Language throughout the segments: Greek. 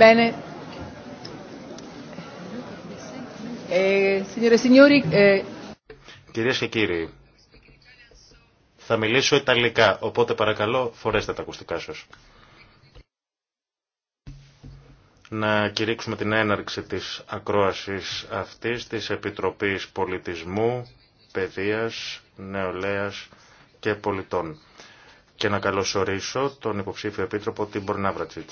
Bene. Ε, Κυρίες και κύριοι, θα μιλήσω Ιταλικά, οπότε παρακαλώ φορέστε τα ακουστικά σας. Να κηρύξουμε την έναρξη της ακρόασης αυτής της Επιτροπής Πολιτισμού, Παιδείας, Νεολαίας και Πολιτών. Και να καλωσορίσω τον υποψήφιο επίτροπο Τίμπορ Ναύρατσιτ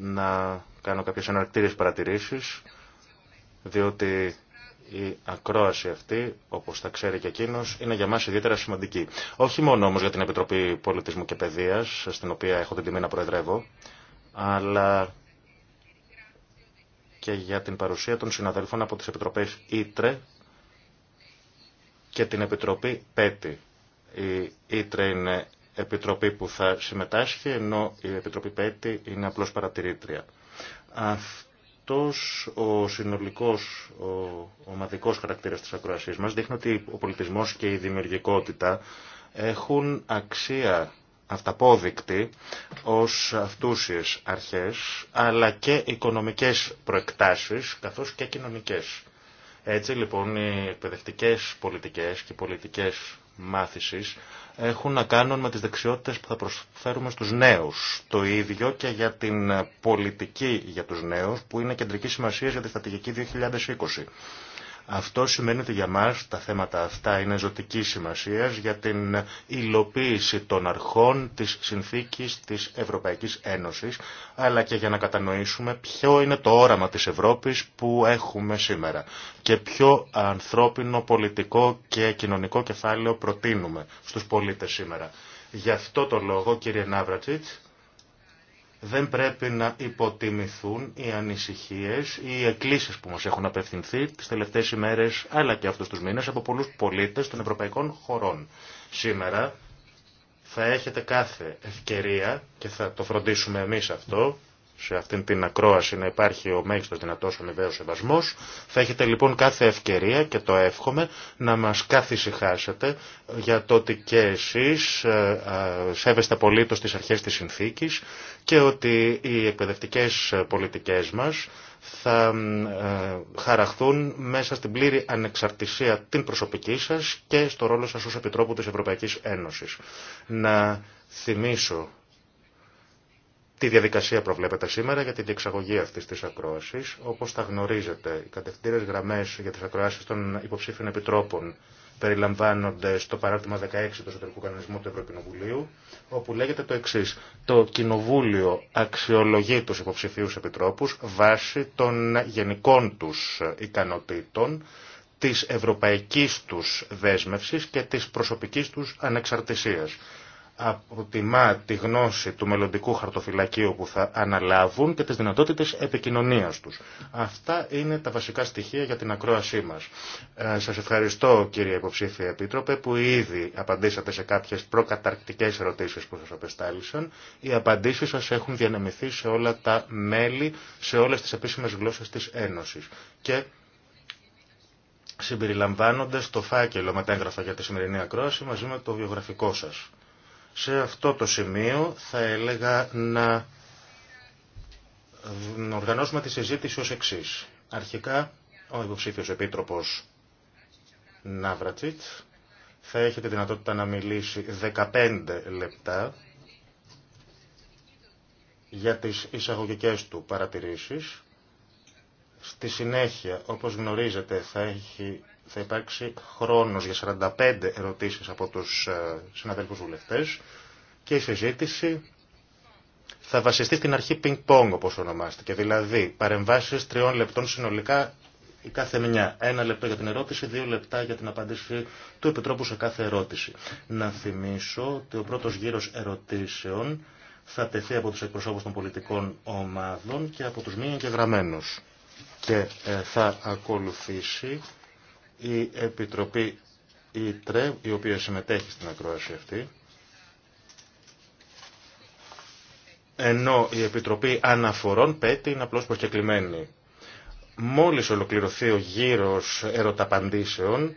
να κάνω κάποιες αναρκτήριες παρατηρήσεις, διότι η ακρόαση αυτή, όπως θα ξέρει και εκείνο, είναι για μας ιδιαίτερα σημαντική. Όχι μόνο όμως για την Επιτροπή Πολιτισμού και Παιδείας, στην οποία έχω την τιμή να προεδρεύω, αλλά και για την παρουσία των συναδέλφων από τις Επιτροπές Ήτρε και την Επιτροπή ΠΕΤΗ. Η Ήτρε είναι επιτροπή που θα συμμετάσχει, ενώ η Επιτροπή ΠΕΤΗ είναι απλώς παρατηρήτρια. Αυτός ο συνολικός, ο ομαδικός χαρακτήρας της ακροασίας μας δείχνει ότι ο πολιτισμός και η δημιουργικότητα έχουν αξία αυταπόδεικτη ως αυτούσιες αρχές, αλλά και οικονομικές προεκτάσεις, καθώς και κοινωνικές. Έτσι λοιπόν οι εκπαιδευτικές πολιτικές και οι πολιτικές μάθησης έχουν να κάνουν με τις δεξιότητες που θα προσφέρουμε στους νέους. Το ίδιο και για την πολιτική για τους νέους που είναι κεντρική σημασία για τη στρατηγική 2020. Αυτό σημαίνει ότι για μας τα θέματα αυτά είναι ζωτική σημασίας για την υλοποίηση των αρχών της συνθήκης της Ευρωπαϊκής Ένωσης, αλλά και για να κατανοήσουμε ποιο είναι το όραμα της Ευρώπης που έχουμε σήμερα και ποιο ανθρώπινο, πολιτικό και κοινωνικό κεφάλαιο προτείνουμε στους πολίτες σήμερα. Γι' αυτό το λόγο, κύριε Ναύρατσιτ, δεν πρέπει να υποτιμηθούν οι ανησυχίες, οι εκκλήσεις που μας έχουν απευθυνθεί τις τελευταίες ημέρες αλλά και αυτούς τους μήνες από πολλούς πολίτες των ευρωπαϊκών χωρών. Σήμερα θα έχετε κάθε ευκαιρία και θα το φροντίσουμε εμείς αυτό σε αυτήν την ακρόαση να υπάρχει ο μέγιστος δυνατός αμοιβαίος σεβασμός. Θα έχετε λοιπόν κάθε ευκαιρία και το εύχομαι να μας καθησυχάσετε για το ότι και εσείς ε, ε, σέβεστε απολύτως τις αρχές της συνθήκης και ότι οι εκπαιδευτικές πολιτικές μας θα ε, χαραχθούν μέσα στην πλήρη ανεξαρτησία την προσωπική σας και στο ρόλο σας ως Επιτρόπου της Ευρωπαϊκής Ένωσης. Να θυμίσω Τη διαδικασία προβλέπεται σήμερα για την διεξαγωγή αυτή τη ακρόαση. Όπω τα γνωρίζετε, οι κατευθυντήρε γραμμέ για τι ακροάσει των υποψήφιων επιτρόπων περιλαμβάνονται στο παράδειγμα 16 του εσωτερικού κανονισμού του Ευρωκοινοβουλίου, όπου λέγεται το εξή. Το Κοινοβούλιο αξιολογεί του υποψηφίου επιτρόπου βάσει των γενικών του ικανοτήτων, τη ευρωπαϊκή του δέσμευση και τη προσωπική του ανεξαρτησία αποτιμά τη γνώση του μελλοντικού χαρτοφυλακίου που θα αναλάβουν και τις δυνατότητες επικοινωνίας τους. Αυτά είναι τα βασικά στοιχεία για την ακρόασή μας. Ε, σας ευχαριστώ κύριε υποψήφια Επίτροπε που ήδη απαντήσατε σε κάποιες προκαταρκτικές ερωτήσεις που σας απεστάλησαν. Οι απαντήσεις σας έχουν διανεμηθεί σε όλα τα μέλη, σε όλες τις επίσημες γλώσσες της Ένωσης. Και συμπεριλαμβάνονται στο φάκελο μετέγραφα για τη σημερινή ακρόαση μαζί με το βιογραφικό σας. Σε αυτό το σημείο θα έλεγα να οργανώσουμε τη συζήτηση ως εξής. Αρχικά, ο υποψήφιος επίτροπος Ναύρατσιτ θα έχει τη δυνατότητα να μιλήσει 15 λεπτά για τις εισαγωγικές του παρατηρήσεις. Στη συνέχεια, όπως γνωρίζετε, θα έχει θα υπάρξει χρόνος για 45 ερωτήσεις από τους ε, συναδέλφους βουλευτές και η συζήτηση θα βασιστεί στην αρχή ping-pong όπως ονομάστηκε, δηλαδή παρεμβάσεις τριών λεπτών συνολικά η κάθε μια. Ένα λεπτό για την ερώτηση, δύο λεπτά για την απάντηση του Επιτρόπου σε κάθε ερώτηση. Να θυμίσω ότι ο πρώτος γύρος ερωτήσεων θα τεθεί από τους εκπροσώπους των πολιτικών ομάδων και από τους μη εγγεγραμμένους. Και ε, θα ακολουθήσει η Επιτροπή ΙΤΡΕ, η οποία συμμετέχει στην ακρόαση αυτή, ενώ η Επιτροπή Αναφορών πέτει είναι απλώς προσκεκλημένη. Μόλις ολοκληρωθεί ο γύρος ερωταπαντήσεων,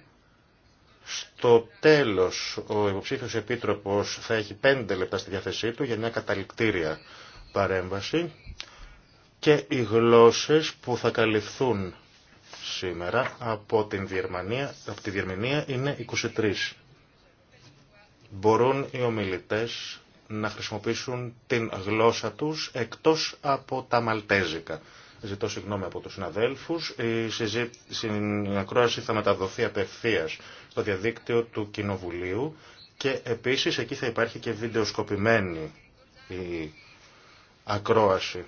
στο τέλος ο υποψήφιος επίτροπος θα έχει πέντε λεπτά στη διάθεσή του για μια καταληκτήρια παρέμβαση και οι γλώσσες που θα καλυφθούν σήμερα από, την από τη Διερμηνία είναι 23. Μπορούν οι ομιλητές να χρησιμοποιήσουν την γλώσσα τους εκτός από τα μαλτέζικα. Ζητώ συγγνώμη από τους συναδέλφους. Η ακρόαση θα μεταδοθεί απευθείας στο διαδίκτυο του Κοινοβουλίου και επίσης εκεί θα υπάρχει και βιντεοσκοπημένη η ακρόαση.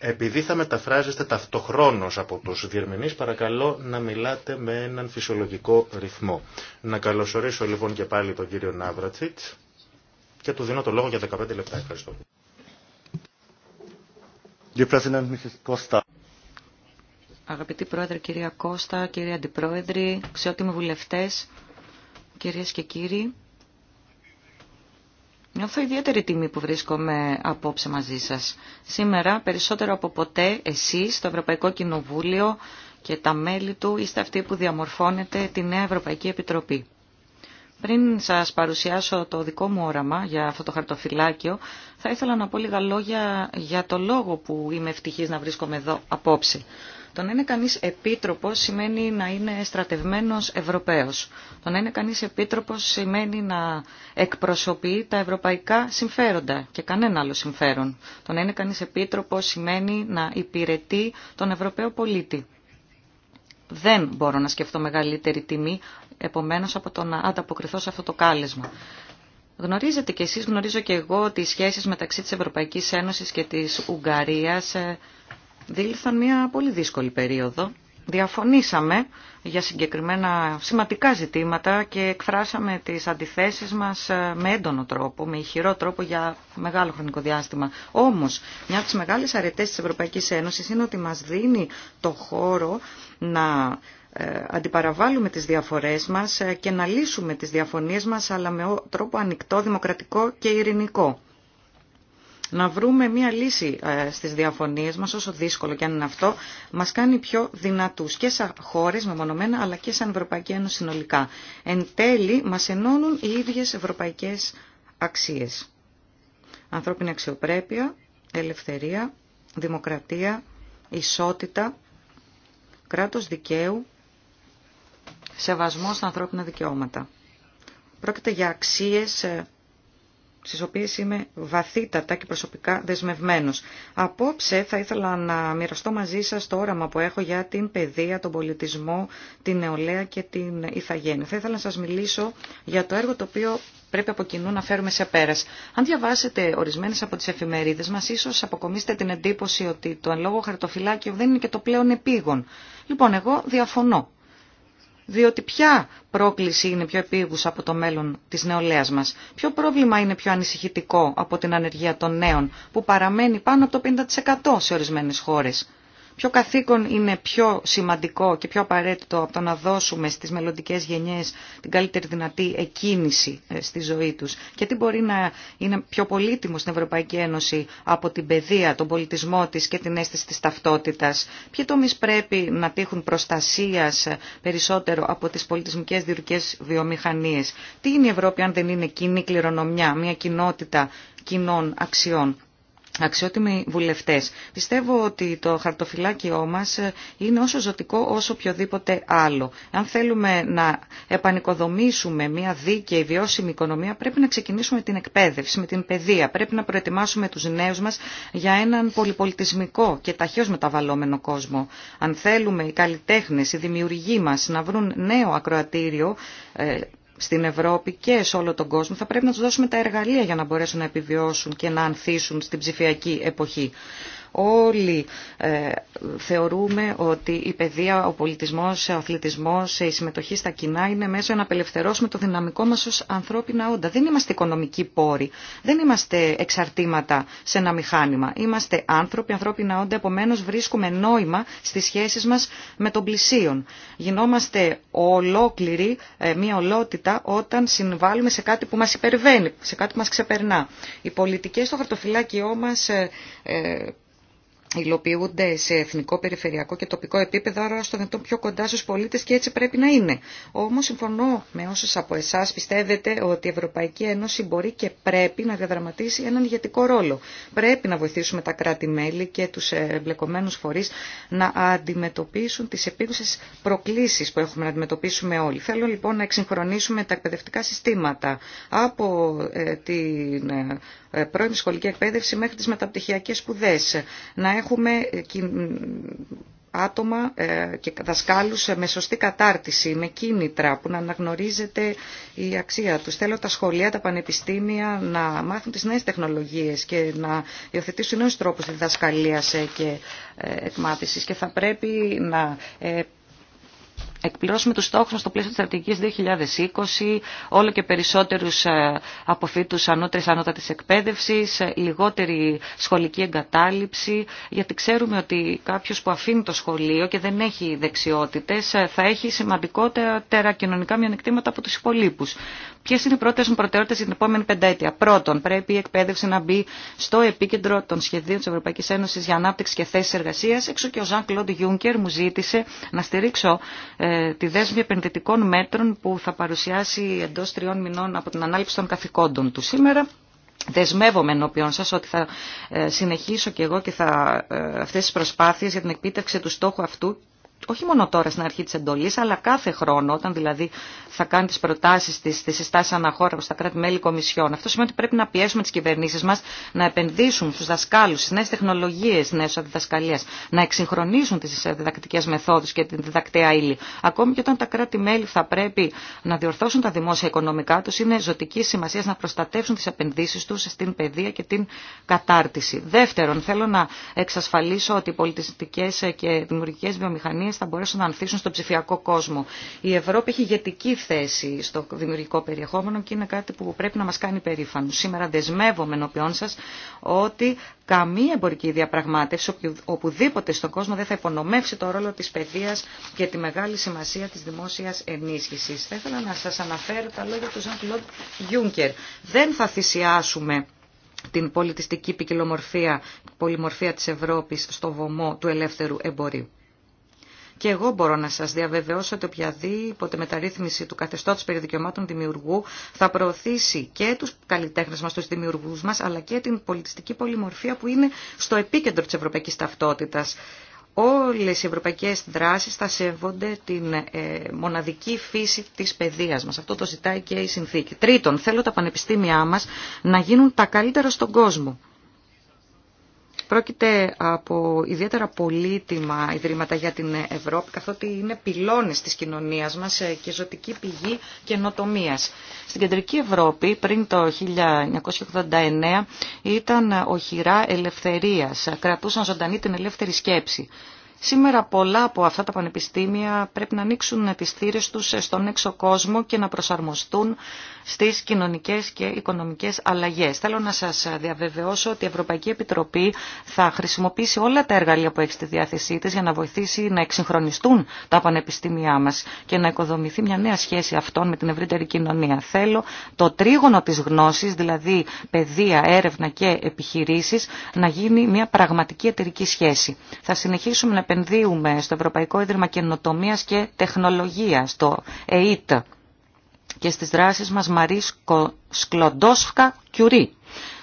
Επειδή θα μεταφράζεστε ταυτοχρόνως από τους διερμηνείς, παρακαλώ να μιλάτε με έναν φυσιολογικό ρυθμό. Να καλωσορίσω λοιπόν και πάλι τον κύριο Ναύρατσιτς και του δίνω το λόγο για 15 λεπτά. Ευχαριστώ. Αγαπητοί Πρόεδρε, κυρία Κώστα, κύριε Αντιπρόεδρε, αξιότιμοι βουλευτές, κυρίες και κύριοι, Νιώθω ιδιαίτερη τιμή που βρίσκομαι απόψε μαζί σας. Σήμερα, περισσότερο από ποτέ, εσείς, το Ευρωπαϊκό Κοινοβούλιο και τα μέλη του, είστε αυτοί που διαμορφώνετε τη Νέα Ευρωπαϊκή Επιτροπή. Πριν σας παρουσιάσω το δικό μου όραμα για αυτό το χαρτοφυλάκιο, θα ήθελα να πω λίγα λόγια για το λόγο που είμαι ευτυχής να βρίσκομαι εδώ απόψε. Το να είναι κανείς επίτροπος σημαίνει να είναι στρατευμένος Ευρωπαίος. Το να είναι κανείς επίτροπος σημαίνει να εκπροσωπεί τα ευρωπαϊκά συμφέροντα και κανένα άλλο συμφέρον. Το να είναι κανείς επίτροπος σημαίνει να υπηρετεί τον Ευρωπαίο πολίτη. Δεν μπορώ να σκεφτώ μεγαλύτερη τιμή, επομένως από το να ανταποκριθώ σε αυτό το κάλεσμα. Γνωρίζετε κι εσείς, γνωρίζω κι εγώ, ότι οι σχέσεις μεταξύ της Ευρωπαϊκής Ένωσης και της Ουγγαρίας ε, διήλθαν μια πολύ δύσκολη περίοδο. Διαφωνήσαμε για συγκεκριμένα σημαντικά ζητήματα και εκφράσαμε τις αντιθέσεις μας ε, με έντονο τρόπο, με ηχηρό τρόπο για μεγάλο χρονικό διάστημα. Όμως, μια από τις μεγάλες αρετές της Ευρωπαϊκής Ένωσης είναι ότι μας δίνει το χώρο να ε, αντιπαραβάλλουμε τις διαφορές μας ε, και να λύσουμε τις διαφωνίες μας, αλλά με τρόπο ανοιχτό, δημοκρατικό και ειρηνικό να βρούμε μία λύση ε, στις διαφωνίες μας, όσο δύσκολο και αν είναι αυτό, μας κάνει πιο δυνατούς και σαν χώρες μεμονωμένα, αλλά και σαν Ευρωπαϊκή Ένωση συνολικά. Εν τέλει, μας ενώνουν οι ίδιες ευρωπαϊκές αξίες. Ανθρώπινη αξιοπρέπεια, ελευθερία, δημοκρατία, ισότητα, κράτος δικαίου, Σεβασμός στα ανθρώπινα δικαιώματα. Πρόκειται για αξίες ε, στις οποίες είμαι βαθύτατα και προσωπικά δεσμευμένος. Απόψε θα ήθελα να μοιραστώ μαζί σας το όραμα που έχω για την παιδεία, τον πολιτισμό, την νεολαία και την ηθαγένεια. Θα ήθελα να σας μιλήσω για το έργο το οποίο πρέπει από κοινού να φέρουμε σε πέρας. Αν διαβάσετε ορισμένες από τις εφημερίδες μας, ίσως αποκομίσετε την εντύπωση ότι το εν λόγω χαρτοφυλάκιο δεν είναι και το πλέον επίγον. Λοιπόν, εγώ διαφωνώ. Διότι ποια πρόκληση είναι πιο επίγουσα από το μέλλον της νεολαίας μας. Ποιο πρόβλημα είναι πιο ανησυχητικό από την ανεργία των νέων που παραμένει πάνω από το 50% σε ορισμένες χώρες. Ποιο καθήκον είναι πιο σημαντικό και πιο απαραίτητο από το να δώσουμε στις μελλοντικέ γενιές την καλύτερη δυνατή εκκίνηση ε, στη ζωή τους και τι μπορεί να είναι πιο πολύτιμο στην Ευρωπαϊκή Ένωση από την παιδεία, τον πολιτισμό της και την αίσθηση της ταυτότητας. Ποιοι τομείς πρέπει να τύχουν προστασίας ε, περισσότερο από τις πολιτισμικές διουρικές βιομηχανίες. Τι είναι η Ευρώπη αν δεν είναι κοινή κληρονομιά, μια κοινότητα κοινών αξιών. Αξιότιμοι βουλευτές, πιστεύω ότι το χαρτοφυλάκιό μας είναι όσο ζωτικό όσο οποιοδήποτε άλλο. Αν θέλουμε να επανοικοδομήσουμε μια δίκαιη βιώσιμη οικονομία πρέπει να ξεκινήσουμε την εκπαίδευση, με την παιδεία. Πρέπει να προετοιμάσουμε τους νέους μας για έναν πολυπολιτισμικό και ταχύως μεταβαλλόμενο κόσμο. Αν θέλουμε οι καλλιτέχνες, οι δημιουργοί μας να βρουν νέο ακροατήριο ε, στην Ευρώπη και σε όλο τον κόσμο, θα πρέπει να τους δώσουμε τα εργαλεία για να μπορέσουν να επιβιώσουν και να ανθίσουν στην ψηφιακή εποχή. Όλοι ε, θεωρούμε ότι η παιδεία, ο πολιτισμός, ο αθλητισμός, η συμμετοχή στα κοινά είναι μέσω να απελευθερώσουμε το δυναμικό μας ως ανθρώπινα όντα. Δεν είμαστε οικονομικοί πόροι, δεν είμαστε εξαρτήματα σε ένα μηχάνημα. Είμαστε άνθρωποι, ανθρώπινα όντα, επομένω βρίσκουμε νόημα στις σχέσεις μας με τον πλησίον. Γινόμαστε ολόκληροι, ε, μια ολότητα, όταν συμβάλλουμε σε κάτι που μας υπερβαίνει, σε κάτι που μας ξεπερνά. Οι πολιτικές στο χαρτοφυλάκιό μας ε, υλοποιούνται σε εθνικό, περιφερειακό και τοπικό επίπεδο, άρα στο δυνατόν πιο κοντά στους πολίτες και έτσι πρέπει να είναι. Όμως συμφωνώ με όσους από εσάς πιστεύετε ότι η Ευρωπαϊκή Ένωση μπορεί και πρέπει να διαδραματίσει έναν ηγετικό ρόλο. Πρέπει να βοηθήσουμε τα κράτη-μέλη και τους εμπλεκομένους φορείς να αντιμετωπίσουν τις επίγουσες προκλήσεις που έχουμε να αντιμετωπίσουμε όλοι. Θέλω λοιπόν να εξυγχρονίσουμε τα εκπαιδευτικά συστήματα από ε, την ε, πρώην σχολική εκπαίδευση μέχρι τις μεταπτυχιακές σπουδές. Να έχουμε ε, άτομα ε, και δασκάλους ε, με σωστή κατάρτιση, με κίνητρα που να αναγνωρίζεται η αξία τους. Θέλω τα σχολεία, τα πανεπιστήμια να μάθουν τις νέες τεχνολογίες και να υιοθετήσουν νέους τρόπους διδασκαλίας και εκμάθησης και θα πρέπει να εκπληρώσουμε τους στόχους μας στο πλαίσιο της στρατηγικής 2020, όλο και περισσότερους ε, αποφύτους ανώτερης ανώτατης εκπαίδευσης, ε, λιγότερη σχολική εγκατάλειψη, γιατί ξέρουμε ότι κάποιος που αφήνει το σχολείο και δεν έχει δεξιότητες ε, θα έχει σημαντικότερα κοινωνικά μειονεκτήματα από τους υπολείπους. Ποιε είναι οι πρώτε μου προτεραιότητε για την επόμενη πενταετία. Πρώτον, πρέπει η εκπαίδευση να μπει στο επίκεντρο των σχεδίων της Ευρωπαϊκή Ένωση για ανάπτυξη και θέσεις εργασία. Έξω και ο Ζαν Κλοντ μου ζήτησε να στηρίξω ε, τη δέσμη επενδυτικών μέτρων που θα παρουσιάσει εντός τριών μηνών από την ανάληψη των καθηκόντων του σήμερα. Δεσμεύομαι ενώπιον σας ότι θα ε, συνεχίσω και εγώ και θα, ε, αυτές τις προσπάθειες για την επίτευξη του στόχου αυτού όχι μόνο τώρα στην αρχή της εντολή, αλλά κάθε χρόνο, όταν δηλαδή θα κάνει τις προτάσεις της, τις συστάσεις αναχώρα στα τα κράτη-μέλη κομισιών. Αυτό σημαίνει ότι πρέπει να πιέσουμε τις κυβερνήσεις μας να επενδύσουν στους δασκάλους, στις νέες τεχνολογίες, στις νέες διδασκαλίες, να εξυγχρονίσουν τις διδακτικές μεθόδους και την διδακτέα ύλη. Ακόμη και όταν τα κράτη-μέλη θα πρέπει να διορθώσουν τα δημόσια οικονομικά τους, είναι ζωτική σημασία να προστατεύσουν τις επενδύσεις τους στην παιδεία και την κατάρτιση. Δεύτερον, θέλω να εξασφαλίσω ότι οι πολιτιστικές και δημιουργικές βιομηχανίες θα μπορέσουν να ανθίσουν στον ψηφιακό κόσμο. Η Ευρώπη έχει ηγετική θέση στο δημιουργικό περιεχόμενο και είναι κάτι που πρέπει να μα κάνει περήφανο. Σήμερα δεσμεύομαι ενώπιον σα ότι καμία εμπορική διαπραγμάτευση οπουδήποτε στον κόσμο δεν θα υπονομεύσει το ρόλο τη παιδεία και τη μεγάλη σημασία τη δημόσια ενίσχυση. Θα ήθελα να σα αναφέρω τα λόγια του Jean-Claude Δεν θα θυσιάσουμε την πολιτιστική ποικιλομορφία, πολυμορφία της Ευρώπης στο βωμό του ελεύθερου εμπορίου. Και εγώ μπορώ να σας διαβεβαιώσω ότι οποιαδήποτε μεταρρύθμιση του καθεστώτος περί δημιουργού θα προωθήσει και τους καλλιτέχνε μας, του δημιουργού μας, αλλά και την πολιτιστική πολυμορφία που είναι στο επίκεντρο της ευρωπαϊκής ταυτότητας. Όλες οι ευρωπαϊκές δράσεις θα σέβονται την ε, μοναδική φύση της παιδείας μα. Αυτό το ζητάει και η συνθήκη. Τρίτον, θέλω τα πανεπιστήμια μα να γίνουν τα καλύτερα στον κόσμο. Πρόκειται από ιδιαίτερα πολύτιμα ιδρύματα για την Ευρώπη, καθότι είναι πυλώνες της κοινωνίας μας και ζωτική πηγή καινοτομία. Στην Κεντρική Ευρώπη πριν το 1989 ήταν οχυρά ελευθερίας, κρατούσαν ζωντανή την ελεύθερη σκέψη. Σήμερα πολλά από αυτά τα πανεπιστήμια πρέπει να ανοίξουν τις θύρες τους στον έξω κόσμο και να προσαρμοστούν στις κοινωνικές και οικονομικές αλλαγές. Θέλω να σας διαβεβαιώσω ότι η Ευρωπαϊκή Επιτροπή θα χρησιμοποιήσει όλα τα εργαλεία που έχει στη διάθεσή της για να βοηθήσει να εξυγχρονιστούν τα πανεπιστήμια μας και να οικοδομηθεί μια νέα σχέση αυτών με την ευρύτερη κοινωνία. Θέλω το τρίγωνο της γνώσης, δηλαδή παιδεία, έρευνα και επιχειρήσεις, να γίνει μια πραγματική εταιρική σχέση. Θα συνεχίσουμε επενδύουμε στο Ευρωπαϊκό Ίδρυμα Καινοτομίας και Τεχνολογίας, το ΕΙΤ, και στις δράσεις μας μαρις Σκλοντόσφκα Κιουρί.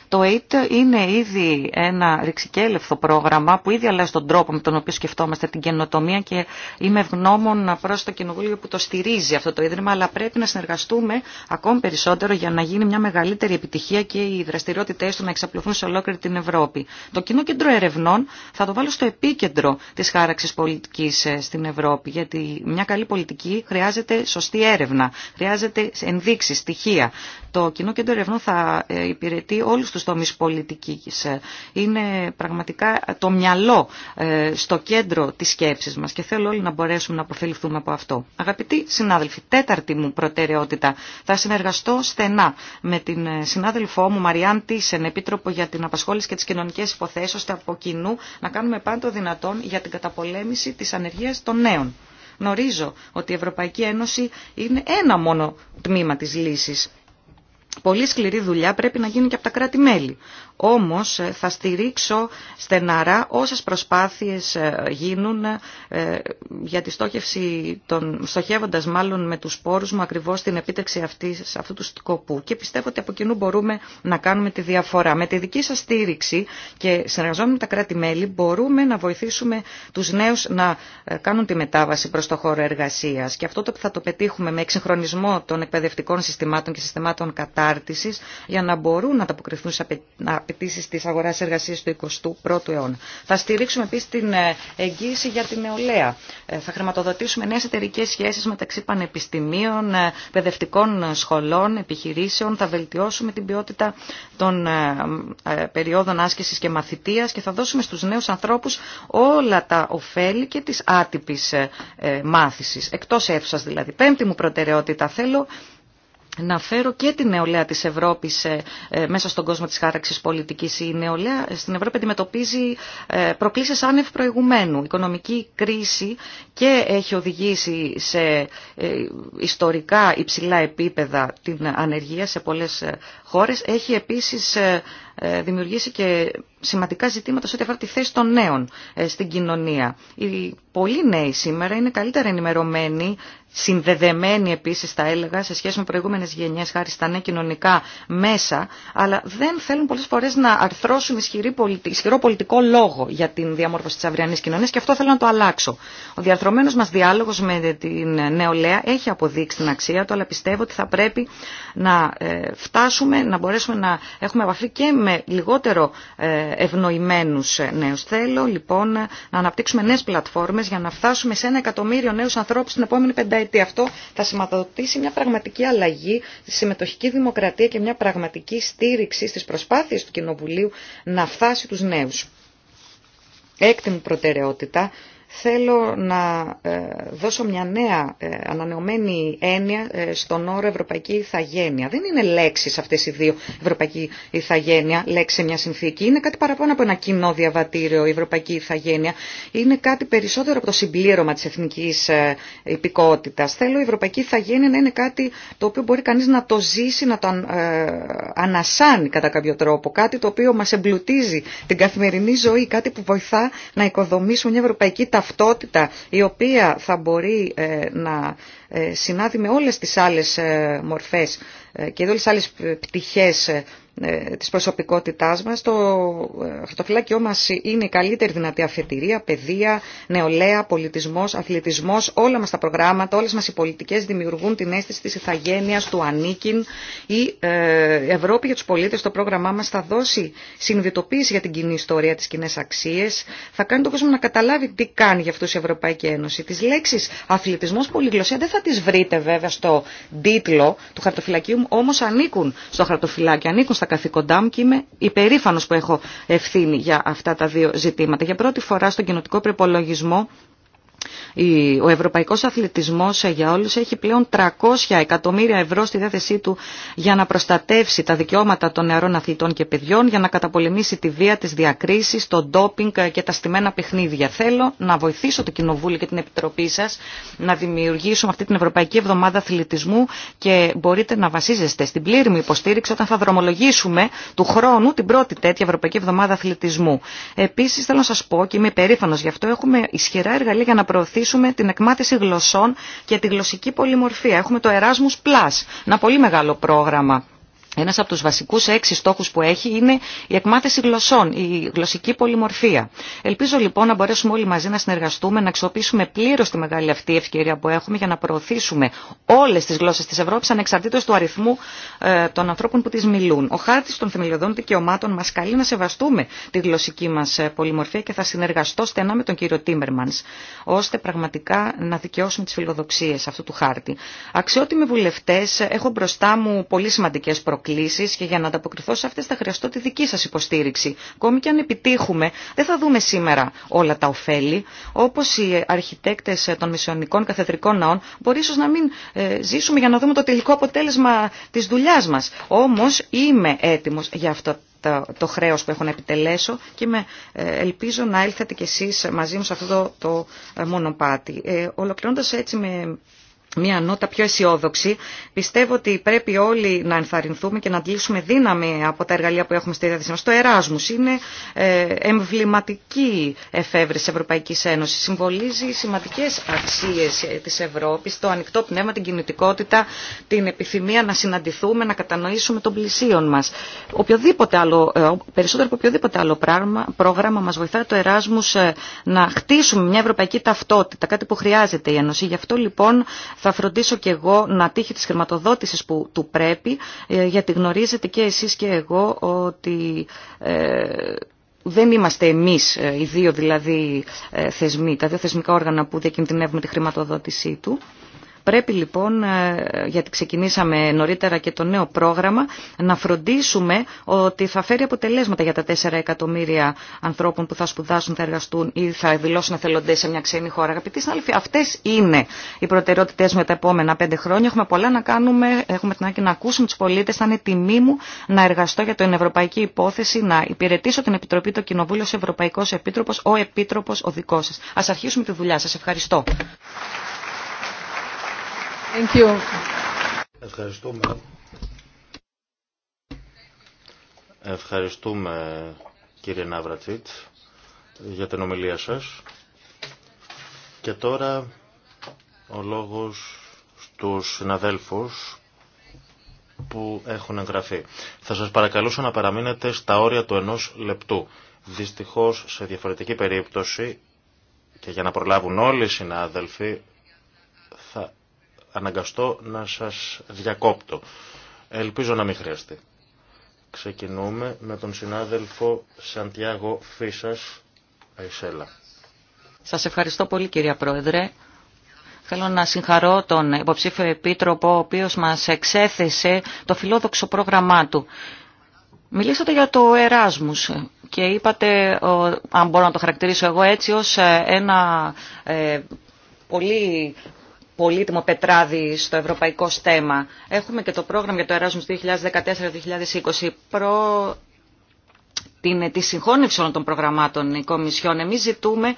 Το ΕΙΤ είναι ήδη ένα ρηξικέλευθο πρόγραμμα που ήδη αλλάζει τον τρόπο με τον οποίο σκεφτόμαστε την καινοτομία και είμαι ευγνώμων προ το Κοινοβούλιο που το στηρίζει αυτό το Ίδρυμα, αλλά πρέπει να συνεργαστούμε ακόμη περισσότερο για να γίνει μια μεγαλύτερη επιτυχία και οι δραστηριότητε του να εξαπλωθούν σε ολόκληρη την Ευρώπη. Το Κοινό Κέντρο Ερευνών θα το βάλω στο επίκεντρο τη χάραξη πολιτική ε, στην Ευρώπη, γιατί μια καλή πολιτική χρειάζεται σωστή έρευνα, χρειάζεται ενδείξει, στοιχεία. Το Κοινό Κέντρο Ερευνών θα ε, υπηρετεί όλου τους τομείς πολιτικής. Ε, είναι πραγματικά το μυαλό ε, στο κέντρο της σκέψης μας και θέλω όλοι να μπορέσουμε να αποφεληθούμε από αυτό. Αγαπητοί συνάδελφοι, τέταρτη μου προτεραιότητα. Θα συνεργαστώ στενά με την ε, συνάδελφό μου Μαριάν Τίσεν, Επίτροπο για την Απασχόληση και τις Κοινωνικές Υποθέσεις, ώστε από κοινού να κάνουμε πάντο δυνατόν για την καταπολέμηση της ανεργίας των νέων. Γνωρίζω ότι η Ευρωπαϊκή Ένωση είναι ένα μόνο τμήμα της λύσης πολύ σκληρή δουλειά πρέπει να γίνει και από τα κράτη-μέλη. Όμως ε, θα στηρίξω στεναρά όσες προσπάθειες ε, γίνουν ε, για τη στόχευση, των, στοχεύοντας μάλλον με τους πόρους μου ακριβώς την επίτευξη αυτής, αυτού του σκοπού. Και πιστεύω ότι από κοινού μπορούμε να κάνουμε τη διαφορά. Με τη δική σας στήριξη και συνεργαζόμενοι με τα κράτη-μέλη μπορούμε να βοηθήσουμε τους νέους να κάνουν τη μετάβαση προς το χώρο εργασίας. Και αυτό το θα το πετύχουμε με εξυγχρονισμό των εκπαιδευτικών συστημάτων και συστημάτων κατάρτισης για να μπορούν να τα ανταποκριθούν απαιτήσει τη αγορά εργασία του 21ου αιώνα. Θα στηρίξουμε επίση την ε, εγγύηση για την νεολαία. Ε, θα χρηματοδοτήσουμε νέε εταιρικέ σχέσει μεταξύ πανεπιστημίων, ε, παιδευτικών σχολών, επιχειρήσεων. Θα βελτιώσουμε την ποιότητα των περιόδων άσκηση και μαθητεία και θα δώσουμε στου νέου ανθρώπου όλα τα ωφέλη και τη άτυπη μάθηση. Εκτό αίθουσα δηλαδή. Πέμπτη μου προτεραιότητα θέλω να φέρω και την νεολαία της Ευρώπης ε, ε, μέσα στον κόσμο της χάραξης πολιτικής. Η νεολαία στην Ευρώπη αντιμετωπίζει ε, προκλήσεις άνευ προηγουμένου. Η οικονομική κρίση και έχει οδηγήσει σε ιστορικά υψηλά επίπεδα την ανεργία σε πολλές χώρες έχει επίσης ε, ε, δημιουργήσει και σημαντικά ζητήματα σε ό,τι αφορά τη θέση των νέων ε, στην κοινωνία. Οι πολλοί νέοι σήμερα είναι καλύτερα ενημερωμένοι, συνδεδεμένοι επίσης τα έλεγα σε σχέση με προηγούμενες γενιές χάρη στα νέα κοινωνικά μέσα, αλλά δεν θέλουν πολλές φορές να αρθρώσουν ισχυρό πολιτικό λόγο για την διαμόρφωση της αυριανής κοινωνίας και αυτό θέλω να το αλλάξω. Ο διαρθρωμένος μας διάλογος με την νεολαία έχει αποδείξει την αξία του, αλλά πιστεύω ότι θα πρέπει να φτάσουμε να μπορέσουμε να έχουμε επαφή και με λιγότερο ε, ευνοημένους ε, νέους. Θέλω λοιπόν να αναπτύξουμε νέες πλατφόρμες για να φτάσουμε σε ένα εκατομμύριο νέους ανθρώπους την επόμενη πενταετία. Αυτό θα σηματοδοτήσει μια πραγματική αλλαγή στη συμμετοχική δημοκρατία και μια πραγματική στήριξη στις προσπάθειες του Κοινοβουλίου να φτάσει τους νέους. Έκτη προτεραιότητα θέλω να ε, δώσω μια νέα ε, ανανεωμένη έννοια ε, στον όρο Ευρωπαϊκή Ιθαγένεια. Δεν είναι λέξεις αυτές οι δύο, Ευρωπαϊκή Ιθαγένεια, λέξη μια συνθήκη. Είναι κάτι παραπάνω από ένα κοινό διαβατήριο, η Ευρωπαϊκή Ιθαγένεια. Είναι κάτι περισσότερο από το συμπλήρωμα της εθνικής υπηκότητας. Θέλω η Ευρωπαϊκή Ιθαγένεια να είναι κάτι το οποίο μπορεί κανείς να το ζήσει, να το ανασάνει κατά κάποιο τρόπο. Κάτι το οποίο μας εμπλουτίζει την καθημερινή ζωή, κάτι που βοηθά να οικοδομήσουμε μια ευρωπαϊκή ταυτότητα ταυτότητα η οποία θα μπορεί ε, να ε, συνάδει με όλες τις άλλες ε, μορφές και όλες τις άλλες πτυχές ε, της προσωπικότητάς μας. Το ε, χαρτοφυλάκιό μας είναι η καλύτερη δυνατή αφετηρία, παιδεία, νεολαία, πολιτισμός, αθλητισμός, όλα μας τα προγράμματα, όλες μας οι πολιτικές δημιουργούν την αίσθηση της ηθαγένειας, του ανήκειν. Η ε, Ευρώπη για τους πολίτες, το πρόγραμμά μας θα δώσει συνειδητοποίηση για την κοινή ιστορία, τις κοινέ αξίες, θα κάνει τον κόσμο να καταλάβει τι κάνει για αυτούς η Ευρωπαϊκή Ένωση. Τις λέξεις αθλητισμός, πολυγλωσία δεν θα τις βρείτε βέβαια στο τίτλο του χαρτοφυλακίου, όμως ανήκουν στο χαρτοφυλάκι, ανήκουν στα καθήκοντά μου και είμαι υπερήφανο που έχω ευθύνη για αυτά τα δύο ζητήματα. Για πρώτη φορά στον κοινοτικό προπολογισμό ο ευρωπαϊκός αθλητισμός ε, για όλους έχει πλέον 300 εκατομμύρια ευρώ στη διάθεσή του για να προστατεύσει τα δικαιώματα των νεαρών αθλητών και παιδιών, για να καταπολεμήσει τη βία, τις διακρίσεις, το ντόπινγκ ε, και τα στημένα παιχνίδια. Θέλω να βοηθήσω το Κοινοβούλιο και την Επιτροπή σας να δημιουργήσουμε αυτή την Ευρωπαϊκή Εβδομάδα Αθλητισμού και μπορείτε να βασίζεστε στην πλήρη μου υποστήριξη όταν θα δρομολογήσουμε του χρόνου την πρώτη τέτοια Ευρωπαϊκή Εβδομάδα Αθλητισμού. Επίσης θέλω να σας πω και είμαι περήφανος γι' αυτό έχουμε ισχυρά εργαλεία για να προωθήσουμε την εκμάθηση γλωσσών και τη γλωσσική πολυμορφία. Έχουμε το Erasmus Plus, ένα πολύ μεγάλο πρόγραμμα ένα από του βασικού έξι στόχου που έχει είναι η εκμάθηση γλωσσών, η γλωσσική πολυμορφία. Ελπίζω λοιπόν να μπορέσουμε όλοι μαζί να συνεργαστούμε, να αξιοποιήσουμε πλήρω τη μεγάλη αυτή ευκαιρία που έχουμε για να προωθήσουμε όλε τι γλώσσε τη Ευρώπη ανεξαρτήτω του αριθμού ε, των ανθρώπων που τι μιλούν. Ο χάρτη των θεμελιωδών δικαιωμάτων μα καλεί να σεβαστούμε τη γλωσσική μα ε, πολυμορφία και θα συνεργαστώ στενά με τον κύριο Τίμερμαν, ώστε πραγματικά να δικαιώσουμε τι φιλοδοξίε αυτού του χάρτη. Αξιότιμοι βουλευτέ ε, έχω μπροστά μου πολύ σημαντικέ προκλήσει και για να ανταποκριθώ σε αυτές θα χρειαστώ τη δική σας υποστήριξη. Ακόμη και αν επιτύχουμε, δεν θα δούμε σήμερα όλα τα ωφέλη, όπως οι αρχιτέκτες των μισιονικών καθεδρικών ναών μπορεί ίσω να μην ε, ζήσουμε για να δούμε το τελικό αποτέλεσμα της δουλειά μας. Όμως είμαι έτοιμος για αυτό το χρέος που έχω να επιτελέσω και με, ε, ελπίζω να έλθετε κι εσείς μαζί μου σε αυτό το, το μονοπάτι. Ε, έτσι με μια νότα πιο αισιόδοξη. Πιστεύω ότι πρέπει όλοι να ενθαρρυνθούμε και να αντλήσουμε δύναμη από τα εργαλεία που έχουμε στη διάθεσή μα. Το Εράσμου είναι ε, εμβληματική εφεύρεση Ευρωπαϊκή Ένωση. Συμβολίζει σημαντικέ αξίε τη Ευρώπη, το ανοιχτό πνεύμα, την κινητικότητα, την επιθυμία να συναντηθούμε, να κατανοήσουμε των πλησίων μα. Περισσότερο από οποιοδήποτε άλλο πρόγραμμα μα βοηθάει το Εράσμου ε, να χτίσουμε μια ευρωπαϊκή ταυτότητα, κάτι που χρειάζεται η Ένωση. Γι' αυτό λοιπόν θα φροντίσω και εγώ να τύχει της χρηματοδότησης που του πρέπει, ε, γιατί γνωρίζετε και εσείς και εγώ ότι ε, δεν είμαστε εμείς ε, οι δύο δηλαδή θεσμοί, τα δύο θεσμικά όργανα που διακινδυνεύουμε τη χρηματοδότησή του. Πρέπει λοιπόν, ε, γιατί ξεκινήσαμε νωρίτερα και το νέο πρόγραμμα, να φροντίσουμε ότι θα φέρει αποτελέσματα για τα 4 εκατομμύρια ανθρώπων που θα σπουδάσουν, θα εργαστούν ή θα δηλώσουν εθελοντέ σε μια ξένη χώρα. Αγαπητοί συνάδελφοι, αυτέ είναι οι προτεραιότητέ με τα επόμενα πέντε χρόνια. Έχουμε πολλά να κάνουμε, έχουμε την άκρη να ακούσουμε του πολίτε. Θα είναι τιμή μου να εργαστώ για την ευρωπαϊκή υπόθεση, να υπηρετήσω την Επιτροπή, το Κοινοβούλιο, ω Ευρωπαϊκό Επίτροπο, ο Επίτροπο ο δικό σα. Α αρχίσουμε τη δουλειά σα. Ευχαριστώ. Ευχαριστούμε. Ευχαριστούμε κύριε Ναύρατζιτ, για την ομιλία σας. Και τώρα ο λόγος στους συναδέλφους που έχουν εγγραφεί. Θα σας παρακαλούσα να παραμείνετε στα όρια του ενός λεπτού. Δυστυχώς σε διαφορετική περίπτωση και για να προλάβουν όλοι οι συνάδελφοι θα αναγκαστώ να σας διακόπτω. Ελπίζω να μην χρειαστεί. Ξεκινούμε με τον συνάδελφο Σαντιάγο Φίσας Αϊσέλα. Σας ευχαριστώ πολύ κυρία Πρόεδρε. Θέλω να συγχαρώ τον υποψήφιο επίτροπο ο οποίος μας εξέθεσε το φιλόδοξο πρόγραμμά του. Μιλήσατε για το Εράσμους και είπατε, αν μπορώ να το χαρακτηρίσω εγώ έτσι, ως ε, ένα ε, πολύ πολύτιμο πετράδι στο ευρωπαϊκό στέμα. Έχουμε και το πρόγραμμα για το Erasmus 2014-2020. Προ... Την, τη συγχώνευση όλων των προγραμμάτων η Κομισιόν. Εμείς ζητούμε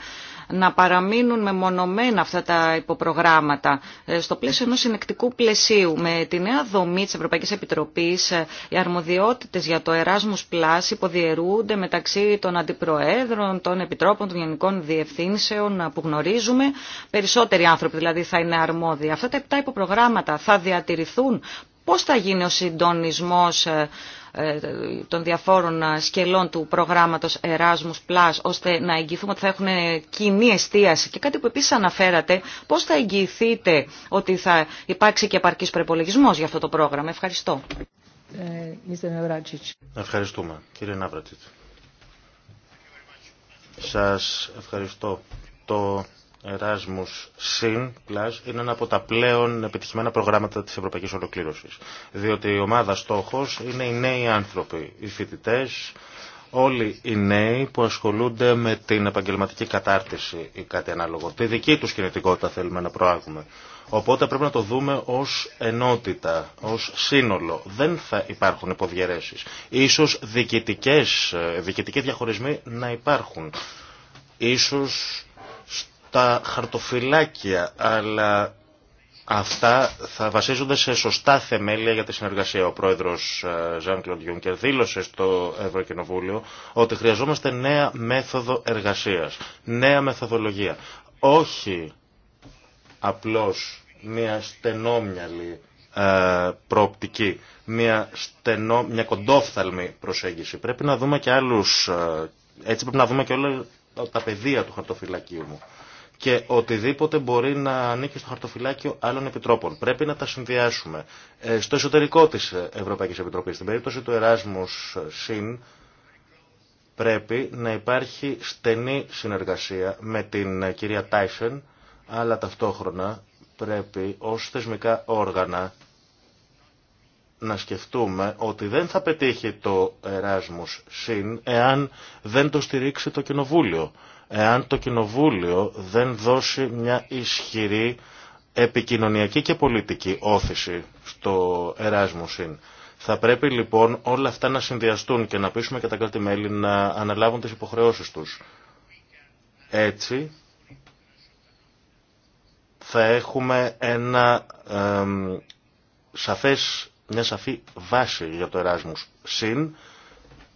να παραμείνουν μεμονωμένα αυτά τα υποπρογράμματα ε, στο πλαίσιο ενός συνεκτικού πλαισίου. Με τη νέα δομή της Ευρωπαϊκής Επιτροπής, ε, οι αρμοδιότητες για το Erasmus Plus υποδιαιρούνται μεταξύ των αντιπροέδρων, των επιτρόπων, των γενικών διευθύνσεων ε, που γνωρίζουμε. Περισσότεροι άνθρωποι δηλαδή θα είναι αρμόδιοι. Αυτά τα επτά υποπρογράμματα θα διατηρηθούν. Πώς θα γίνει ο συντονισμός ε, των διαφόρων σκελών του προγράμματος Erasmus Plus, ώστε να εγγυηθούμε ότι θα έχουν κοινή εστίαση. Και κάτι που επίσης αναφέρατε, πώς θα εγγυηθείτε ότι θα υπάρξει και επαρκής προπολογισμό για αυτό το πρόγραμμα. Ευχαριστώ. Ε, Ευχαριστούμε. Κύριε Ναύρατσιτ. Σας ευχαριστώ. Το Erasmus σύν, Plus είναι ένα από τα πλέον επιτυχημένα προγράμματα της Ευρωπαϊκής Ολοκλήρωσης. Διότι η ομάδα στόχος είναι οι νέοι άνθρωποι, οι φοιτητές, όλοι οι νέοι που ασχολούνται με την επαγγελματική κατάρτιση ή κάτι ανάλογο. Τη δική τους κινητικότητα θέλουμε να προάγουμε. Οπότε πρέπει να το δούμε ως ενότητα, ως σύνολο. Δεν θα υπάρχουν υποδιαιρέσεις. Ίσως διοικητικές, διοικητικοί διαχωρισμοί να υπάρχουν. Ίσως τα χαρτοφυλάκια, αλλά αυτά θα βασίζονται σε σωστά θεμέλια για τη συνεργασία. Ο πρόεδρος Ζαν Κλοντ Γιούνκερ δήλωσε στο Ευρωκοινοβούλιο ότι χρειαζόμαστε νέα μέθοδο εργασίας, νέα μεθοδολογία. Όχι απλώς μια στενόμυαλη ε, προοπτική, μια, στενό, μια κοντόφθαλμη προσέγγιση. Πρέπει να δούμε και άλλους, ε, έτσι πρέπει να δούμε και όλα τα πεδία του χαρτοφυλακίου μου και οτιδήποτε μπορεί να ανήκει στο χαρτοφυλάκιο άλλων επιτρόπων. Πρέπει να τα συνδυάσουμε. Ε, στο εσωτερικό της Ευρωπαϊκής Επιτροπή, στην περίπτωση του Erasmus ΣΥΝ, πρέπει να υπάρχει στενή συνεργασία με την κυρία Τάισεν, αλλά ταυτόχρονα πρέπει ως θεσμικά όργανα να σκεφτούμε ότι δεν θα πετύχει το Erasmus ΣΥΝ εάν δεν το στηρίξει το Κοινοβούλιο εάν το Κοινοβούλιο δεν δώσει μια ισχυρή επικοινωνιακή και πολιτική όθηση στο Εράσμουσιν. Θα πρέπει λοιπόν όλα αυτά να συνδυαστούν και να πείσουμε και τα κράτη-μέλη να αναλάβουν τις υποχρεώσεις τους. Έτσι θα έχουμε ένα, ε, σαφές, μια σαφή βάση για το Εράσμους συν,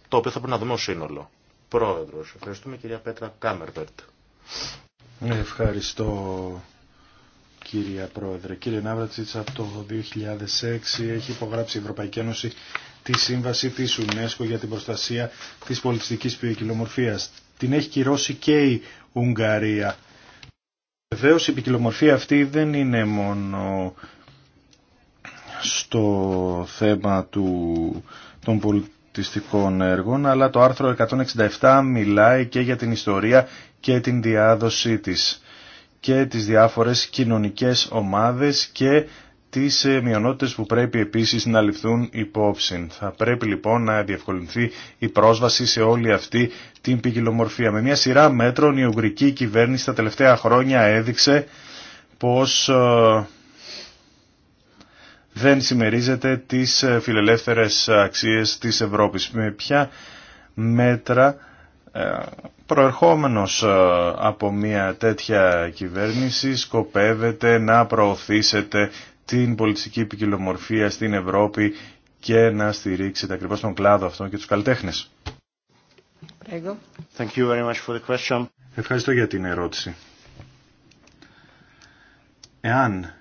το οποίο θα πρέπει να δούμε ως σύνολο. Πρόεδρος. Ευχαριστούμε κυρία Πέτρα Κάμερβερτ. Ευχαριστώ κύρια Πρόεδρε. Κύριε Ναύρατσιτς, από το 2006 έχει υπογράψει η Ευρωπαϊκή Ένωση τη σύμβαση της UNESCO για την προστασία της πολιτιστικής ποικιλομορφίας. Την έχει κυρώσει και η Ουγγαρία. Βεβαίω η ποικιλομορφία αυτή δεν είναι μόνο στο θέμα του, των πολιτικών πολιτιστικών έργων, αλλά το άρθρο 167 μιλάει και για την ιστορία και την διάδοσή της και τις διάφορες κοινωνικές ομάδες και τις ε, μειονότητες που πρέπει επίσης να ληφθούν υπόψη. Θα πρέπει λοιπόν να διευκολυνθεί η πρόσβαση σε όλη αυτή την ποικιλομορφία. Με μια σειρά μέτρων η Ουγγρική κυβέρνηση τα τελευταία χρόνια έδειξε πως ε, δεν συμμερίζεται τις ε, φιλελεύθερες αξίες της Ευρώπης. Με ποια μέτρα ε, προερχόμενος ε, από μια τέτοια κυβέρνηση σκοπεύετε να προωθήσετε την πολιτική ποικιλομορφία στην Ευρώπη και να στηρίξετε ακριβώς τον κλάδο αυτό και τους καλλιτέχνες. Thank you very much for the Ευχαριστώ για την ερώτηση. Εάν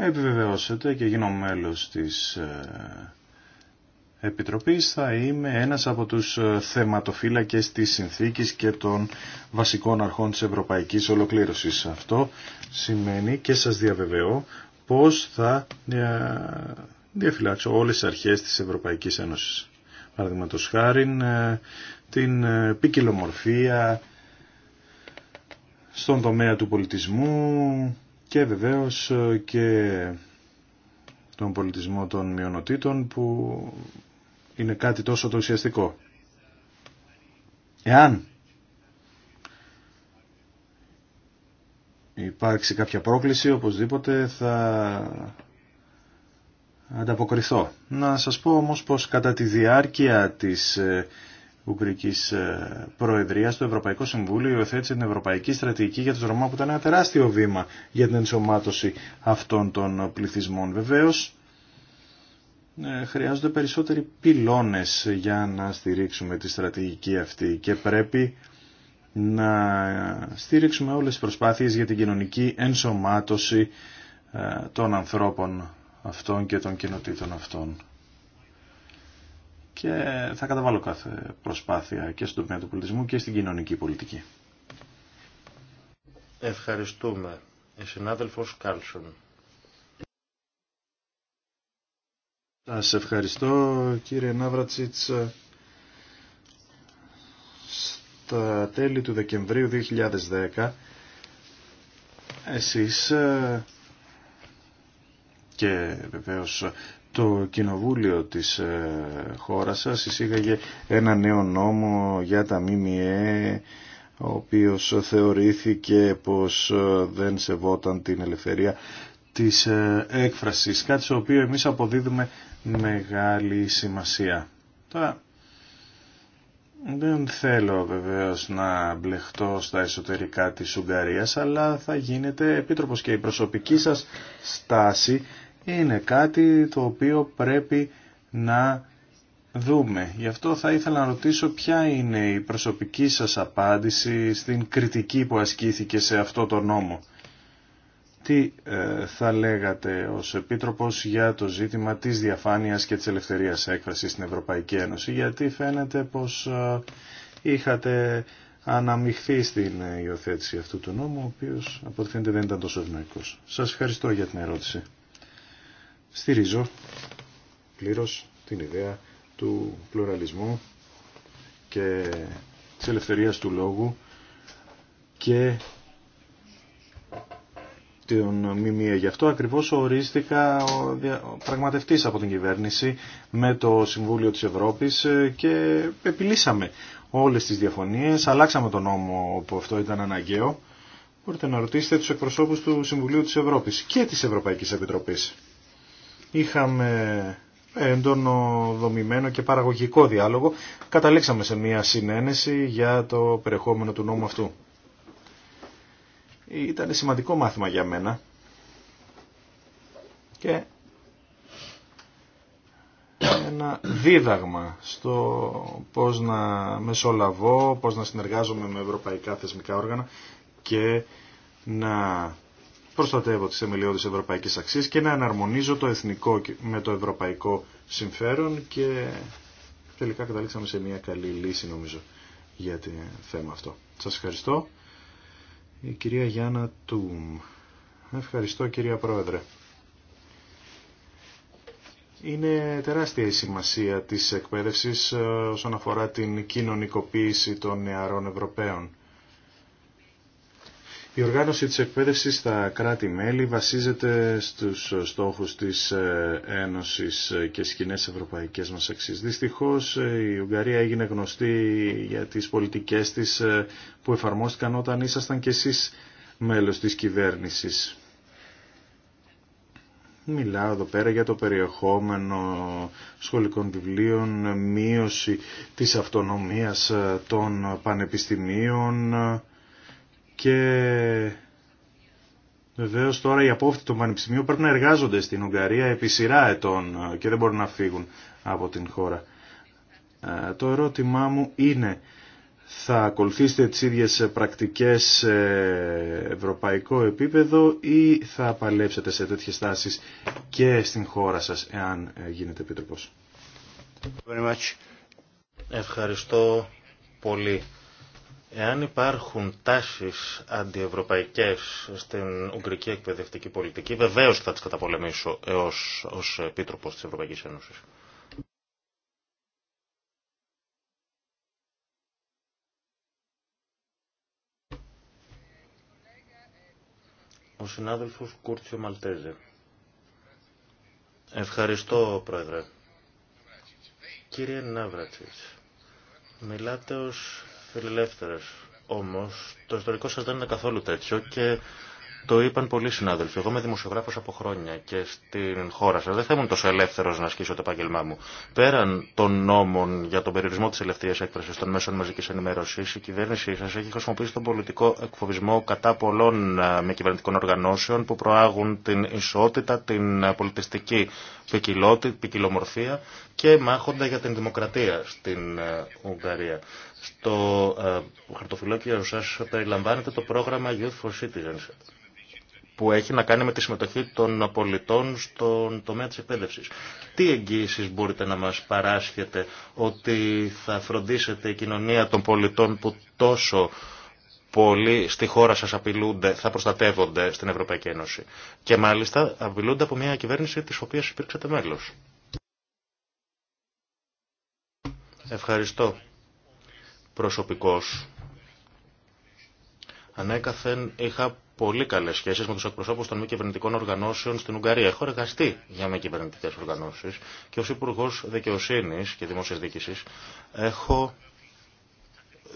επιβεβαιώσετε και γίνω μέλος της ε, Επιτροπής θα είμαι ένας από τους ε, θεματοφύλακες της συνθήκης και των βασικών αρχών της Ευρωπαϊκής Ολοκλήρωσης. Αυτό σημαίνει και σας διαβεβαιώ πώς θα ε, διαφυλάξω όλες τις αρχές της Ευρωπαϊκής Ένωσης. Παραδείγματος χάρη την ποικιλομορφία στον τομέα του πολιτισμού, και βεβαίως ε, και τον πολιτισμό των μειονοτήτων που είναι κάτι τόσο το ουσιαστικό. Εάν υπάρξει κάποια πρόκληση, οπωσδήποτε θα ανταποκριθώ. Να σας πω όμως πως κατά τη διάρκεια της ε, Ουγγρικής ε, προεδρία το Ευρωπαϊκό Συμβούλιο υιοθέτησε την Ευρωπαϊκή Στρατηγική για του Ρωμά που ήταν ένα τεράστιο βήμα για την ενσωμάτωση αυτών των πληθυσμών. Βεβαίω, ε, χρειάζονται περισσότεροι πυλώνες για να στηρίξουμε τη στρατηγική αυτή και πρέπει να στήριξουμε όλες τις προσπάθειες για την κοινωνική ενσωμάτωση ε, των ανθρώπων αυτών και των κοινοτήτων αυτών και θα καταβάλω κάθε προσπάθεια και στον τομέα του πολιτισμού και στην κοινωνική πολιτική. Ευχαριστούμε. συνάδελφος Κάλσον. Σας ευχαριστώ κύριε Ναύρατσιτς. Στα τέλη του Δεκεμβρίου 2010 εσείς ε, και βεβαίως το κοινοβούλιο της ε, χώρας σας εισήγαγε ένα νέο νόμο για τα ΜΜΕ ο οποίος θεωρήθηκε πως ε, δεν σεβόταν την ελευθερία της ε, έκφρασης, κάτι στο οποίο εμείς αποδίδουμε μεγάλη σημασία. Τώρα, δεν θέλω βεβαίως να μπλεχτώ στα εσωτερικά της Ουγγαρίας, αλλά θα γίνετε επίτροπος και η προσωπική σας στάση είναι κάτι το οποίο πρέπει να δούμε. Γι' αυτό θα ήθελα να ρωτήσω ποια είναι η προσωπική σας απάντηση στην κριτική που ασκήθηκε σε αυτό το νόμο. Τι ε, θα λέγατε ως Επίτροπος για το ζήτημα της διαφάνειας και της ελευθερίας έκφρασης στην Ευρωπαϊκή Ένωση, γιατί φαίνεται πως ε, είχατε αναμειχθεί στην υιοθέτηση αυτού του νόμου, ο οποίος αποτελείται δεν ήταν τόσο ευνοϊκός. Σας ευχαριστώ για την ερώτηση στηρίζω πλήρως την ιδέα του πλουραλισμού και της ελευθερίας του λόγου και τον ΜΜΕ. Γι' αυτό ακριβώς ορίστηκα ο πραγματευτής από την κυβέρνηση με το Συμβούλιο της Ευρώπης και επιλύσαμε όλες τις διαφωνίες, αλλάξαμε τον νόμο που αυτό ήταν αναγκαίο. Μπορείτε να ρωτήσετε τους εκπροσώπους του Συμβουλίου της Ευρώπης και της Ευρωπαϊκής Επιτροπής είχαμε έντονο δομημένο και παραγωγικό διάλογο, καταλήξαμε σε μια συνένεση για το περιεχόμενο του νόμου αυτού. Ήταν σημαντικό μάθημα για μένα και ένα δίδαγμα στο πώς να μεσολαβώ, πώς να συνεργάζομαι με ευρωπαϊκά θεσμικά όργανα και να προστατεύω τις θεμελιώδεις ευρωπαϊκής αξίες και να αναρμονίζω το εθνικό με το ευρωπαϊκό συμφέρον και τελικά καταλήξαμε σε μια καλή λύση νομίζω για το θέμα αυτό. Σας ευχαριστώ. Η κυρία Γιάννα Τουμ. Ευχαριστώ κυρία Πρόεδρε. Είναι τεράστια η σημασία της εκπαίδευσης ε, όσον αφορά την κοινωνικοποίηση των νεαρών Ευρωπαίων. Η οργάνωση της εκπαίδευσης στα κράτη-μέλη βασίζεται στους στόχους της ε, Ένωσης ε, και στις κοινές ευρωπαϊκές μας αξίες. Δυστυχώς ε, η Ουγγαρία έγινε γνωστή για τις πολιτικές της που εφαρμόστηκαν όταν ήσασταν και εσείς μέλος της κυβέρνησης. Μιλάω εδώ πέρα για το περιεχόμενο σχολικών βιβλίων, μείωση της αυτονομίας των πανεπιστημίων, και βεβαίω τώρα οι απόφοιτοι του Πανεπιστημίου πρέπει να εργάζονται στην Ουγγαρία επί σειρά ετών και δεν μπορούν να φύγουν από την χώρα. Ε, το ερώτημά μου είναι θα ακολουθήσετε τις ίδιες πρακτικές σε ευρωπαϊκό επίπεδο ή θα παλέψετε σε τέτοιες τάσεις και στην χώρα σας εάν ε, γίνετε επίτροπος. Ευχαριστώ πολύ Εάν υπάρχουν τάσεις αντιευρωπαϊκές στην Ουγγρική εκπαιδευτική πολιτική, βεβαίως θα τις καταπολεμήσω ως, ως επίτροπος της Ευρωπαϊκής Ένωσης. Ο συνάδελφος Κούρτσιο Μαλτέζε. Ευχαριστώ, Πρόεδρε. Κύριε Ναύρατσιτ, μιλάτε ως φιλελεύθερες. Όμως το ιστορικό σα δεν είναι καθόλου τέτοιο και το είπαν πολλοί συνάδελφοι. Εγώ είμαι δημοσιογράφος από χρόνια και στην χώρα σα. δεν θα ήμουν τόσο ελεύθερος να ασκήσω το επάγγελμά μου. Πέραν των νόμων για τον περιορισμό της ελευθερίας έκφρασης των μέσων μαζικής ενημέρωσης, η κυβέρνησή σα έχει χρησιμοποιήσει τον πολιτικό εκφοβισμό κατά πολλών με κυβερνητικών οργανώσεων που προάγουν την ισότητα, την ε, πολιτιστική ποικιλότητα, ποικιλομορφία και μάχονται για την δημοκρατία στην ε, Ουγγαρία. Στο ε, χαρτοφυλάκιο σας περιλαμβάνεται το πρόγραμμα Youth for Citizens που έχει να κάνει με τη συμμετοχή των πολιτών στον τομέα της εκπαίδευσης. Τι εγγύησεις μπορείτε να μας παράσχετε ότι θα φροντίσετε η κοινωνία των πολιτών που τόσο πολύ στη χώρα σας απειλούνται, θα προστατεύονται στην Ευρωπαϊκή Ένωση. Και μάλιστα απειλούνται από μια κυβέρνηση της οποίας υπήρξατε μέλος. Ευχαριστώ προσωπικός ανέκαθεν είχα πολύ καλές σχέσεις με τους εκπροσώπους των μη κυβερνητικών οργανώσεων στην Ουγγαρία. Έχω εργαστεί για μη κυβερνητικές οργανώσεις και ως υπουργό Δικαιοσύνης και Δημόσιας Δίκησης έχω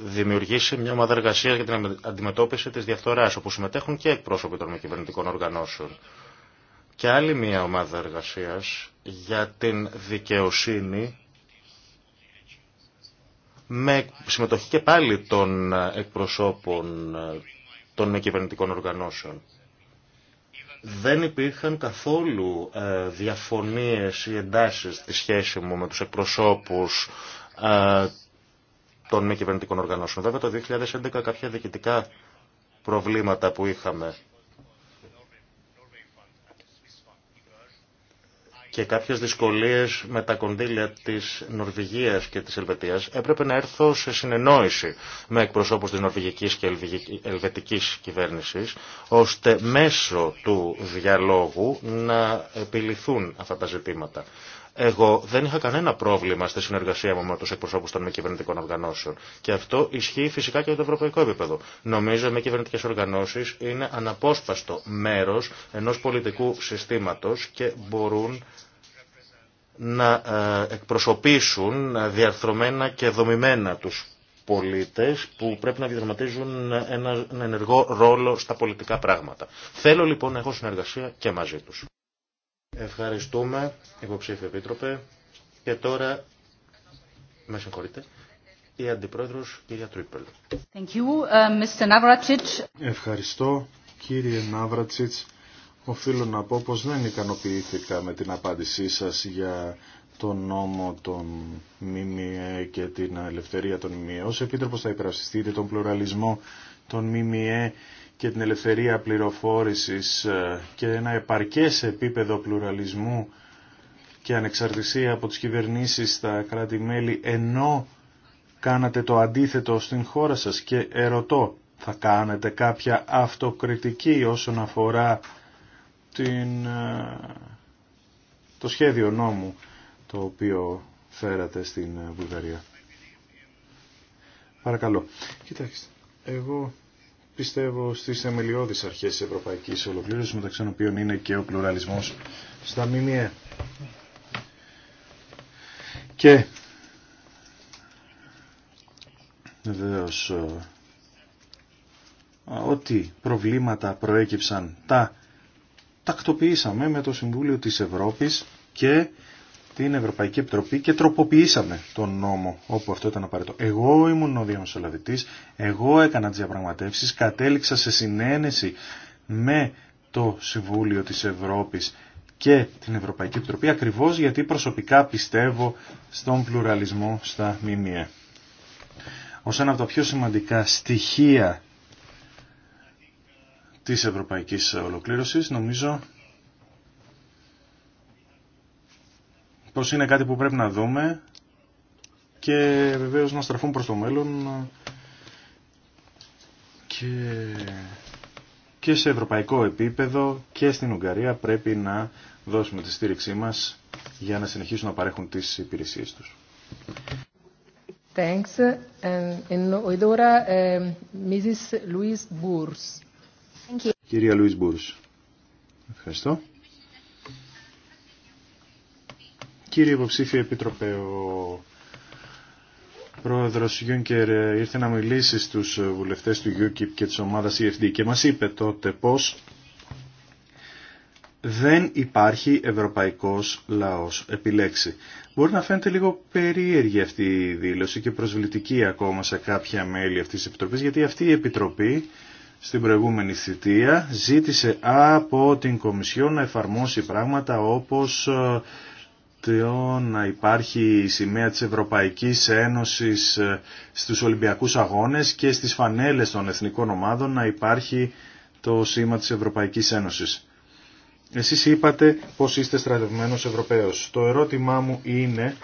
δημιουργήσει μια ομάδα εργασία για την αντιμετώπιση της διαφθοράς, όπου συμμετέχουν και εκπρόσωποι των μη κυβερνητικών οργανώσεων και άλλη μια ομάδα εργασίας για την δικαιοσύνη με συμμετοχή και πάλι των εκπροσώπων των μη κυβερνητικών οργανώσεων. Δεν υπήρχαν καθόλου ε, διαφωνίες ή εντάσεις στη σχέση μου με τους εκπροσώπους ε, των μη κυβερνητικών οργανώσεων. Βέβαια το 2011 κάποια διοικητικά προβλήματα που είχαμε και κάποιες δυσκολίες με τα κονδύλια της Νορβηγίας και της Ελβετίας, έπρεπε να έρθω σε συνεννόηση με εκπροσώπους της Νορβηγικής και Ελβετικής κυβέρνησης, ώστε μέσω του διαλόγου να επιληθούν αυτά τα ζητήματα. Εγώ δεν είχα κανένα πρόβλημα στη συνεργασία μου με του εκπροσώπου των μη κυβερνητικών οργανώσεων. Και αυτό ισχύει φυσικά και για το ευρωπαϊκό επίπεδο. Νομίζω οι μη κυβερνητικέ οργανώσει είναι αναπόσπαστο μέρο ενό πολιτικού συστήματο και μπορούν να ε, εκπροσωπήσουν διαρθρωμένα και δομημένα τους πολίτες που πρέπει να διαδραματίζουν ένα ενεργό ρόλο στα πολιτικά πράγματα. Θέλω λοιπόν να έχω συνεργασία και μαζί τους. Ευχαριστούμε, υποψήφιε επίτροπε. Και τώρα, με συγχωρείτε, η Αντιπρόεδρος, κυρία Τρίπελ. Thank you, uh, Mr. Ευχαριστώ, κύριε Ναύρατσιτς. Οφείλω να πω πως δεν ικανοποιήθηκα με την απάντησή σας για τον νόμο των ΜΜΕ και την ελευθερία των ΜΜΕ. ω Επίτροπος θα υπερασπιστείτε τον πλουραλισμό των ΜΜΕ και την ελευθερία πληροφόρησης ε, και ένα επαρκές επίπεδο πλουραλισμού και ανεξαρτησία από τις κυβερνήσεις στα κράτη-μέλη ενώ κάνατε το αντίθετο στην χώρα σας και ερωτώ θα κάνετε κάποια αυτοκριτική όσον αφορά την, ε, το σχέδιο νόμου το οποίο φέρατε στην ε, Βουλγαρία. Παρακαλώ. Κοιτάξτε, εγώ πιστεύω στις θεμελιώδεις αρχές της ευρωπαϊκής ολοκλήρωσης, μεταξύ των οποίων είναι και ο πλουραλισμός στα ΜΜΕ. Και βεβαίω ε, ό,τι προβλήματα προέκυψαν τα τακτοποιήσαμε με το Συμβούλιο της Ευρώπης και την Ευρωπαϊκή Επιτροπή και τροποποιήσαμε τον νόμο όπου αυτό ήταν απαραίτητο. Εγώ ήμουν ο διαμεσολαβητής, εγώ έκανα τις διαπραγματεύσεις, κατέληξα σε συνένεση με το Συμβούλιο της Ευρώπης και την Ευρωπαϊκή Επιτροπή ακριβώς γιατί προσωπικά πιστεύω στον πλουραλισμό στα ΜΜΕ. Ως ένα από τα πιο σημαντικά στοιχεία της ευρωπαϊκής ολοκλήρωσης νομίζω πως είναι κάτι που πρέπει να δούμε και βεβαίως να στραφούν προς το μέλλον και, και σε ευρωπαϊκό επίπεδο και στην Ουγγαρία πρέπει να δώσουμε τη στήριξή μας για να συνεχίσουν να παρέχουν τις υπηρεσίες τους. Thanks. Mrs. Um, Louise you. Κυρία Λουίς Μπούρς. Ευχαριστώ. Κύριε υποψήφιο Επίτροπε, ο πρόεδρος Γιούνκερ ήρθε να μιλήσει στους βουλευτές του UKIP και της ομάδας EFD και μας είπε τότε πως δεν υπάρχει ευρωπαϊκός λαός επιλέξει. Μπορεί να φαίνεται λίγο περίεργη αυτή η δήλωση και προσβλητική ακόμα σε κάποια μέλη αυτής της Επιτροπής, γιατί αυτή η Επιτροπή στην προηγούμενη θητεία ζήτησε από την Κομισιόν να εφαρμόσει πράγματα όπως ε, να υπάρχει η σημαία της Ευρωπαϊκής Ένωσης ε, στους Ολυμπιακούς Αγώνες και στις φανέλες των εθνικών ομάδων να υπάρχει το σήμα της Ευρωπαϊκής Ένωσης. Εσείς είπατε πως είστε στρατευμένος Ευρωπαίος. Το ερώτημά μου είναι,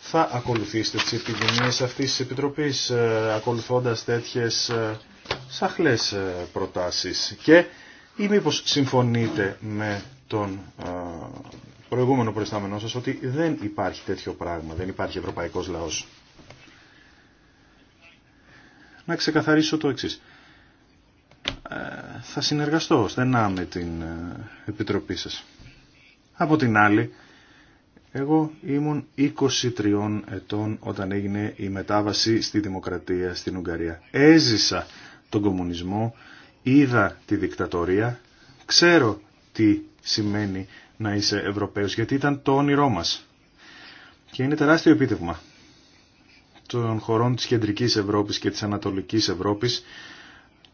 θα ακολουθήσετε τις επιδημίες αυτής της Επιτροπής ε, ακολουθώντας τέτοιες ε, σαχλές προτάσεις και ή μήπως συμφωνείτε με τον προηγούμενο προϊστάμενό σας ότι δεν υπάρχει τέτοιο πράγμα, δεν υπάρχει ευρωπαϊκός λαός. Να ξεκαθαρίσω το εξής. Ε, θα συνεργαστώ στενά με την ε, Επιτροπή σας. Από την άλλη, εγώ ήμουν 23 ετών όταν έγινε η μετάβαση στη δημοκρατία στην Ουγγαρία. Έζησα τον κομμουνισμό, είδα τη δικτατορία, ξέρω τι σημαίνει να είσαι Ευρωπαίος, γιατί ήταν το όνειρό μας. Και είναι τεράστιο επίτευγμα των χωρών της Κεντρικής Ευρώπης και της Ανατολικής Ευρώπης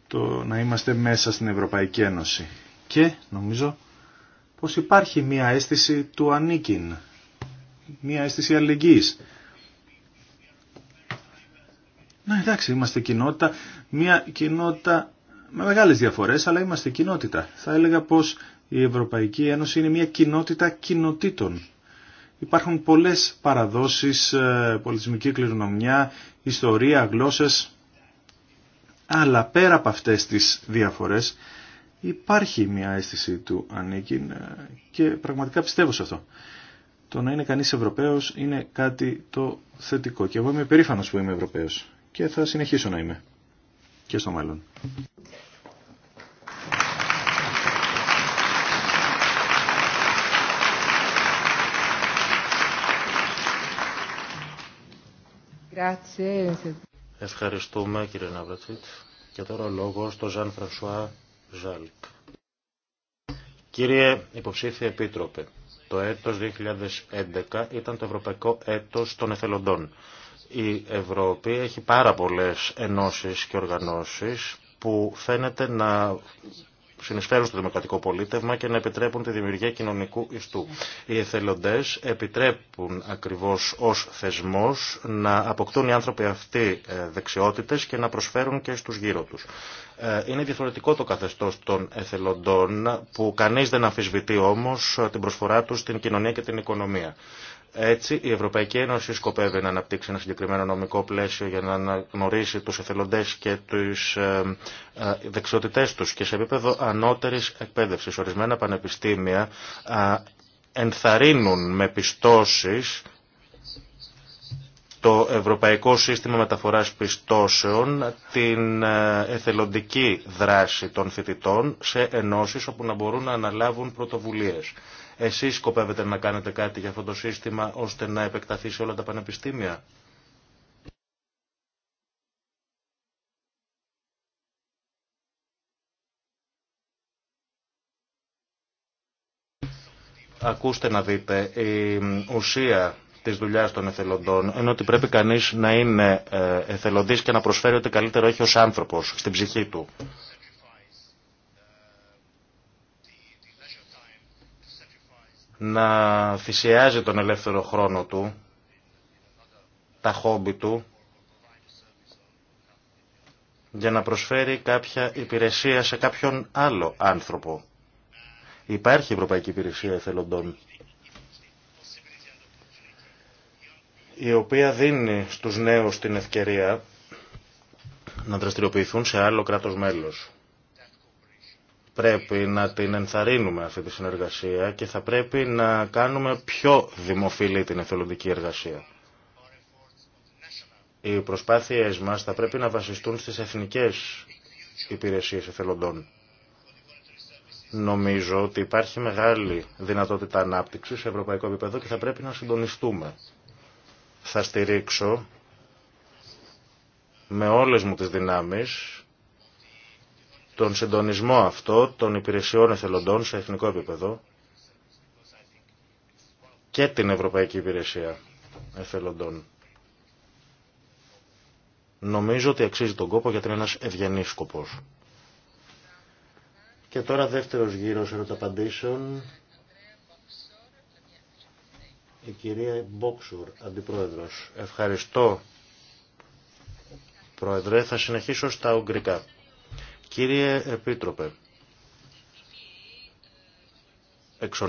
το να είμαστε μέσα στην Ευρωπαϊκή Ένωση. Και νομίζω πως υπάρχει μία αίσθηση του ανήκειν, μία αίσθηση αλληλεγγύης. Να εντάξει, είμαστε κοινότητα, μία κοινότητα με μεγάλες διαφορές, αλλά είμαστε κοινότητα. Θα έλεγα πως η Ευρωπαϊκή Ένωση είναι μια κοινότητα κοινοτήτων. Υπάρχουν πολλές παραδόσεις, ε, πολιτισμική κληρονομιά, ιστορία, γλώσσες, αλλά πέρα από αυτές τις διαφορές υπάρχει μια αίσθηση του ανήκειν ε, και πραγματικά πιστεύω σε αυτό. Το να είναι κανείς Ευρωπαίος είναι κάτι το θετικό και εγώ είμαι περήφανος που είμαι Ευρωπαίος και θα συνεχίσω να είμαι και στο μέλλον. Ευχαριστούμε κύριε Ναβρατσίτ. Και τώρα ο λόγο στο Ζαν Φρανσουά Ζάλικ. Κύριε υποψήφιε επίτροπε, το έτος 2011 ήταν το ευρωπαϊκό έτος των εθελοντών. Η Ευρώπη έχει πάρα πολλές ενώσεις και οργανώσεις που φαίνεται να συνεισφέρουν στο δημοκρατικό πολίτευμα και να επιτρέπουν τη δημιουργία κοινωνικού ιστού. Οι εθελοντές επιτρέπουν ακριβώς ως θεσμός να αποκτούν οι άνθρωποι αυτοί ε, δεξιότητες και να προσφέρουν και στους γύρω τους. Ε, είναι διαφορετικό το καθεστώς των εθελοντών που κανείς δεν αμφισβητεί όμως την προσφορά του στην κοινωνία και την οικονομία. Έτσι, η Ευρωπαϊκή Ένωση σκοπεύει να αναπτύξει ένα συγκεκριμένο νομικό πλαίσιο για να αναγνωρίσει τους εθελοντές και τις ε, ε, δεξιότητές τους και σε επίπεδο ανώτερης εκπαίδευσης. Ορισμένα πανεπιστήμια ενθαρρύνουν με πιστώσεις το Ευρωπαϊκό Σύστημα Μεταφοράς Πιστώσεων την ε, εθελοντική δράση των φοιτητών σε ενώσεις όπου να μπορούν να αναλάβουν πρωτοβουλίες. Εσείς σκοπεύετε να κάνετε κάτι για αυτό το σύστημα ώστε να επεκταθεί σε όλα τα πανεπιστήμια. Ακούστε να δείτε, η ουσία της δουλειάς των εθελοντών είναι ότι πρέπει κανείς να είναι ε, εθελοντής και να προσφέρει ό,τι καλύτερο έχει ως άνθρωπος στην ψυχή του. να θυσιάζει τον ελεύθερο χρόνο του, τα χόμπι του, για να προσφέρει κάποια υπηρεσία σε κάποιον άλλο άνθρωπο. Υπάρχει Ευρωπαϊκή Υπηρεσία Εθελοντών, η οποία δίνει στους νέους την ευκαιρία να δραστηριοποιηθούν σε άλλο κράτος μέλος πρέπει να την ενθαρρύνουμε αυτή τη συνεργασία και θα πρέπει να κάνουμε πιο δημοφιλή την εθελοντική εργασία. Οι προσπάθειές μας θα πρέπει να βασιστούν στις εθνικές υπηρεσίες εθελοντών. Νομίζω ότι υπάρχει μεγάλη δυνατότητα ανάπτυξης σε ευρωπαϊκό επίπεδο και θα πρέπει να συντονιστούμε. Θα στηρίξω με όλες μου τις δυνάμεις τον συντονισμό αυτό των υπηρεσιών εθελοντών σε εθνικό επίπεδο και την Ευρωπαϊκή Υπηρεσία Εθελοντών. Νομίζω ότι αξίζει τον κόπο γιατί είναι ένας ευγενής σκοπός. Και τώρα δεύτερος γύρος ερωταπαντήσεων. Η κυρία Μπόξουρ, Αντιπρόεδρος. Ευχαριστώ, Πρόεδρε. Θα συνεχίσω στα Ουγγρικά. Κύριε Επίτροπε, εξ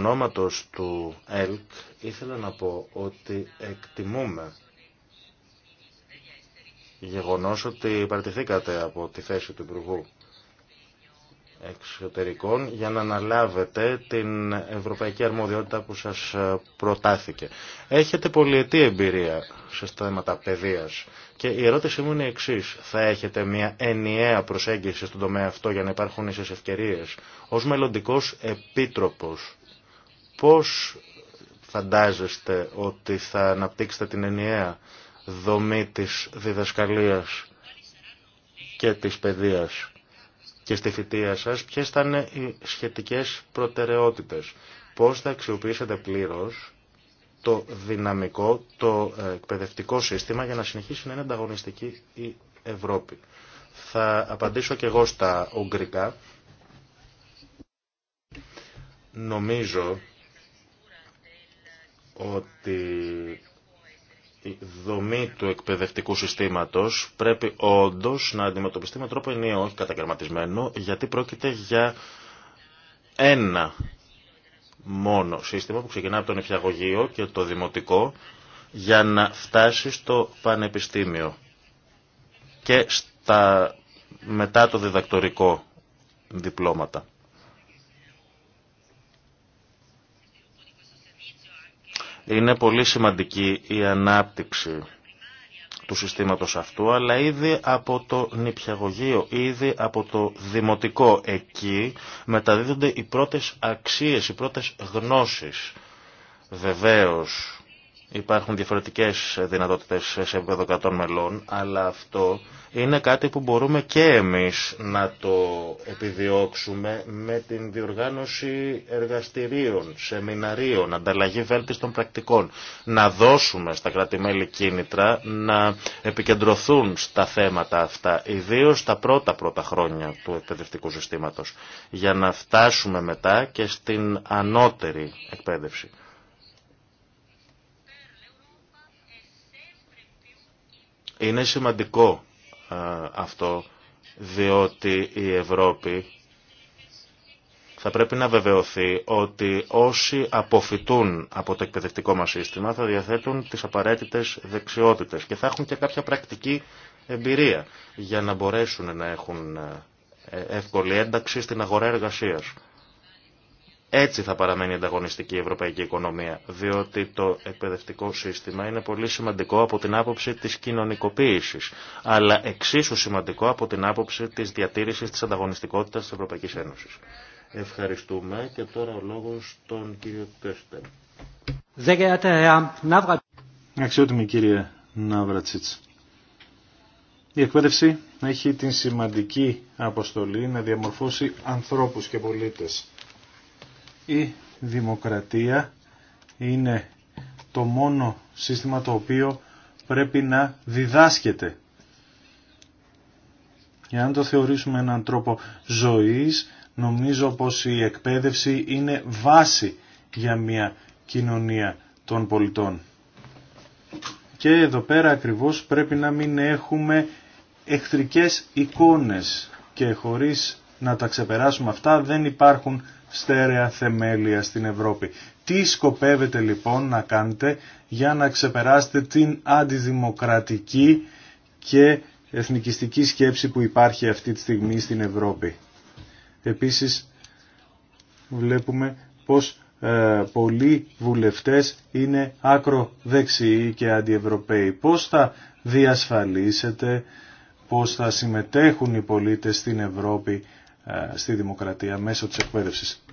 του ΕΛΚ ήθελα να πω ότι εκτιμούμε γεγονός ότι παρατηθήκατε από τη θέση του Υπουργού εξωτερικών για να αναλάβετε την ευρωπαϊκή αρμοδιότητα που σας προτάθηκε. Έχετε πολυετή εμπειρία σε θέματα παιδείας και η ερώτησή μου είναι η Θα έχετε μια ενιαία προσέγγιση στον τομέα αυτό για να υπάρχουν ίσες ευκαιρίες. Ως μελλοντικό επίτροπος πώς φαντάζεστε ότι θα αναπτύξετε την ενιαία δομή της διδασκαλίας και της παιδείας και στη φοιτεία σας ποιες θα είναι οι σχετικές προτεραιότητες. Πώς θα αξιοποιήσετε πλήρως το δυναμικό, το ε, εκπαιδευτικό σύστημα για να συνεχίσει να είναι ανταγωνιστική η Ευρώπη. Θα απαντήσω και εγώ στα ογκρικά. Νομίζω ότι η δομή του εκπαιδευτικού συστήματος πρέπει όντως να αντιμετωπιστεί με τρόπο ενίο, όχι καταγερματισμένο, γιατί πρόκειται για ένα μόνο σύστημα που ξεκινά από τον νηπιαγωγείο και το δημοτικό για να φτάσει στο πανεπιστήμιο και στα μετά το διδακτορικό διπλώματα. Είναι πολύ σημαντική η ανάπτυξη του συστήματος αυτού, αλλά ήδη από το νηπιαγωγείο, ήδη από το δημοτικό εκεί μεταδίδονται οι πρώτες αξίες, οι πρώτες γνώσεις. Βεβαίως Υπάρχουν διαφορετικές δυνατότητες σε επίπεδο κρατών μελών, αλλά αυτό είναι κάτι που μπορούμε και εμείς να το επιδιώξουμε με την διοργάνωση εργαστηρίων, σεμιναρίων, ανταλλαγή βέλτιστων πρακτικών. Να δώσουμε στα κράτη-μέλη κίνητρα να επικεντρωθούν στα θέματα αυτά, ιδίως τα πρώτα-πρώτα χρόνια του εκπαιδευτικού συστήματος, για να φτάσουμε μετά και στην ανώτερη εκπαίδευση. Είναι σημαντικό ε, αυτό, διότι η Ευρώπη θα πρέπει να βεβαιωθεί ότι όσοι αποφυτούν από το εκπαιδευτικό μας σύστημα θα διαθέτουν τις απαραίτητες δεξιότητες και θα έχουν και κάποια πρακτική εμπειρία για να μπορέσουν να έχουν ε, εύκολη ένταξη στην αγορά εργασίας. Έτσι θα παραμένει η ανταγωνιστική ευρωπαϊκή οικονομία, διότι το εκπαιδευτικό σύστημα είναι πολύ σημαντικό από την άποψη της κοινωνικοποίησης, αλλά εξίσου σημαντικό από την άποψη της διατήρησης της ανταγωνιστικότητας της Ευρωπαϊκής Ένωσης. Ευχαριστούμε και τώρα ο λόγος στον κύριο Κέστερ. Αξιότιμη κύριε Ναύρατσιτς. Η εκπαίδευση έχει την σημαντική αποστολή να διαμορφώσει ανθρώπους και πολίτες η δημοκρατία είναι το μόνο σύστημα το οποίο πρέπει να διδάσκεται. Για να το θεωρήσουμε έναν τρόπο ζωής, νομίζω πως η εκπαίδευση είναι βάση για μια κοινωνία των πολιτών. Και εδώ πέρα ακριβώς πρέπει να μην έχουμε εχθρικές εικόνες και χωρίς να τα ξεπεράσουμε αυτά. Δεν υπάρχουν στέρεα θεμέλια στην Ευρώπη. Τι σκοπεύετε λοιπόν να κάνετε για να ξεπεράσετε την αντιδημοκρατική και εθνικιστική σκέψη που υπάρχει αυτή τη στιγμή στην Ευρώπη. Επίσης βλέπουμε πως ε, πολλοί βουλευτές είναι άκρο δεξιοί και αντιευρωπαίοι. Πώς θα διασφαλίσετε, πώς θα συμμετέχουν οι πολίτες στην Ευρώπη ε, στη δημοκρατία μέσω της εκπαίδευσης.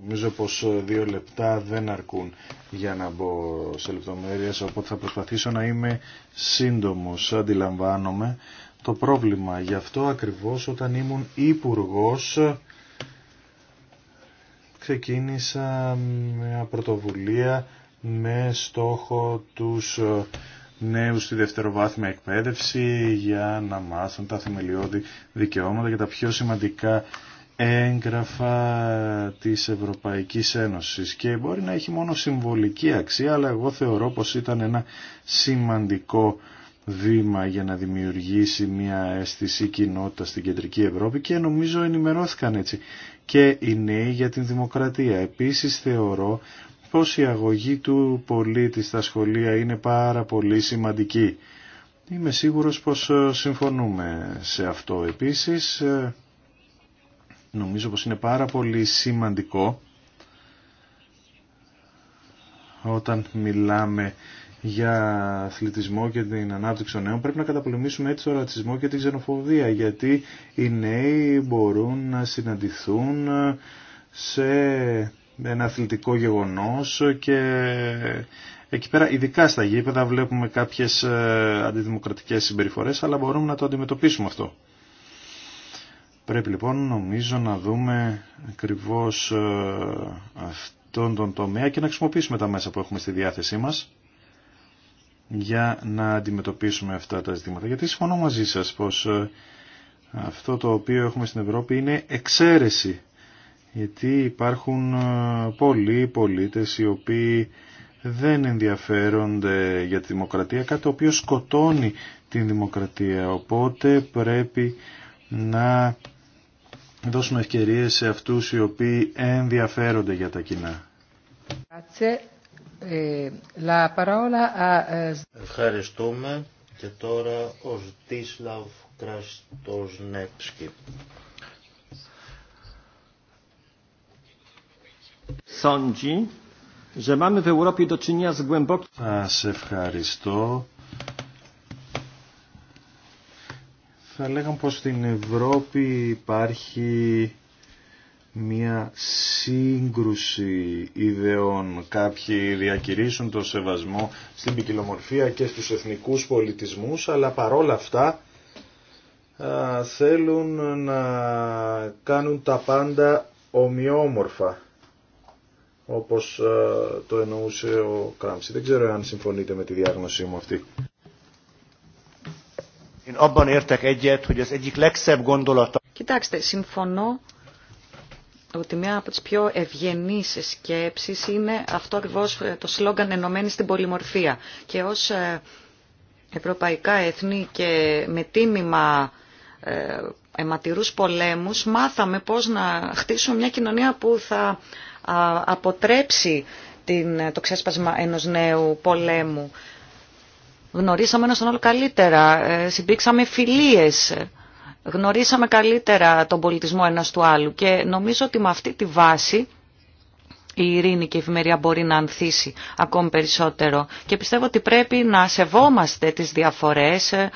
Νομίζω πως ε, δύο λεπτά δεν αρκούν για να μπω σε λεπτομέρειες, οπότε θα προσπαθήσω να είμαι σύντομος, αντιλαμβάνομαι το πρόβλημα. Γι' αυτό ακριβώς όταν ήμουν υπουργό ξεκίνησα μια πρωτοβουλία με στόχο τους ε, νέους στη δευτεροβάθμια εκπαίδευση για να μάθουν τα θεμελιώδη δικαιώματα και τα πιο σημαντικά έγγραφα της Ευρωπαϊκής Ένωσης και μπορεί να έχει μόνο συμβολική αξία αλλά εγώ θεωρώ πως ήταν ένα σημαντικό βήμα για να δημιουργήσει μια αίσθηση κοινότητα στην κεντρική Ευρώπη και νομίζω ενημερώθηκαν έτσι και οι νέοι για την δημοκρατία. Επίσης θεωρώ πως η αγωγή του πολίτη στα σχολεία είναι πάρα πολύ σημαντική. Είμαι σίγουρος πως ε, συμφωνούμε σε αυτό. Επίσης, ε, νομίζω πως είναι πάρα πολύ σημαντικό όταν μιλάμε για αθλητισμό και την ανάπτυξη των νέων πρέπει να καταπολεμήσουμε έτσι το ρατσισμό και την ξενοφοβία γιατί οι νέοι μπορούν να συναντηθούν ε, σε ένα αθλητικό γεγονός και εκεί πέρα ειδικά στα γήπεδα βλέπουμε κάποιες ε, αντιδημοκρατικές συμπεριφορές αλλά μπορούμε να το αντιμετωπίσουμε αυτό. Πρέπει λοιπόν νομίζω να δούμε ακριβώς ε, αυτόν τον τομέα και να χρησιμοποιήσουμε τα μέσα που έχουμε στη διάθεσή μας για να αντιμετωπίσουμε αυτά τα ζητήματα. Γιατί συμφωνώ μαζί σας πως ε, αυτό το οποίο έχουμε στην Ευρώπη είναι εξαίρεση γιατί υπάρχουν πολλοί πολίτες οι οποίοι δεν ενδιαφέρονται για τη δημοκρατία, κάτι το οποίο σκοτώνει την δημοκρατία. Οπότε πρέπει να δώσουμε ευκαιρίες σε αυτούς οι οποίοι ενδιαφέρονται για τα κοινά. Ε, ε, Ευχαριστούμε και τώρα ο Ζτίσλαβ Κραστοσνέψκι. Σας ευχαριστώ. Θα λέγαμε πως στην Ευρώπη υπάρχει μια σύγκρουση ιδεών. Κάποιοι διακηρύσουν το σεβασμό στην ποικιλομορφία και στους εθνικούς πολιτισμούς, αλλά παρόλα αυτά θέλουν να κάνουν τα πάντα ομοιόμορφα όπως ε, το εννοούσε ο Κράμψη. Δεν ξέρω αν συμφωνείτε με τη διάγνωσή μου αυτή. Κοιτάξτε, συμφωνώ ότι μια από τις πιο ευγενείς σκέψεις είναι αυτό ακριβώς ε, το σλόγγαν «Ενωμένη στην πολυμορφία». Και ως ε, ευρωπαϊκά έθνη και με τίμημα αιματηρούς πολέμους μάθαμε πώς να χτίσουμε μια κοινωνία που θα αποτρέψει την, το ξέσπασμα ενός νέου πολέμου. Γνωρίσαμε ένα τον άλλο καλύτερα, ε, συμπήξαμε φιλίες, γνωρίσαμε καλύτερα τον πολιτισμό ένας του άλλου και νομίζω ότι με αυτή τη βάση η ειρήνη και η ευημερία μπορεί να ανθίσει ακόμη περισσότερο. Και πιστεύω ότι πρέπει να σεβόμαστε τις διαφορές, ε,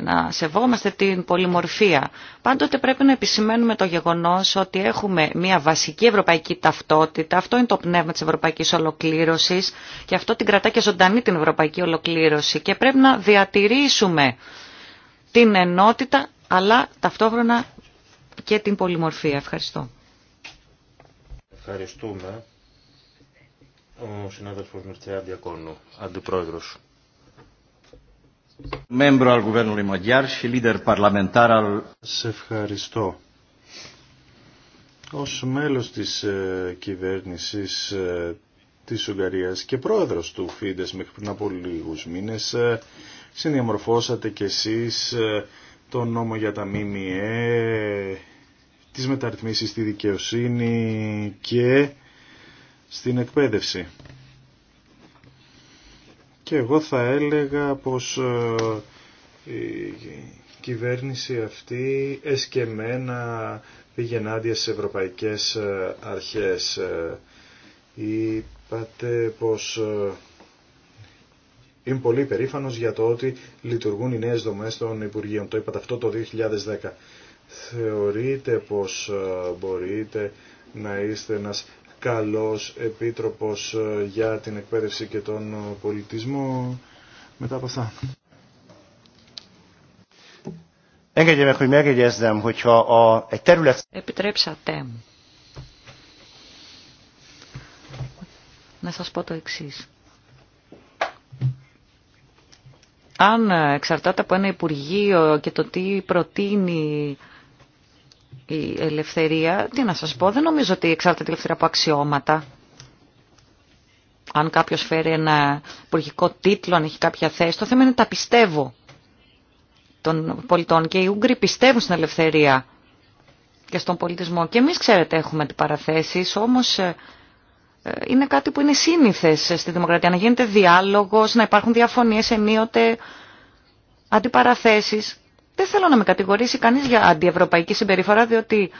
να σεβόμαστε την πολυμορφία. Πάντοτε πρέπει να επισημαίνουμε το γεγονός ότι έχουμε μια βασική ευρωπαϊκή ταυτότητα, αυτό είναι το πνεύμα της ευρωπαϊκής ολοκλήρωσης και αυτό την κρατά και ζωντανή την ευρωπαϊκή ολοκλήρωση και πρέπει να διατηρήσουμε την ενότητα αλλά ταυτόχρονα και την πολυμορφία. Ευχαριστώ. Ευχαριστούμε. Ο συνάδελφος Μυρτσέα Διακόνου, αντιπρόεδρος. Σε ευχαριστώ. Ως μέλος της ε, κυβέρνησης ε, της Ουγγαρίας και πρόεδρος του Φίντες μέχρι πριν από λίγους μήνες ε, συνδιαμορφώσατε κι εσείς το νόμο για τα ΜΜΕ, τις μεταρρυθμίσεις στη δικαιοσύνη και στην εκπαίδευση. Και εγώ θα έλεγα πως ε, η κυβέρνηση αυτή εσκεμένα πήγε ενάντια στις ευρωπαϊκές ε, αρχές. Ε, είπατε πως είμαι πολύ περήφανος για το ότι λειτουργούν οι νέες δομές των Υπουργείων. Το είπατε αυτό το 2010. Θεωρείτε πως μπορείτε να είστε ένας καλός επίτροπος ε, για την εκπαίδευση και τον ε, πολιτισμό μετά από αυτά. Επιτρέψατε να σας πω το εξής. Αν εξαρτάται από ένα Υπουργείο και το τι προτείνει η ελευθερία, τι να σας πω, δεν νομίζω ότι εξαρτάται ελευθερία από αξιώματα. Αν κάποιος φέρει ένα υπουργικό τίτλο, αν έχει κάποια θέση, το θέμα είναι τα πιστεύω των πολιτών και οι Ούγγροι πιστεύουν στην ελευθερία και στον πολιτισμό. Και εμείς ξέρετε έχουμε αντιπαραθέσεις, όμως ε, ε, είναι κάτι που είναι σύνηθες στη δημοκρατία. Να γίνεται διάλογος, να υπάρχουν διαφωνίες ενίοτε, αντιπαραθέσεις. Δεν θέλω να με κατηγορήσει κανείς για αντιευρωπαϊκή συμπεριφορά, διότι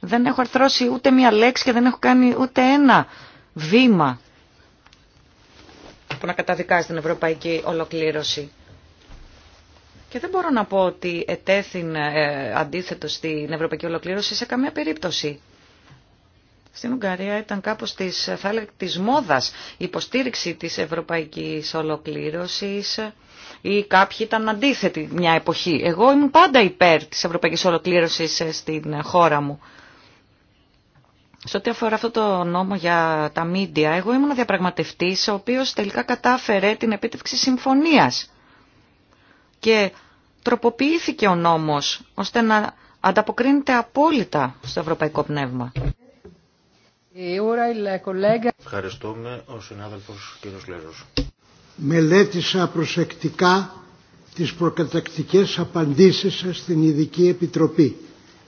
δεν έχω αρθρώσει ούτε μία λέξη και δεν έχω κάνει ούτε ένα βήμα που να καταδικάζει την ευρωπαϊκή ολοκλήρωση. Και δεν μπορώ να πω ότι ετέθην ε, αντίθετο στην ευρωπαϊκή ολοκλήρωση σε καμία περίπτωση. Στην Ουγγαρία ήταν κάπως της, θα της μόδας υποστήριξη της ευρωπαϊκής ολοκλήρωσης ή κάποιοι ήταν αντίθετοι μια εποχή. Εγώ ήμουν πάντα υπέρ της ευρωπαϊκής ολοκλήρωσης ε, στην χώρα μου. Σε ό,τι αφορά αυτό το νόμο για τα μίντια, εγώ ήμουν διαπραγματευτής, ο οποίος τελικά κατάφερε την επίτευξη συμφωνίας. Και τροποποιήθηκε ο νόμος, ώστε να ανταποκρίνεται απόλυτα στο ευρωπαϊκό πνεύμα. Ε, Ευχαριστούμε ο συνάδελφος κ. Λέρος μελέτησα προσεκτικά τις προκατακτικές απαντήσεις σας στην Ειδική Επιτροπή.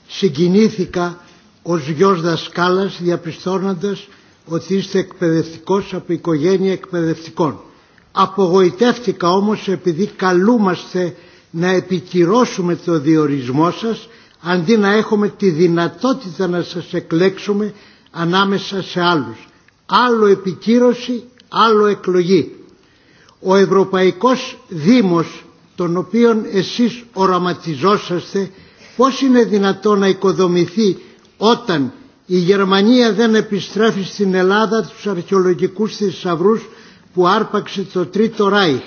Συγκινήθηκα ως γιος δασκάλας διαπιστώνοντας ότι είστε εκπαιδευτικός από οικογένεια εκπαιδευτικών. Απογοητεύτηκα όμως επειδή καλούμαστε να επικυρώσουμε το διορισμό σας αντί να έχουμε τη δυνατότητα να σας εκλέξουμε ανάμεσα σε άλλους. Άλλο επικύρωση, άλλο εκλογή ο Ευρωπαϊκός Δήμος τον οποίον εσείς οραματιζόσαστε πώς είναι δυνατόν να οικοδομηθεί όταν η Γερμανία δεν επιστρέφει στην Ελλάδα τους αρχαιολογικούς θησαυρούς που άρπαξε το Τρίτο Ράιχ.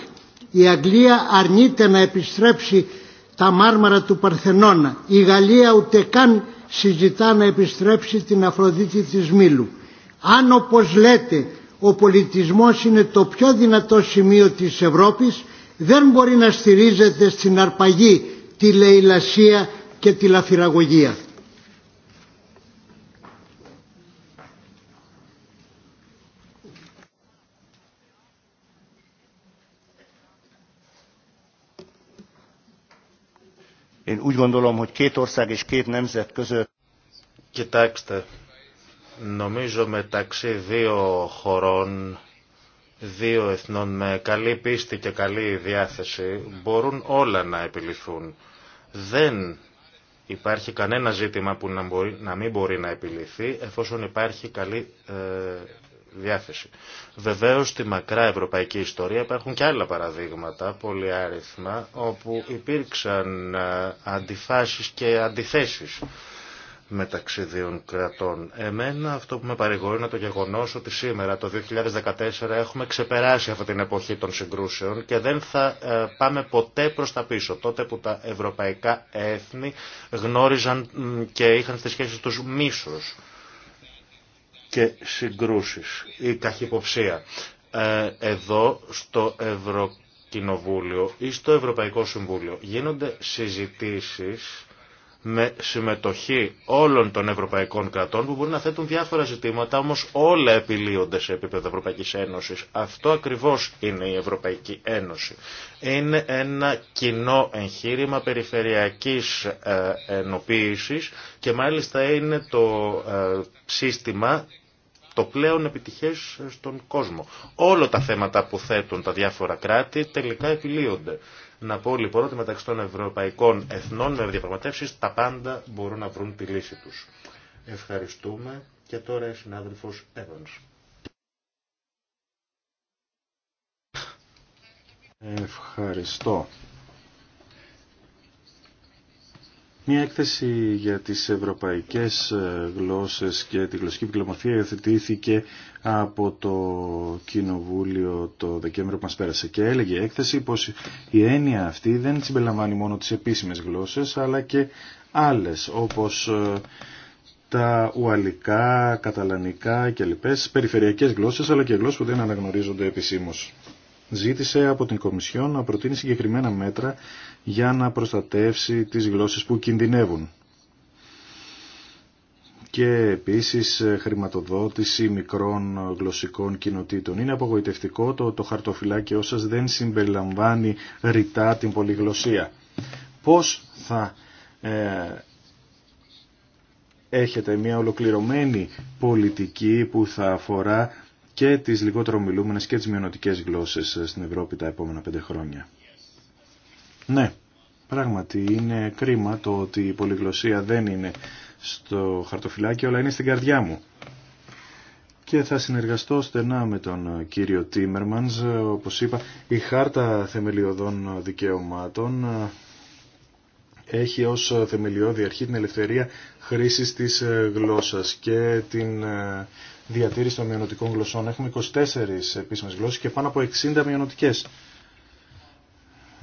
Η Αγγλία αρνείται να επιστρέψει τα μάρμαρα του Παρθενώνα. Η Γαλλία ούτε καν συζητά να επιστρέψει την Αφροδίτη της Μήλου. Αν όπως λέτε ο πολιτισμός είναι το πιο δυνατό σημείο της Ευρώπης δεν μπορεί να στηρίζεται στην αρπαγή, τη λαιλασία και τη λαφυραγωγία. Κοιτάξτε, νομίζω μεταξύ δύο χωρών, δύο εθνών με καλή πίστη και καλή διάθεση μπορούν όλα να επιληθούν. Δεν υπάρχει κανένα ζήτημα που να, να μην μπορεί να επιληθεί εφόσον υπάρχει καλή ε, διάθεση. Βεβαίως στη μακρά ευρωπαϊκή ιστορία υπάρχουν και άλλα παραδείγματα, πολύ άριθμα, όπου υπήρξαν ε, αντιφάσεις και αντιθέσεις μεταξύ δύο κρατών. Εμένα αυτό που με παρηγορεί είναι το γεγονός ότι σήμερα το 2014 έχουμε ξεπεράσει αυτή την εποχή των συγκρούσεων και δεν θα ε, πάμε ποτέ προς τα πίσω. Τότε που τα ευρωπαϊκά έθνη γνώριζαν και είχαν στις σχέσεις τους μίσος και συγκρούσεις ή καχυποψία. Ε, εδώ στο Ευρωκοινοβούλιο ή στο Ευρωπαϊκό Συμβούλιο γίνονται συζητήσεις με συμμετοχή όλων των ευρωπαϊκών κρατών που μπορεί να θέτουν διάφορα ζητήματα, όμως όλα επιλύονται σε επίπεδο Ευρωπαϊκής Ένωσης. Αυτό ακριβώς είναι η Ευρωπαϊκή Ένωση. Είναι ένα κοινό εγχείρημα περιφερειακής ε, ενοποίησης και μάλιστα είναι το ε, σύστημα το πλέον επιτυχές στον κόσμο. Όλα τα θέματα που θέτουν τα διάφορα κράτη τελικά επιλύονται. Να πω λοιπόν ότι μεταξύ των ευρωπαϊκών εθνών με διαπραγματεύσει τα πάντα μπορούν να βρουν τη λύση του. Ευχαριστούμε και τώρα η συνάδελφο Εύαν. Ευχαριστώ Μια έκθεση για τις ευρωπαϊκές ε, γλώσσες και τη γλωσσική πυκλομορφία υιοθετήθηκε από το Κοινοβούλιο το Δεκέμβριο που μας πέρασε και έλεγε η έκθεση πως η έννοια αυτή δεν συμπεριλαμβάνει μόνο τις επίσημες γλώσσες αλλά και άλλες όπως ε, τα ουαλικά, καταλανικά και λοιπές περιφερειακές γλώσσες αλλά και γλώσσες που δεν αναγνωρίζονται επισήμως ζήτησε από την Κομισιόν να προτείνει συγκεκριμένα μέτρα για να προστατεύσει τις γλώσσες που κινδυνεύουν. Και επίσης χρηματοδότηση μικρών γλωσσικών κοινοτήτων. Είναι απογοητευτικό το, το χαρτοφυλάκιό σας δεν συμπεριλαμβάνει ρητά την πολυγλωσσία. Πώς θα ε, έχετε μια ολοκληρωμένη πολιτική που θα αφορά και τις λιγότερο μιλούμενες και τις μειονοτικές γλώσσες ε, στην Ευρώπη τα επόμενα πέντε χρόνια. Ναι, πράγματι είναι κρίμα το ότι η πολυγλωσσία δεν είναι στο χαρτοφυλάκι, αλλά είναι στην καρδιά μου. Και θα συνεργαστώ στενά με τον κύριο Τίμερμανς, ε, όπως είπα, η Χάρτα Θεμελιωδών Δικαιωμάτων ε, έχει ως θεμελιώδη αρχή την ελευθερία χρήσης της γλώσσας και την διατήρηση των μειονοτικών γλωσσών. Έχουμε 24 επίσημες γλώσσες και πάνω από 60 μειονοτικές.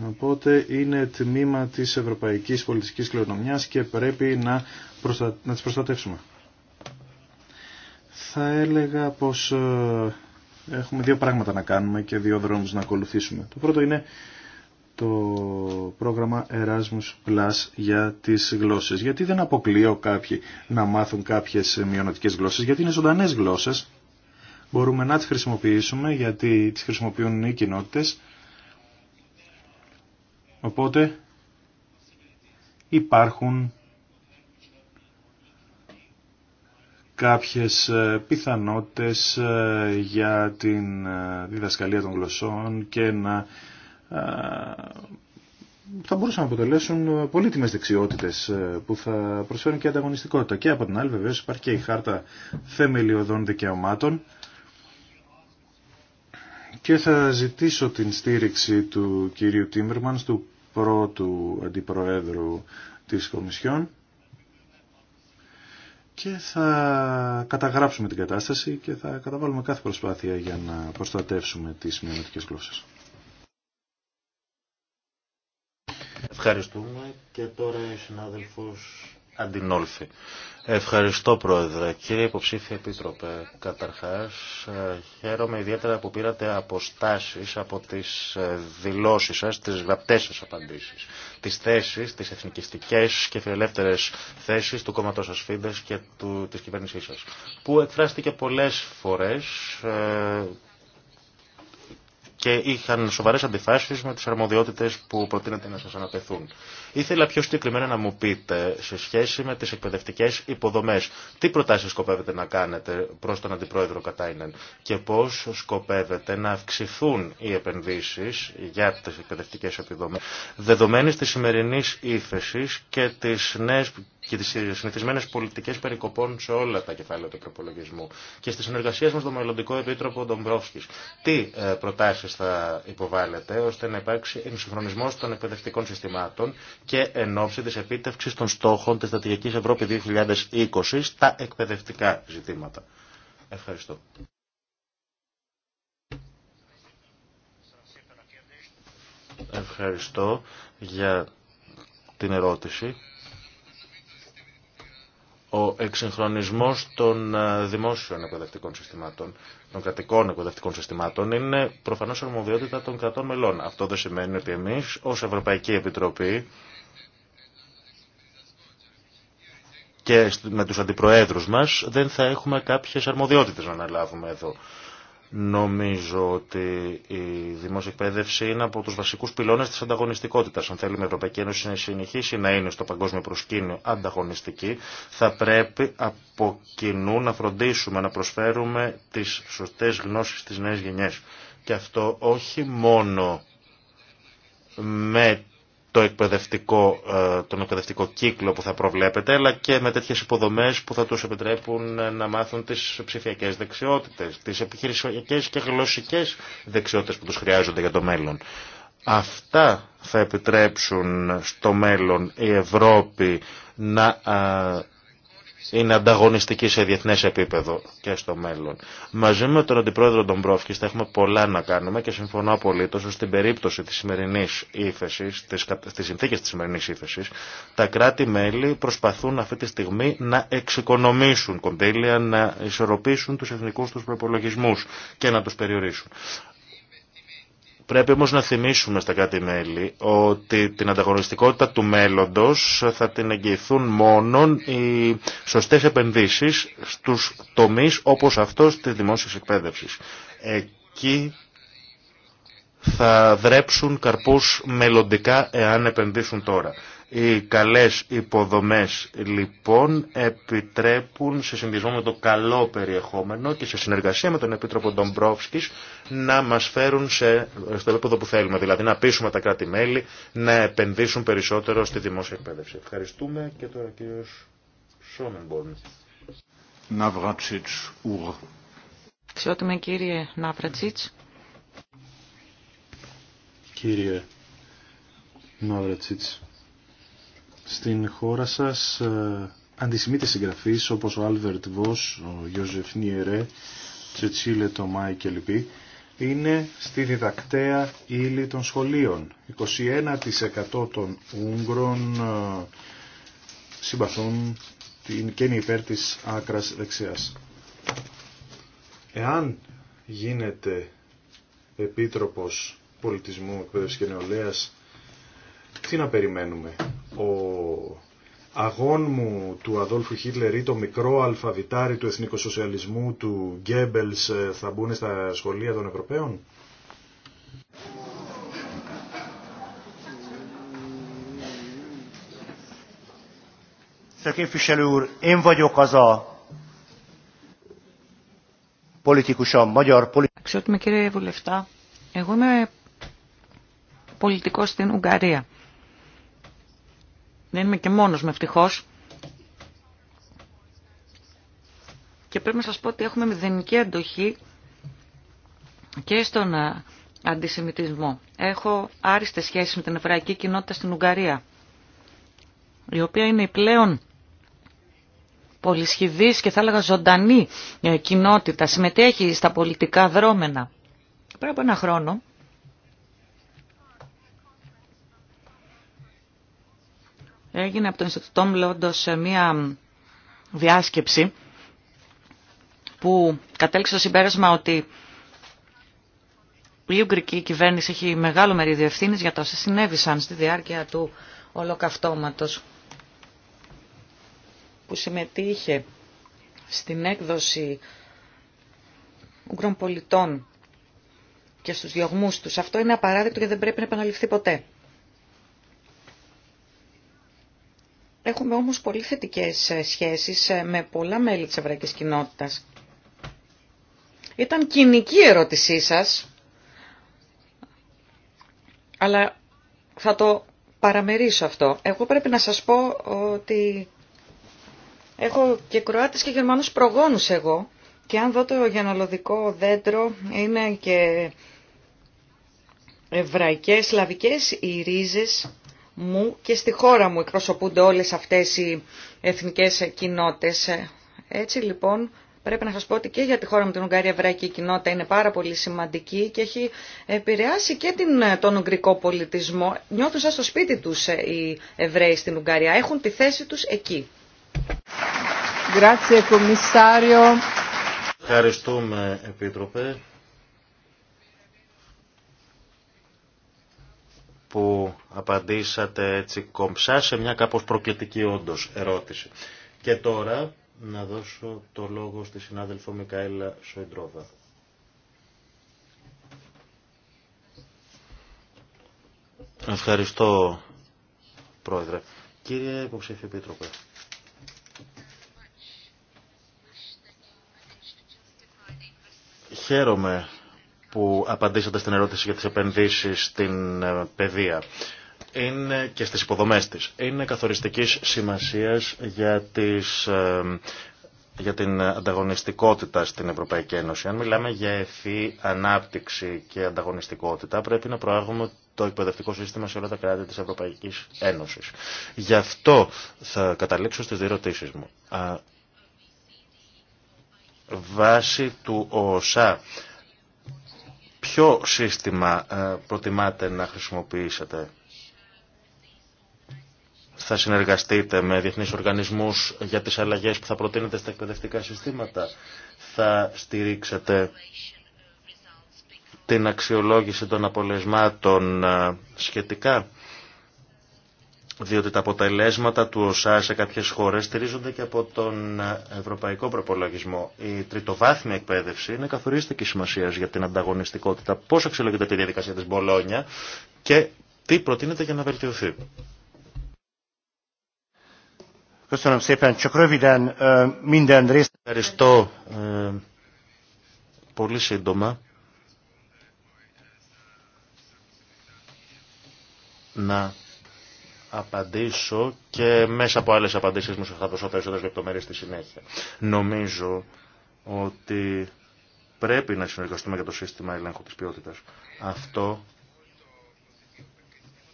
Οπότε είναι τμήμα της ευρωπαϊκής πολιτικής κληρονομιάς και πρέπει να, προστα... να τις προστατεύσουμε. Θα έλεγα πως ε, έχουμε δύο πράγματα να κάνουμε και δύο δρόμους να ακολουθήσουμε. Το πρώτο είναι το πρόγραμμα Erasmus Plus για τις γλώσσες. Γιατί δεν αποκλείω κάποιοι να μάθουν κάποιες μειονοτικές γλώσσες, γιατί είναι ζωντανές γλώσσες. Μπορούμε να τις χρησιμοποιήσουμε γιατί τις χρησιμοποιούν οι κοινότητες. Οπότε υπάρχουν κάποιες ε, πιθανότητες ε, για την ε, διδασκαλία των γλωσσών και να θα μπορούσαν να αποτελέσουν πολύτιμε δεξιότητες ε, που θα προσφέρουν και ανταγωνιστικότητα. Και από την άλλη βεβαίω, υπάρχει και η χάρτα θεμελιωδών δικαιωμάτων και θα ζητήσω την στήριξη του κυρίου Τίμπερμαν, του πρώτου αντιπροέδρου της Κομισιόν και θα καταγράψουμε την κατάσταση και θα καταβάλουμε κάθε προσπάθεια για να προστατεύσουμε τι μειονοτικέ γλώσσε. Ευχαριστούμε και τώρα η συνάδελφος Αντινόλφη. Ευχαριστώ Πρόεδρε. Κύριε Υποψήφια Επίτροπε, καταρχάς ε, χαίρομαι ιδιαίτερα που πήρατε αποστάσεις από τις ε, δηλώσεις σας, τις γραπτές σας απαντήσεις, τις θέσεις, τις εθνικιστικές και φιλελεύθερες θέσεις του κόμματός σας και του, της κυβέρνησής σας, που εκφράστηκε πολλές φορές ε, και είχαν σοβαρέ αντιφάσει με τι αρμοδιότητε που προτείνεται να σα αναπεθούν. Ήθελα πιο συγκεκριμένα να μου πείτε σε σχέση με τι εκπαιδευτικέ υποδομέ, τι προτάσει σκοπεύετε να κάνετε προ τον Αντιπρόεδρο Κατάινεν και πώ σκοπεύετε να αυξηθούν οι επενδύσει για τι εκπαιδευτικέ επιδομέ, δεδομένη τη σημερινή ύφεση και τι νέε και τι συνηθισμένε πολιτικέ περικοπών σε όλα τα κεφάλαια του προπολογισμού και στη συνεργασία μας με τον μελλοντικό επίτροπο Ντομπρόφσκη. Τι ε, προτάσει θα υποβάλλετε ώστε να υπάρξει ενσυγχρονισμό των εκπαιδευτικών συστημάτων και εν ώψη της επίτευξης των στόχων της Στρατηγική Ευρώπη 2020 στα εκπαιδευτικά ζητήματα. Ευχαριστώ. Ευχαριστώ για την ερώτηση ο εξυγχρονισμός των ε, δημόσιων εκπαιδευτικών συστημάτων, των κρατικών εκπαιδευτικών συστημάτων, είναι προφανώς αρμοδιότητα των κρατών μελών. Αυτό δεν σημαίνει ότι εμείς ως Ευρωπαϊκή Επιτροπή και με τους αντιπροέδρους μας δεν θα έχουμε κάποιες αρμοδιότητες να αναλάβουμε εδώ. Νομίζω ότι η δημόσια εκπαίδευση είναι από τους βασικούς πυλώνες της ανταγωνιστικότητας. Αν θέλουμε η Ευρωπαϊκή Ένωση να συνεχίσει να είναι στο παγκόσμιο προσκήνιο ανταγωνιστική, θα πρέπει από κοινού να φροντίσουμε να προσφέρουμε τις σωστές γνώσεις στις νέες γενιές. Και αυτό όχι μόνο με το εκπαιδευτικό, ε, τον εκπαιδευτικό κύκλο που θα προβλέπετε, αλλά και με τέτοιες υποδομές που θα τους επιτρέπουν ε, να μάθουν τις ψηφιακές δεξιότητες, τις επιχειρησιακές και γλωσσικές δεξιότητες που τους χρειάζονται για το μέλλον. Αυτά θα επιτρέψουν στο μέλλον η Ευρώπη να ε, είναι ανταγωνιστική σε διεθνέ επίπεδο και στο μέλλον. Μαζί με τον Αντιπρόεδρο Πρόφκη θα έχουμε πολλά να κάνουμε και συμφωνώ απολύτω ότι στην περίπτωση τη σημερινή ύφεση, στι συνθήκε τη σημερινή ύφεση, τα κράτη-μέλη προσπαθούν αυτή τη στιγμή να εξοικονομήσουν κοντήλια, να ισορροπήσουν του εθνικού του προπολογισμού και να του περιορίσουν. Πρέπει όμως να θυμίσουμε στα κάτι μέλη ότι την ανταγωνιστικότητα του μέλλοντος θα την εγγυηθούν μόνον οι σωστές επενδύσεις στους τομείς όπως αυτός της δημόσιας εκπαίδευσης. Εκεί θα δρέψουν καρπούς μελλοντικά εάν επενδύσουν τώρα. Οι καλές υποδομές λοιπόν επιτρέπουν σε συνδυασμό με το καλό περιεχόμενο και σε συνεργασία με τον Επίτροπο Ντομπρόφσκης να μας φέρουν σε, στο επίπεδο που θέλουμε, δηλαδή να πείσουμε τα κράτη-μέλη να επενδύσουν περισσότερο στη δημόσια εκπαίδευση. Ευχαριστούμε και τώρα κύριος Σόμενμπορν. Ναυρατσίτς ούρα. κύριε Ναυρατσίτς. Κύριε Ναυρατσίτς, στην χώρα σας ε, αντισημίτες συγγραφείς όπως ο Άλβερτ Βος, ο Ιωζεφ Νιερέ, Τσετσίλε Τομάη κλπ. είναι στη διδακτέα ύλη των σχολείων. 21% των Ούγγρων ε, συμπαθούν την είναι υπέρ της άκρας δεξιάς. Εάν γίνεται επίτροπος πολιτισμού, εκπαιδευση και νεολαία, τι να περιμένουμε ο αγών μου του Αδόλφου Χίτλερ ή το μικρό αλφαβητάρι του εθνικοσοσιαλισμού του Γκέμπελς ε, θα μπουν στα σχολεία των Ευρωπαίων. κύριε Βουλευτά, εγώ είμαι πολιτικός στην Ουγγαρία. Δεν είμαι και μόνος με ευτυχώς. Και πρέπει να σας πω ότι έχουμε μηδενική αντοχή και στον ε, αντισημιτισμό. Έχω άριστες σχέσεις με την εβραϊκή κοινότητα στην Ουγγαρία, η οποία είναι η πλέον πολυσχηδής και θα έλεγα ζωντανή ε, κοινότητα. Συμμετέχει στα πολιτικά δρόμενα. Πριν από ένα χρόνο έγινε από τον Ινστιτούτο Μλόντος σε μία διάσκεψη που κατέληξε στο συμπέρασμα ότι η Ουγγρική κυβέρνηση έχει μεγάλο μερίδιο ευθύνη για τα όσα συνέβησαν στη διάρκεια του ολοκαυτώματος που συμμετείχε στην έκδοση Ουγγρών πολιτών και στους διωγμούς τους. Αυτό είναι απαράδεκτο και δεν πρέπει να επαναληφθεί ποτέ. Έχουμε όμως πολύ θετικές ε, σχέσεις ε, με πολλά μέλη της Εβραϊκής Κοινότητας. Ήταν κοινική ερώτησή σας, αλλά θα το παραμερίσω αυτό. Εγώ πρέπει να σας πω ότι έχω και Κροάτες και Γερμανούς προγόνους εγώ και αν δω το γεναλοδικό δέντρο είναι και εβραϊκές, σλαβικές οι ρίζες μου και στη χώρα μου εκπροσωπούνται όλες αυτές οι εθνικές κοινότητες. Έτσι λοιπόν πρέπει να σας πω ότι και για τη χώρα μου την Ουγγαρία εβραϊκή κοινότητα είναι πάρα πολύ σημαντική και έχει επηρεάσει και την, τον Ουγγρικό πολιτισμό. Νιώθουν σαν στο σπίτι τους ε, οι Εβραίοι στην Ουγγαρία. Έχουν τη θέση τους εκεί. Ευχαριστούμε Επίτροπε. που απαντήσατε έτσι κομψά σε μια κάπως προκλητική όντως ερώτηση. Και τώρα να δώσω το λόγο στη συνάδελφο Μικαέλα Σοϊντρόβα. Ευχαριστώ, Πρόεδρε. Κύριε Υποψήφι Επίτροπε. Χαίρομαι που απαντήσατε στην ερώτηση για τις επενδύσεις στην ε, παιδεία είναι και στις υποδομές της. Είναι καθοριστικής σημασίας για, τις, ε, για την ανταγωνιστικότητα στην Ευρωπαϊκή Ένωση. Αν μιλάμε για ευθύ ανάπτυξη και ανταγωνιστικότητα, πρέπει να προάγουμε το εκπαιδευτικό σύστημα σε όλα τα κράτη της Ευρωπαϊκής Ένωσης. Γι' αυτό θα καταλήξω στις δύο ερωτήσεις μου. Βάσει του ΟΣΑ Ποιο σύστημα ε, προτιμάτε να χρησιμοποιήσετε. Θα συνεργαστείτε με διεθνείς οργανισμούς για τις αλλαγές που θα προτείνετε στα εκπαιδευτικά συστήματα. Θα στηρίξετε την αξιολόγηση των απολεσμάτων ε, σχετικά διότι τα αποτελέσματα του ΟΣΑ σε κάποιες χώρες στηρίζονται και από τον ευρωπαϊκό προπολογισμό. Η τριτοβάθμια εκπαίδευση είναι καθορίστικη σημασία για την ανταγωνιστικότητα. Πώς αξιολογείται τη διαδικασία της Μπολόνια και τι προτείνεται για να βελτιωθεί. Ευχαριστώ ε, πολύ σύντομα. Να απαντήσω και μέσα από άλλες απαντήσεις μου θα δώσω περισσότερες λεπτομέρειες στη συνέχεια. Νομίζω ότι πρέπει να συνεργαστούμε για το σύστημα ελέγχου της ποιότητας. Αυτό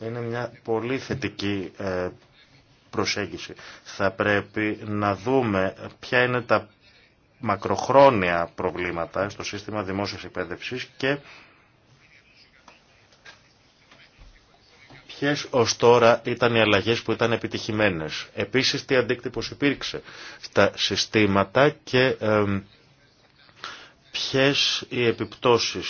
είναι μια πολύ θετική ε, προσέγγιση. Θα πρέπει να δούμε ποια είναι τα μακροχρόνια προβλήματα στο σύστημα δημόσιας εκπαίδευσης και Ποιε ω τώρα ήταν οι αλλαγέ που ήταν επιτυχημένε. Επίση, τι αντίκτυπο υπήρξε στα συστήματα και ε, ποιε οι επιπτώσει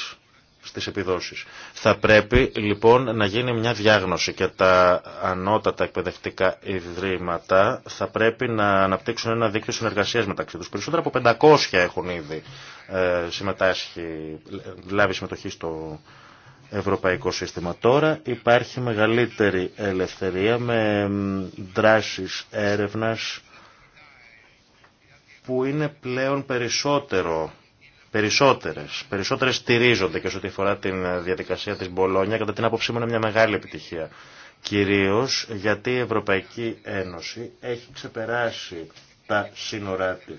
στις επιδόσεις. Θα πρέπει λοιπόν να γίνει μια διάγνωση και τα ανώτατα εκπαιδευτικά ιδρύματα θα πρέπει να αναπτύξουν ένα δίκτυο συνεργασίας μεταξύ τους. Περισσότερα από 500 έχουν ήδη ε, συμμετάσχει, λάβει συμμετοχή στο ευρωπαϊκό σύστημα. Τώρα υπάρχει μεγαλύτερη ελευθερία με δράσεις έρευνας που είναι πλέον περισσότερο περισσότερες, περισσότερες στηρίζονται και σε ό,τι αφορά την διαδικασία της Μπολόνια, κατά την άποψή μου είναι μια μεγάλη επιτυχία. Κυρίως γιατί η Ευρωπαϊκή Ένωση έχει ξεπεράσει τα σύνορά τη.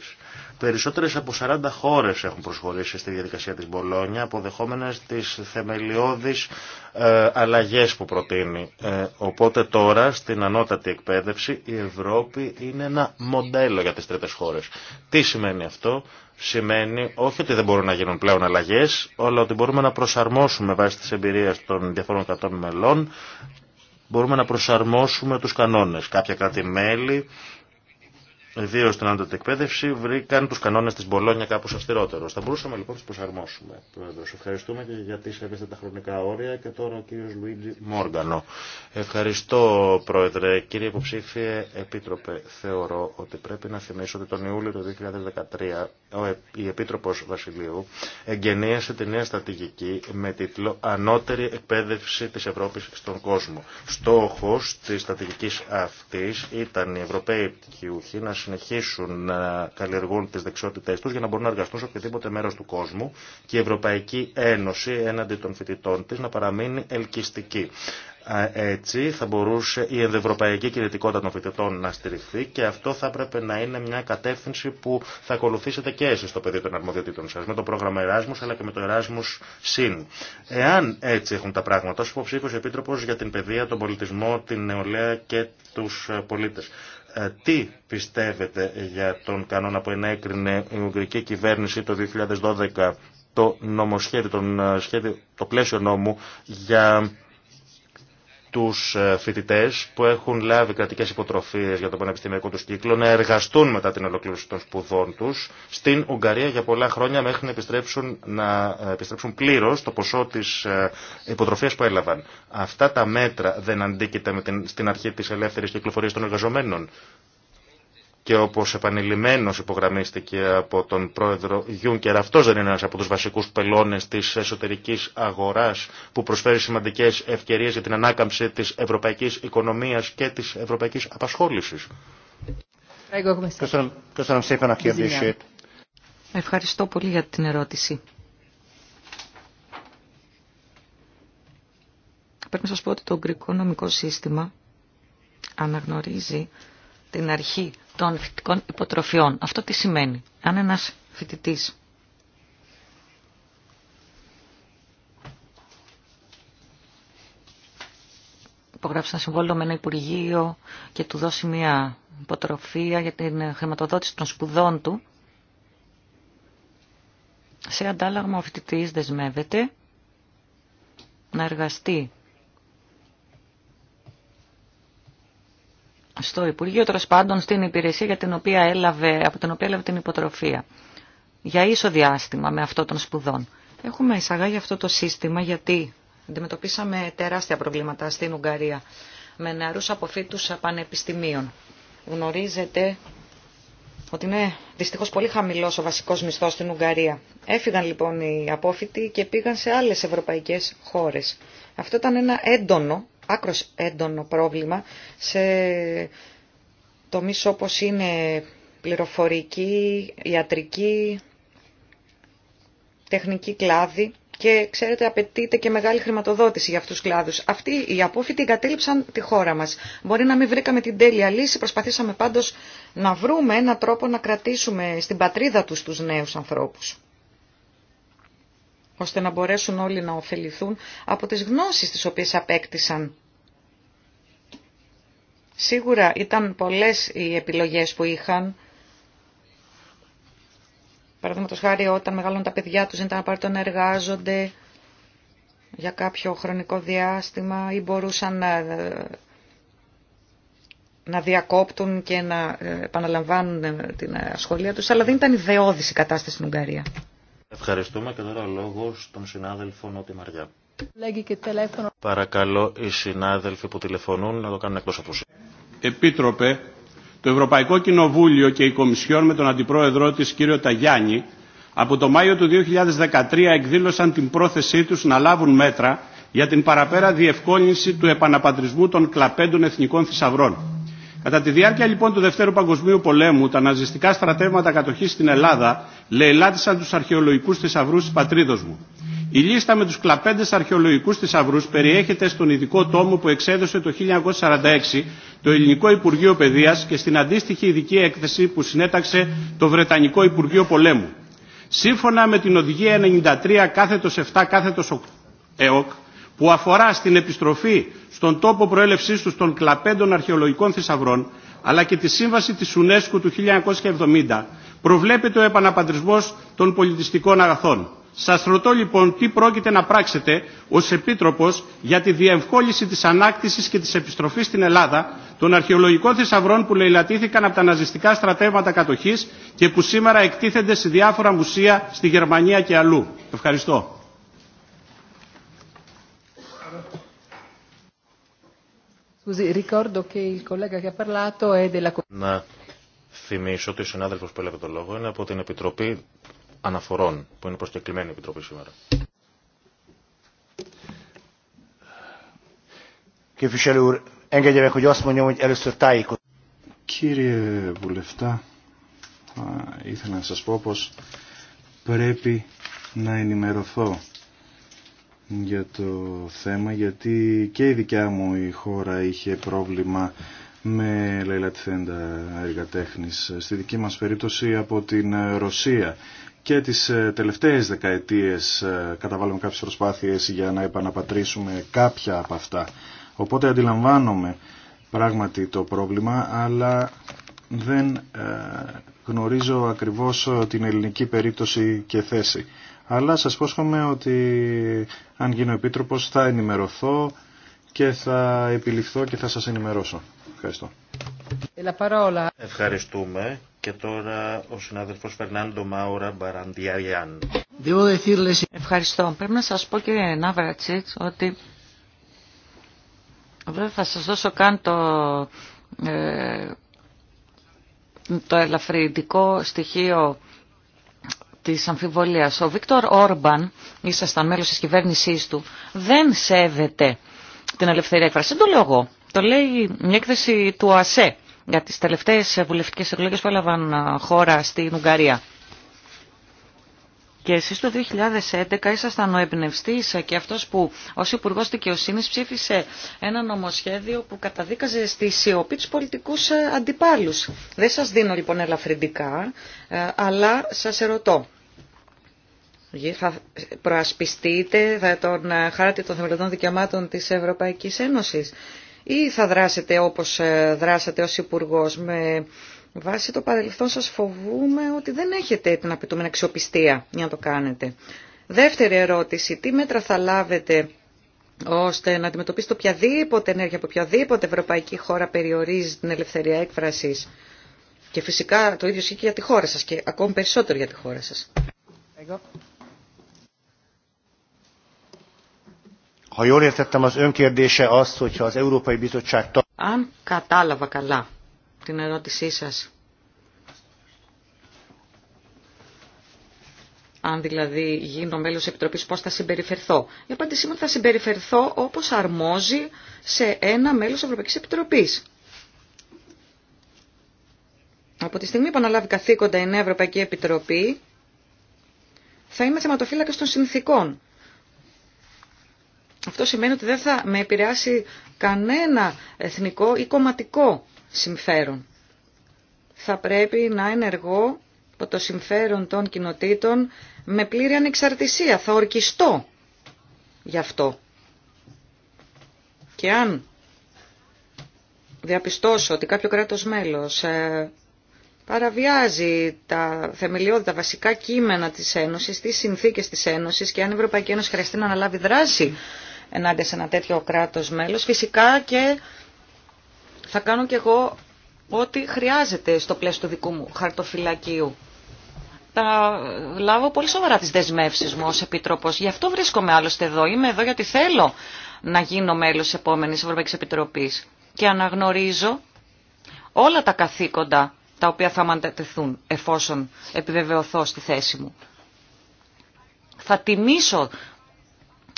Περισσότερες από 40 χώρε έχουν προσχωρήσει στη διαδικασία τη Μπολόνια, αποδεχόμενες τις θεμελιώδεις ε, αλλαγέ που προτείνει. Ε, οπότε τώρα, στην ανώτατη εκπαίδευση, η Ευρώπη είναι ένα μοντέλο για τι τρίτε χώρε. Τι σημαίνει αυτό? Σημαίνει όχι ότι δεν μπορούν να γίνουν πλέον αλλαγέ, αλλά ότι μπορούμε να προσαρμόσουμε βάσει τη εμπειρία των διαφόρων κρατών μελών μπορούμε να προσαρμόσουμε του κανόνε, καποια Κάποια κράτη-μέλη ιδίω στην άντωτη εκπαίδευση, βρήκαν του κανόνε τη Μπολόνια κάπω αυστηρότερου. Θα μπορούσαμε λοιπόν να του προσαρμόσουμε. Πρόεδρο, ευχαριστούμε και γιατί σέβεστε τα χρονικά όρια και τώρα ο κύριο Λουίτζι Μόργανο. Ευχαριστώ, Πρόεδρε. Κύριε Υποψήφιε Επίτροπε, θεωρώ ότι πρέπει να θυμίσω ότι τον Ιούλιο του 2013 η Επίτροπο Βασιλείου εγγενίασε τη νέα στρατηγική με τίτλο Ανώτερη εκπαίδευση τη Ευρώπη στον κόσμο. Στόχο τη στρατηγική αυτή ήταν οι Ευρωπαίοι πτυχιούχοι να συνεχίσουν να καλλιεργούν τι δεξιότητέ του για να μπορούν να εργαστούν σε οποιοδήποτε μέρο του κόσμου και η Ευρωπαϊκή Ένωση έναντι των φοιτητών τη να παραμείνει ελκυστική. Έτσι θα μπορούσε η ευρωπαϊκή κινητικότητα των φοιτητών να στηριχθεί και αυτό θα έπρεπε να είναι μια κατεύθυνση που θα ακολουθήσετε και εσείς στο πεδίο των αρμοδιοτήτων σας με το πρόγραμμα Εράσμους αλλά και με το Εράσμους ΣΥΝ. Εάν έτσι έχουν τα πράγματα, ως υποψήφιος επίτροπος για την παιδεία, τον πολιτισμό, την νεολαία και τους πολίτες. Ε, τι πιστεύετε για τον κανόνα που ενέκρινε η Ουγγρική κυβέρνηση το 2012 το νομοσχέδιο, ε, το πλαίσιο νόμου για τους ε, φοιτητές που έχουν λάβει κρατικές υποτροφίες για το πανεπιστημιακό τους κύκλο να εργαστούν μετά την ολοκλήρωση των σπουδών τους στην Ουγγαρία για πολλά χρόνια μέχρι να επιστρέψουν, να ε, επιστρέψουν πλήρως το ποσό της ε, υποτροφίας που έλαβαν. Αυτά τα μέτρα δεν αντίκειται με την, στην αρχή της ελεύθερης κυκλοφορίας των εργαζομένων και όπως επανειλημμένος υπογραμμίστηκε από τον πρόεδρο Γιούνκερ, αυτός δεν είναι ένας από τους βασικούς πελώνες της εσωτερικής αγοράς που προσφέρει σημαντικές ευκαιρίες για την ανάκαμψη της ευρωπαϊκής οικονομίας και της ευρωπαϊκής απασχόλησης. Ευχαριστώ πολύ για την ερώτηση. Πρέπει να σας πω ότι το γκρικό νομικό σύστημα αναγνωρίζει την αρχή των φοιτητικών υποτροφιών. Αυτό τι σημαίνει. Αν ένας φοιτητής υπογράψει ένα συμβόλαιο με ένα υπουργείο και του δώσει μια υποτροφία για την χρηματοδότηση των σπουδών του, σε αντάλλαγμα ο φοιτητής δεσμεύεται να εργαστεί στο Υπουργείο, τέλο πάντων στην υπηρεσία για την οποία έλαβε, από την οποία έλαβε την υποτροφία. Για ίσο διάστημα με αυτό των σπουδών. Έχουμε εισαγάγει αυτό το σύστημα γιατί αντιμετωπίσαμε τεράστια προβλήματα στην Ουγγαρία με νεαρού αποφύτου πανεπιστημίων. Γνωρίζετε ότι είναι δυστυχώ πολύ χαμηλό ο βασικό μισθό στην Ουγγαρία. Έφυγαν λοιπόν οι απόφοιτοι και πήγαν σε άλλε ευρωπαϊκέ χώρε. Αυτό ήταν ένα έντονο άκρος έντονο πρόβλημα σε τομείς όπως είναι πληροφορική, ιατρική, τεχνική κλάδη και ξέρετε απαιτείται και μεγάλη χρηματοδότηση για αυτούς τους κλάδους. Αυτοί οι απόφοιτοι εγκατέλειψαν τη χώρα μας. Μπορεί να μην βρήκαμε την τέλεια λύση, προσπαθήσαμε πάντως να βρούμε έναν τρόπο να κρατήσουμε στην πατρίδα τους τους νέους ανθρώπους ώστε να μπορέσουν όλοι να ωφεληθούν από τις γνώσεις τις οποίες απέκτησαν. Σίγουρα ήταν πολλές οι επιλογές που είχαν. Παραδείγματος χάρη όταν μεγαλώνουν τα παιδιά τους ήταν απαραίτητο να εργάζονται για κάποιο χρονικό διάστημα ή μπορούσαν να, διακόπτουν και να ε, επαναλαμβάνουν ε, την ασχολία ε, τους, αλλά δεν ήταν ιδεώδης η κατάσταση στην Ουγγαρία. Ευχαριστούμε και τώρα ο λόγο στον συνάδελφο Νότι Μαριά. Και Παρακαλώ οι συνάδελφοι που τηλεφωνούν να το κάνουν εκτό από Επίτροπε, το Ευρωπαϊκό Κοινοβούλιο και η Κομισιόν με τον Αντιπρόεδρό της κύριο Ταγιάννη από το Μάιο του 2013 εκδήλωσαν την πρόθεσή τους να λάβουν μέτρα για την παραπέρα διευκόλυνση του επαναπατρισμού των κλαπέντων εθνικών θησαυρών. Κατά τη διάρκεια λοιπόν του Δευτέρου Παγκοσμίου Πολέμου, τα ναζιστικά στρατεύματα κατοχής στην Ελλάδα λαιλάτισαν τους αρχαιολογικούς θησαυρού της πατρίδος μου. Η λίστα με τους κλαπέντες αρχαιολογικούς θησαυρού περιέχεται στον ειδικό τόμο που εξέδωσε το 1946 το Ελληνικό Υπουργείο Παιδείας και στην αντίστοιχη ειδική έκθεση που συνέταξε το Βρετανικό Υπουργείο Πολέμου. Σύμφωνα με την Οδηγία 93 κάθετο 7 κάθετος ΕΟΚ που αφορά στην επιστροφή στον τόπο προέλευσή του των κλαπέντων αρχαιολογικών θησαυρών αλλά και τη σύμβαση τη UNESCO του 1970 προβλέπεται ο επαναπατρισμός των πολιτιστικών αγαθών. Σας ρωτώ λοιπόν τι πρόκειται να πράξετε ως Επίτροπος για τη διευκόλυνση της ανάκτησης και της επιστροφής στην Ελλάδα των αρχαιολογικών θησαυρών που λαιλατήθηκαν από τα ναζιστικά στρατεύματα κατοχής και που σήμερα εκτίθενται σε διάφορα μουσεία στη Γερμανία και αλλού. Ευχαριστώ. Να θυμίσω ότι ο συνάδελφος που έλαβε το λόγο είναι από την Επιτροπή Αναφορών, που είναι προσκεκλημένη η Επιτροπή σήμερα. Κύριε Βουλευτά, ήθελα να σας πω πως πρέπει να ενημερωθώ για το θέμα γιατί και η δικιά μου η χώρα είχε πρόβλημα με Λέιλα έργα τέχνης, στη δική μας περίπτωση από την ε, Ρωσία. Και τις ε, τελευταίες δεκαετίες ε, καταβάλουμε κάποιες προσπάθειες για να επαναπατρίσουμε κάποια από αυτά. Οπότε αντιλαμβάνομαι πράγματι το πρόβλημα, αλλά δεν γνωρίζω ακριβώς την ελληνική περίπτωση και θέση. Αλλά σας πρόσχομαι ότι αν γίνω επίτροπος θα ενημερωθώ και θα επιληφθώ και θα σας ενημερώσω. Ευχαριστώ. Ε, Ευχαριστούμε. Και τώρα ο συνάδελφος Φερνάντο Μάουρα Μπαραντιάγιαν. Ευχαριστώ. Πρέπει να σας πω κύριε Ναβρατσίτς ότι δεν θα σας δώσω καν το, ε, στοιχείο της αμφιβολίας. Ο Βίκτορ Όρμπαν, ήσασταν μέλος της κυβέρνησής του, δεν σέβεται την ελευθερία έκφραση. Δεν το λέω το λέει μια έκθεση του ΑΣΕ για τις τελευταίες βουλευτικές εκλογές που έλαβαν χώρα στην Ουγγαρία. Και εσείς το 2011 ήσασταν ο εμπνευστής και αυτός που ως υπουργό δικαιοσύνη ψήφισε ένα νομοσχέδιο που καταδίκαζε στη σιωπή τους πολιτικούς αντιπάλους. Δεν σας δίνω λοιπόν ελαφρυντικά, αλλά σας ερωτώ. Θα προασπιστείτε, θα τον χάρτη των θεμελιωτών δικαιωμάτων της Ευρωπαϊκής Ένωσης ή θα δράσετε όπως ε, δράσατε ως υπουργό. με βάση το παρελθόν σας φοβούμε ότι δεν έχετε την απαιτούμενη αξιοπιστία για να το κάνετε. Δεύτερη ερώτηση, τι μέτρα θα λάβετε ώστε να αντιμετωπίσετε οποιαδήποτε ενέργεια από οποιαδήποτε ευρωπαϊκή χώρα περιορίζει την ελευθερία έκφρασης και φυσικά το ίδιο ισχύει και για τη χώρα σας και ακόμη περισσότερο για τη χώρα σας. Αν κατάλαβα καλά την ερώτησή σας, αν δηλαδή γίνω μέλος Επιτροπής, πώς θα συμπεριφερθώ. Η απάντησή μου θα συμπεριφερθώ όπως αρμόζει σε ένα μέλος Ευρωπαϊκής Επιτροπής. Από τη στιγμή που αναλάβει καθήκοντα η Νέα Ευρωπαϊκή Επιτροπή, θα είμαι θεματοφύλακα των συνθήκων. Αυτό σημαίνει ότι δεν θα με επηρεάσει κανένα εθνικό ή κομματικό συμφέρον. Θα πρέπει να ενεργώ από το συμφέρον των κοινοτήτων με πλήρη ανεξαρτησία. Θα ορκιστώ γι' αυτό. Και αν διαπιστώσω ότι κάποιο κράτος μέλος ε, παραβιάζει τα θεμελιώδη, τα βασικά κείμενα της Ένωσης, τις συνθήκες της Ένωσης και αν η Ευρωπαϊκή Ένωση χρειαστεί να αναλάβει δράση ενάντια σε ένα τέτοιο κράτος μέλος. Φυσικά και θα κάνω κι εγώ ό,τι χρειάζεται στο πλαίσιο του δικού μου χαρτοφυλακίου. Τα λάβω πολύ σοβαρά τις δεσμεύσεις μου ως Επίτροπος. Γι' αυτό βρίσκομαι άλλωστε εδώ. Είμαι εδώ γιατί θέλω να γίνω μέλος της επόμενης Ευρωπαϊκής Επιτροπής. Και αναγνωρίζω όλα τα καθήκοντα τα οποία θα μαντατεθούν εφόσον επιβεβαιωθώ στη θέση μου. Θα τιμήσω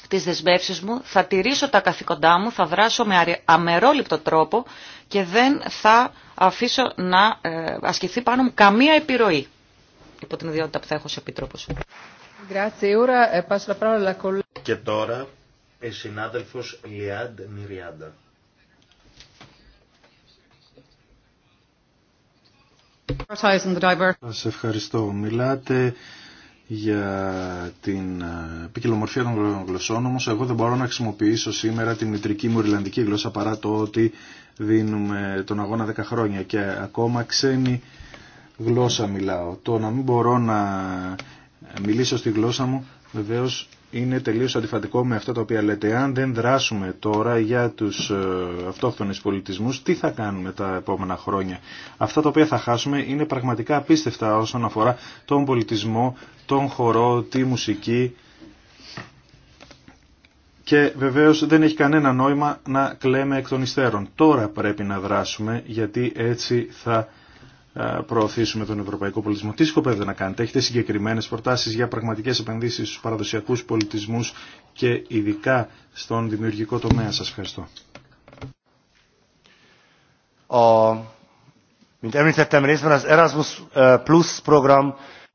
τις δεσμεύσεις μου, θα τηρήσω τα καθήκοντά μου, θα δράσω με αμερόληπτο τρόπο και δεν θα αφήσω να ε, ασκηθεί πάνω μου καμία επιρροή υπό την ιδιότητα που θα έχω σε επίτροπος. Ε, και τώρα η συνάδελφος Λιάντ Μυριάντα. Σας ευχαριστώ. Μιλάτε για την ε, ποικιλομορφία των γλωσσών, όμως εγώ δεν μπορώ να χρησιμοποιήσω σήμερα την μητρική μου Ιρλανδική γλώσσα παρά το ότι δίνουμε τον αγώνα 10 χρόνια και ακόμα ξένη γλώσσα μιλάω. Το να μην μπορώ να μιλήσω στη γλώσσα μου βεβαίως είναι τελείως αντιφατικό με αυτά τα οποία λέτε. Αν δεν δράσουμε τώρα για τους ε, αυτόχθονες πολιτισμούς, τι θα κάνουμε τα επόμενα χρόνια. Αυτά τα οποία θα χάσουμε είναι πραγματικά απίστευτα όσον αφορά τον πολιτισμό, τον χορό, τη μουσική. Και βεβαίως δεν έχει κανένα νόημα να κλαίμε εκ των υστέρων. Τώρα πρέπει να δράσουμε γιατί έτσι θα ε, προωθήσουμε τον ευρωπαϊκό πολιτισμό. Τι σκοπεύετε να κάνετε, έχετε συγκεκριμένε προτάσει για πραγματικέ επενδύσει στου παραδοσιακού πολιτισμού και ειδικά στον δημιουργικό τομέα. Σα ευχαριστώ. Ε,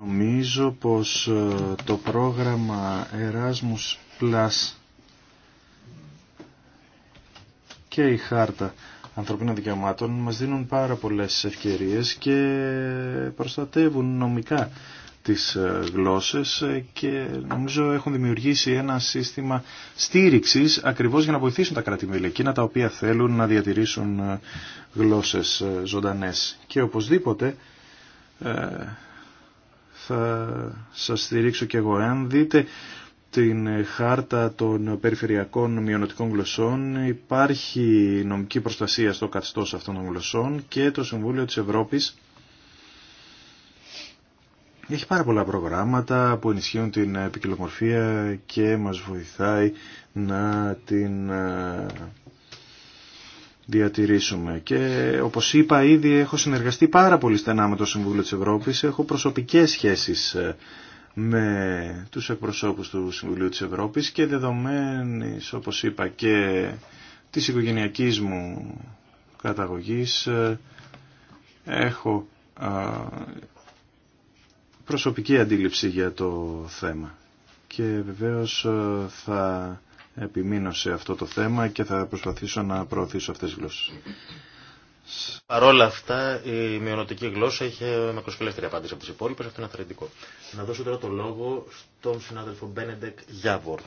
Νομίζω πως ε, το πρόγραμμα Erasmus Plus και η χάρτα ανθρωπίνων δικαιωμάτων μας δίνουν πάρα πολλές ευκαιρίες και προστατεύουν νομικά τις ε, γλώσσες ε, και νομίζω έχουν δημιουργήσει ένα σύστημα στήριξης ακριβώς για να βοηθήσουν τα κρατη εκείνα τα οποία θέλουν να διατηρήσουν ε, γλώσσες ζωντανές και οπωσδήποτε θα σας στηρίξω και εγώ εάν δείτε την ε, χάρτα των περιφερειακών μειονοτικών γλωσσών υπάρχει νομική προστασία στο καθεστώς αυτών των γλωσσών και το Συμβούλιο της Ευρώπης έχει πάρα πολλά προγράμματα που ενισχύουν την επικοινωνία και μας βοηθάει να την ε, διατηρήσουμε. Και όπως είπα ήδη έχω συνεργαστεί πάρα πολύ στενά με το Συμβούλιο της Ευρώπης, έχω προσωπικές σχέσεις ε, με τους εκπροσώπους του Συμβουλίου της Ευρώπης και δεδομένης, όπως είπα, και της οικογενειακής μου καταγωγής ε, έχω προσωπική αντίληψη για το θέμα και βεβαίως ε, θα επιμείνω σε αυτό το θέμα και θα προσπαθήσω να προωθήσω αυτές τις γλώσσες. Παρ' όλα αυτά, η μειονοτική γλώσσα είχε μακροσκελεύθερη απάντηση από τι υπόλοιπε. Αυτό είναι αθρεντικό. Να δώσω τώρα το λόγο στον συνάδελφο Μπένεντεκ Γιάβορ.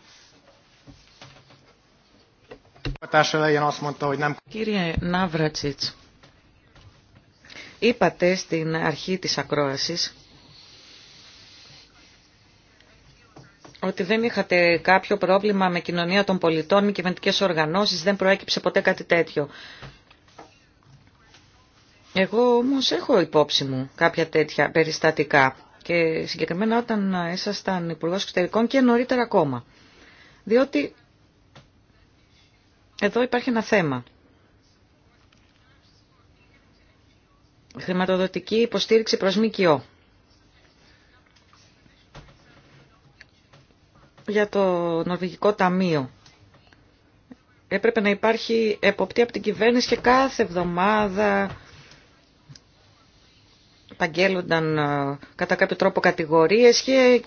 Κύριε Ναύρατσιτς, είπατε στην αρχή τη ακρόαση ότι δεν είχατε κάποιο πρόβλημα με κοινωνία των πολιτών, με κυβερνητικέ οργανώσεις, δεν προέκυψε ποτέ κάτι τέτοιο. Εγώ όμως έχω υπόψη μου κάποια τέτοια περιστατικά και συγκεκριμένα όταν ήσασταν Υπουργός Εξωτερικών και νωρίτερα ακόμα. Διότι εδώ υπάρχει ένα θέμα. Χρηματοδοτική υποστήριξη προς ΜΚΟ. Για το Νορβηγικό Ταμείο. Έπρεπε να υπάρχει εποπτεία από την κυβέρνηση και κάθε εβδομάδα επαγγέλλονταν ε, κατά κάποιο τρόπο κατηγορίες και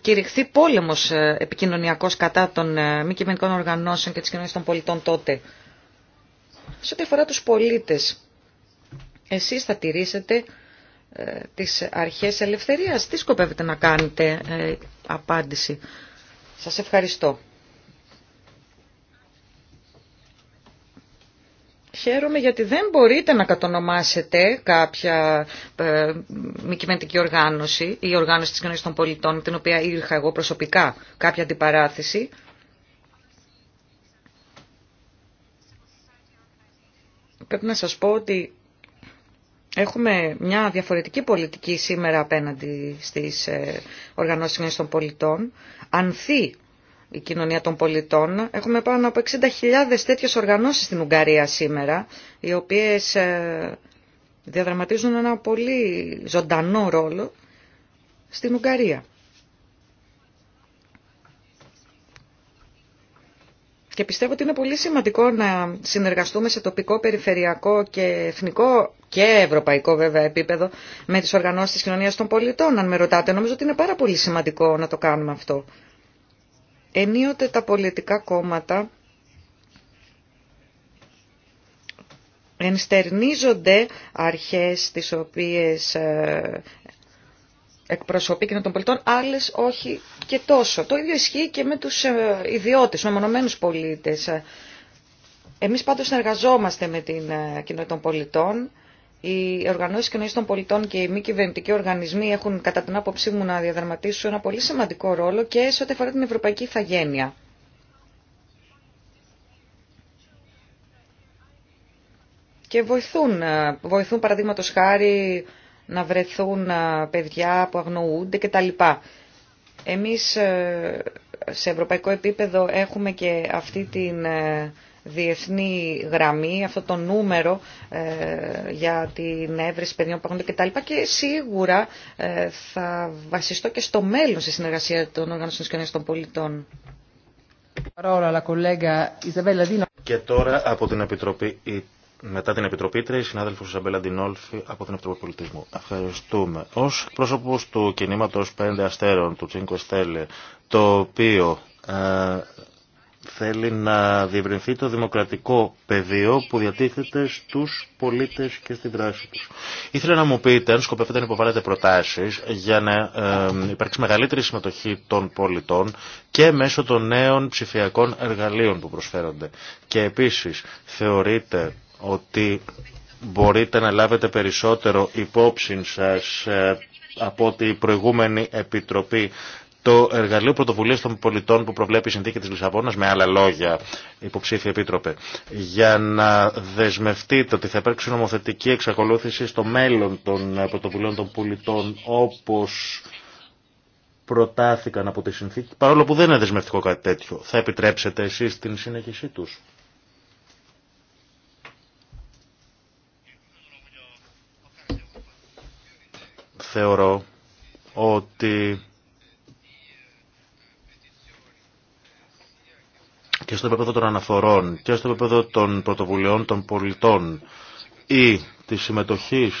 κηρυχθεί πόλεμος ε, επικοινωνιακός κατά των ε, μη κυβερνικών οργανώσεων και της κοινωνίας των πολιτών τότε. Σε ό,τι αφορά τους πολίτες, εσείς θα τηρήσετε τις αρχές ελευθερίας. Τι σκοπεύετε να κάνετε, απάντηση. Σας ευχαριστώ. Χαίρομαι γιατί δεν μπορείτε να κατονομάσετε κάποια ε, μη κυβερνητική οργάνωση ή οργάνωση της κοινωνίας των πολιτών με την οποία ήρθα εγώ προσωπικά κάποια αντιπαράθεση. Πρέπει να σας πω ότι έχουμε μια διαφορετική πολιτική σήμερα απέναντι στις ε, οργανώσεις των πολιτών. Ανθεί η κοινωνία των πολιτών. Έχουμε πάνω από 60.000 τέτοιες οργανώσεις στην Ουγγαρία σήμερα, οι οποίες ε, διαδραματίζουν ένα πολύ ζωντανό ρόλο στην Ουγγαρία. Και πιστεύω ότι είναι πολύ σημαντικό να συνεργαστούμε σε τοπικό, περιφερειακό και εθνικό και ευρωπαϊκό βέβαια επίπεδο με τις οργανώσεις της κοινωνίας των πολιτών. Αν με ρωτάτε, νομίζω ότι είναι πάρα πολύ σημαντικό να το κάνουμε αυτό ενίοτε τα πολιτικά κόμματα ενστερνίζονται αρχές τις οποίες ε, εκπροσωπεί και των πολιτών, άλλες όχι και τόσο. Το ίδιο ισχύει και με τους ε, ιδιώτες, μονομένους πολίτες. Εμείς πάντως συνεργαζόμαστε με την ε, κοινότητα των πολιτών οι οργανώσει κοινωνία των πολιτών και οι μη κυβερνητικοί οργανισμοί έχουν κατά την άποψή μου να διαδραματίσουν ένα πολύ σημαντικό ρόλο και σε ό,τι αφορά την ευρωπαϊκή ηθαγένεια. Και βοηθούν, ε, βοηθούν παραδείγματο χάρη να βρεθούν ε, παιδιά που αγνοούνται κτλ. Εμείς ε, σε ευρωπαϊκό επίπεδο έχουμε και αυτή την διεθνή γραμμή, αυτό το νούμερο ε, για την έβρεση παιδιών που έχουν κτλ. Και σίγουρα ε, θα βασιστώ και στο μέλλον στη συνεργασία των οργανώσεων της κοινωνίας των πολιτών. Και τώρα από την Επιτροπή, μετά την Επιτροπή η συνάδελφο Ισαμπέλα Ντινόλφη από την Επιτροπή Πολιτισμού. Ευχαριστούμε. Ω πρόσωπο του κινήματο Πέντε Αστέρων, του Τσίνκο Στέλε, το οποίο ε, θέλει να διευρυνθεί το δημοκρατικό πεδίο που διατίθεται στους πολίτες και στη δράση τους. Ήθελα να μου πείτε αν σκοπεύετε να υποβάλλετε προτάσεις για να υπάρξει μεγαλύτερη συμμετοχή των πολιτών και μέσω των νέων ψηφιακών εργαλείων που προσφέρονται. Και επίσης θεωρείτε ότι μπορείτε να λάβετε περισσότερο υπόψη σας ε, από ότι προηγούμενη επιτροπή το εργαλείο πρωτοβουλία των πολιτών που προβλέπει η συνθήκη τη Λισαβόνα, με άλλα λόγια, υποψήφια επίτροπε, για να δεσμευτείτε ότι θα υπάρξει νομοθετική εξακολούθηση στο μέλλον των πρωτοβουλίων των πολιτών όπω προτάθηκαν από τη συνθήκη, παρόλο που δεν είναι δεσμευτικό κάτι τέτοιο, θα επιτρέψετε εσείς την συνέχισή του. Θεωρώ ότι και στο επίπεδο των αναφορών και στο επίπεδο των πρωτοβουλειών των πολιτών ή της συμμετοχής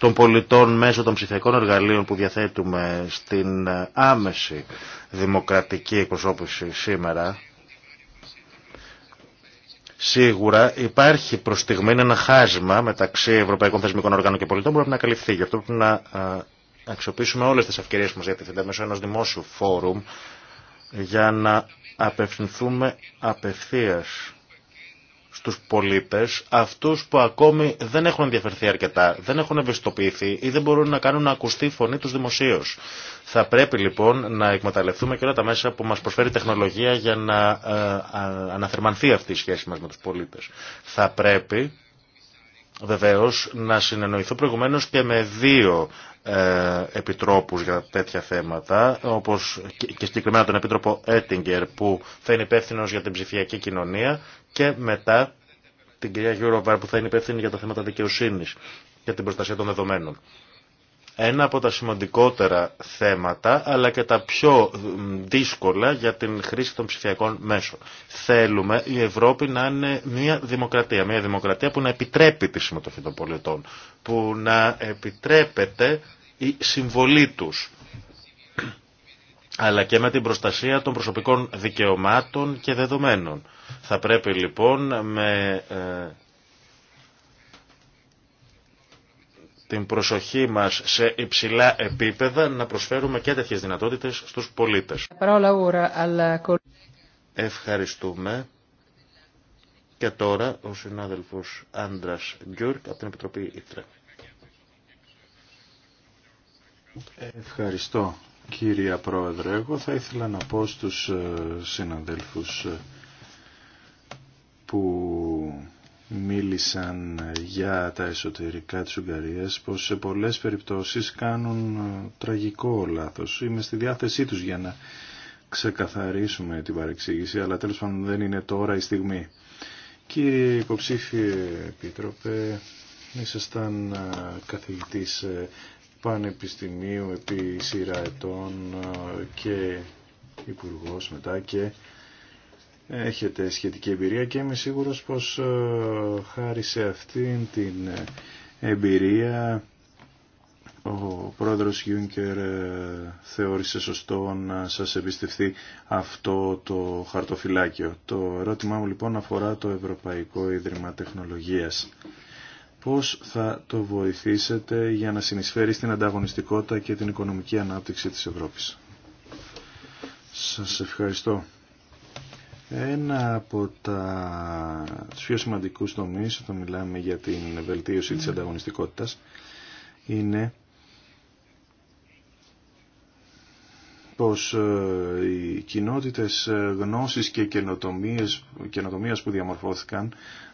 των πολιτών μέσω των ψηφιακών εργαλείων που διαθέτουμε στην άμεση δημοκρατική εκπροσώπηση σήμερα, σίγουρα υπάρχει προ στιγμή ένα χάσμα μεταξύ Ευρωπαϊκών Θεσμικών Οργάνων και πολιτών που πρέπει να καλυφθεί. Γι' αυτό πρέπει να αξιοποιήσουμε όλες τις ευκαιρίες που μας διατεθούνται μέσω ενός δημόσιου φόρουμ για να απευθυνθούμε απευθείας στους πολίτες, αυτούς που ακόμη δεν έχουν ενδιαφερθεί αρκετά, δεν έχουν ευαισθητοποιηθεί ή δεν μπορούν να κάνουν να ακουστεί η φωνή τους δημοσίως. Θα πρέπει λοιπόν να εκμεταλλευτούμε και όλα τα μέσα που μας προσφέρει τεχνολογία για να ε, αναθερμανθεί αυτή η σχέση μας με τους πολίτες. Θα πρέπει βεβαίως να συνεννοηθώ προηγουμένω και με δύο ε, επιτρόπους για τέτοια θέματα, όπως και συγκεκριμένα τον Επίτροπο Έτιγκερ που θα είναι υπεύθυνο για την ψηφιακή κοινωνία και μετά την κυρία Γιούροβαρ που θα είναι υπεύθυνη για τα θέματα δικαιοσύνης και την προστασία των δεδομένων ένα από τα σημαντικότερα θέματα, αλλά και τα πιο δύσκολα για την χρήση των ψηφιακών μέσων. Θέλουμε η Ευρώπη να είναι μια δημοκρατία, μια δημοκρατία που να επιτρέπει τη συμμετοχή των πολιτών, που να επιτρέπεται η συμβολή τους αλλά και με την προστασία των προσωπικών δικαιωμάτων και δεδομένων. Θα πρέπει λοιπόν με ε, την προσοχή μας σε υψηλά επίπεδα να προσφέρουμε και τέτοιες δυνατότητες στους πολίτες. Ευχαριστούμε. Και τώρα ο συνάδελφος Άντρας Γκιούρκ από την Επιτροπή Ήτρε. Ευχαριστώ κύριε Πρόεδρε. Εγώ θα ήθελα να πω στους ε, συναδέλφους ε, που μίλησαν για τα εσωτερικά της Ουγγαρίας πως σε πολλές περιπτώσεις κάνουν ε, τραγικό λάθος. Είμαι στη διάθεσή τους για να ξεκαθαρίσουμε την παρεξήγηση, αλλά τέλος πάντων δεν είναι τώρα η στιγμή. Κύριε υποψήφιε επίτροπε, ήσασταν ε, καθηγητής ε, πανεπιστημίου επί σειρά ετών και υπουργός μετά και έχετε σχετική εμπειρία και είμαι σίγουρος πως ε, χάρη σε αυτήν την ε, εμπειρία ο πρόεδρος Γιούνκερ ε, θεώρησε σωστό να σας εμπιστευτεί αυτό το χαρτοφυλάκιο. Το ερώτημά μου λοιπόν αφορά το Ευρωπαϊκό Ίδρυμα Τεχνολογίας. Πώς θα το βοηθήσετε για να συνεισφέρει στην ανταγωνιστικότητα και την οικονομική ανάπτυξη της Ευρώπης. Σας ευχαριστώ. Ένα από τα τους πιο σημαντικού τομεί όταν μιλάμε για την βελτίωση της mm. ανταγωνιστικότητας είναι πως ε, οι κοινότητες ε, γνώσης και καινοτομίας που διαμορφώθηκαν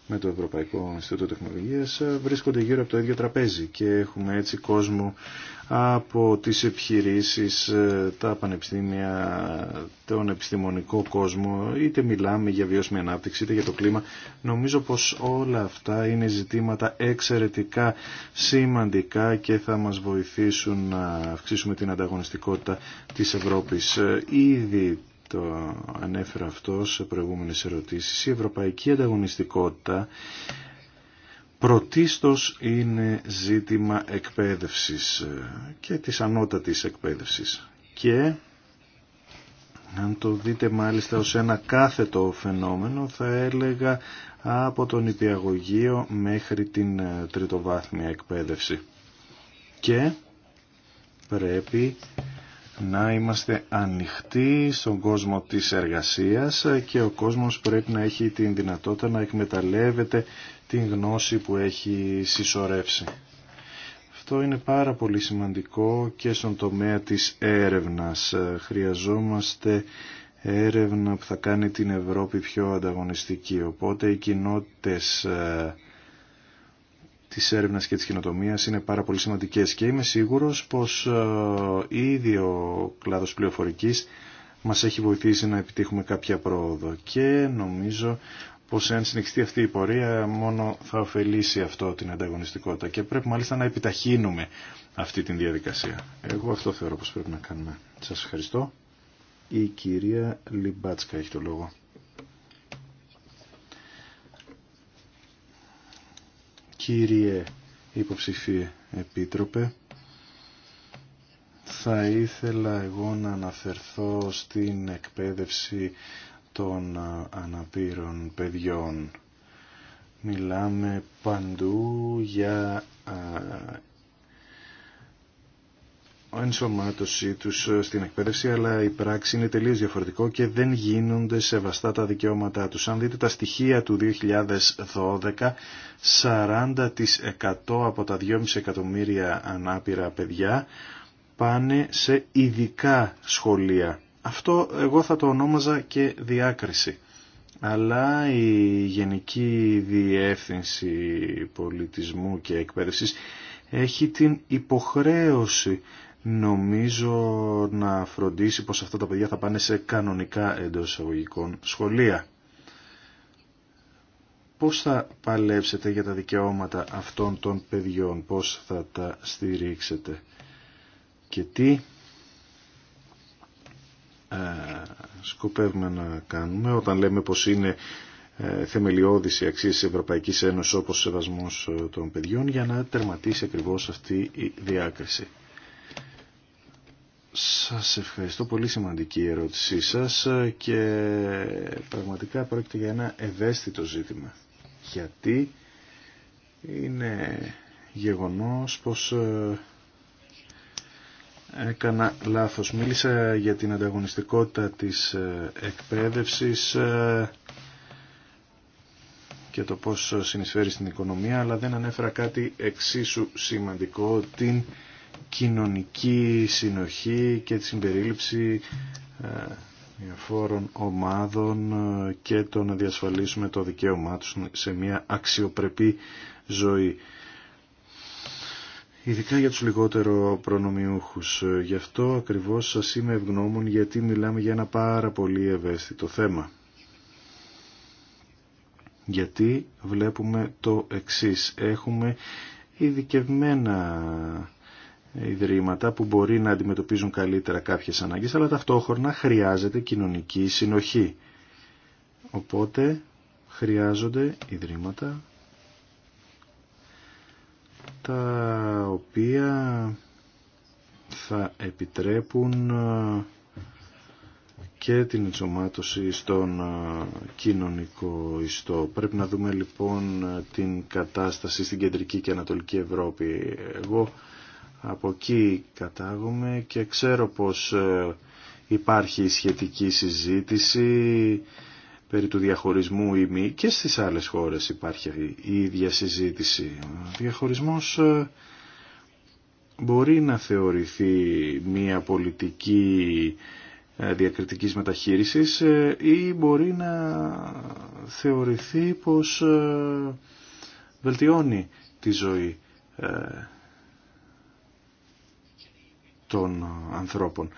με το Ευρωπαϊκό Ινστιτούτο Τεχνολογίας ε, βρίσκονται γύρω από το ίδιο τραπέζι και έχουμε έτσι κόσμο από τις επιχειρήσεις, ε, τα πανεπιστήμια, τον επιστημονικό κόσμο, είτε μιλάμε για βιώσιμη ανάπτυξη είτε για το κλίμα. Νομίζω πως όλα αυτά είναι ζητήματα εξαιρετικά σημαντικά και θα μας βοηθήσουν να αυξήσουμε την ανταγωνιστικότητα της Ευρώπης. Ε, ήδη το ανέφερα αυτό σε προηγούμενες ερωτήσεις, η ευρωπαϊκή ανταγωνιστικότητα πρωτίστως είναι ζήτημα εκπαίδευσης και της ανώτατης εκπαίδευσης. Και αν το δείτε μάλιστα ως ένα κάθετο φαινόμενο θα έλεγα από τον υπηαγωγείο μέχρι την τριτοβάθμια εκπαίδευση. Και πρέπει να είμαστε ανοιχτοί στον κόσμο της εργασίας και ο κόσμος πρέπει να έχει την δυνατότητα να εκμεταλλεύεται την γνώση που έχει συσσωρεύσει. Αυτό είναι πάρα πολύ σημαντικό και στον τομέα της έρευνας. Χρειαζόμαστε έρευνα που θα κάνει την Ευρώπη πιο ανταγωνιστική. Οπότε οι κοινότητες ε, της έρευνας και της κοινοτομία είναι πάρα πολύ σημαντικές και είμαι σίγουρος πως ε, ήδη ο κλάδος πληροφορικής μας έχει βοηθήσει να επιτύχουμε κάποια πρόοδο και νομίζω πως αν συνεχιστεί αυτή η πορεία μόνο θα ωφελήσει αυτό την ανταγωνιστικότητα και πρέπει μάλιστα να επιταχύνουμε αυτή την διαδικασία. Εγώ αυτό θεωρώ πως πρέπει να κάνουμε. Σας ευχαριστώ. Η κυρία Λιμπάτσκα έχει το λόγο. Κύριε Υποψηφί επίτροπε, θα ήθελα εγώ να αναφερθώ στην εκπαίδευση των αναπήρων παιδιών. Μιλάμε παντού για ενσωμάτωσή τους ε, στην εκπαίδευση, αλλά η πράξη είναι τελείως διαφορετικό και δεν γίνονται σεβαστά τα δικαιώματά τους. Αν δείτε τα στοιχεία του 2012, 40% από τα 2,5 εκατομμύρια ανάπηρα παιδιά πάνε σε ειδικά σχολεία. Αυτό εγώ θα το ονόμαζα και διάκριση. Αλλά η Γενική Διεύθυνση Πολιτισμού και Εκπαίδευσης έχει την υποχρέωση νομίζω να φροντίσει πως αυτά τα παιδιά θα πάνε σε κανονικά εντό εισαγωγικών σχολεία. Πώς θα παλέψετε για τα δικαιώματα αυτών των παιδιών, πώς θα τα στηρίξετε και τι ε, σκοπεύουμε να κάνουμε όταν λέμε πως είναι ε, θεμελιώδης η της Ευρωπαϊκής Ένωσης όπως ο σεβασμός ε, των παιδιών για να τερματίσει ακριβώς αυτή η διάκριση. Σας ευχαριστώ πολύ σημαντική η ερώτησή σας και πραγματικά πρόκειται για ένα ευαίσθητο ζήτημα. Γιατί είναι γεγονός πως ε, έκανα λάθος. Μίλησα για την ανταγωνιστικότητα της ε, εκπαίδευσης ε, και το πώς συνεισφέρει στην οικονομία, αλλά δεν ανέφερα κάτι εξίσου σημαντικό, την κοινωνική συνοχή και τη συμπερίληψη ε, διαφόρων ομάδων ε, και το να διασφαλίσουμε το δικαίωμά τους σε μια αξιοπρεπή ζωή. Ειδικά για τους λιγότερο προνομιούχους. Ε, γι' αυτό ακριβώς σας είμαι ευγνώμων γιατί μιλάμε για ένα πάρα πολύ ευαίσθητο θέμα. Γιατί βλέπουμε το εξής. Έχουμε ειδικευμένα ιδρύματα που μπορεί να αντιμετωπίζουν καλύτερα κάποιες ανάγκες, αλλά ταυτόχρονα χρειάζεται κοινωνική συνοχή. Οπότε χρειάζονται ιδρύματα τα οποία θα επιτρέπουν ε, και την ενσωμάτωση στον ε, κοινωνικό ιστό. Πρέπει να δούμε λοιπόν ε, την κατάσταση στην κεντρική και ανατολική Ευρώπη. Εγώ από εκεί κατάγομαι και ξέρω πως ε, υπάρχει σχετική συζήτηση περί του διαχωρισμού ή μη και στις άλλες χώρες υπάρχει η ίδια συζήτηση. Ο διαχωρισμός ε, μπορεί να θεωρηθεί μια πολιτική ε, διακριτικής μεταχείρισης ή μπορεί να θεωρηθεί πως βελτιώνει τη ζωή των ανθρώπων.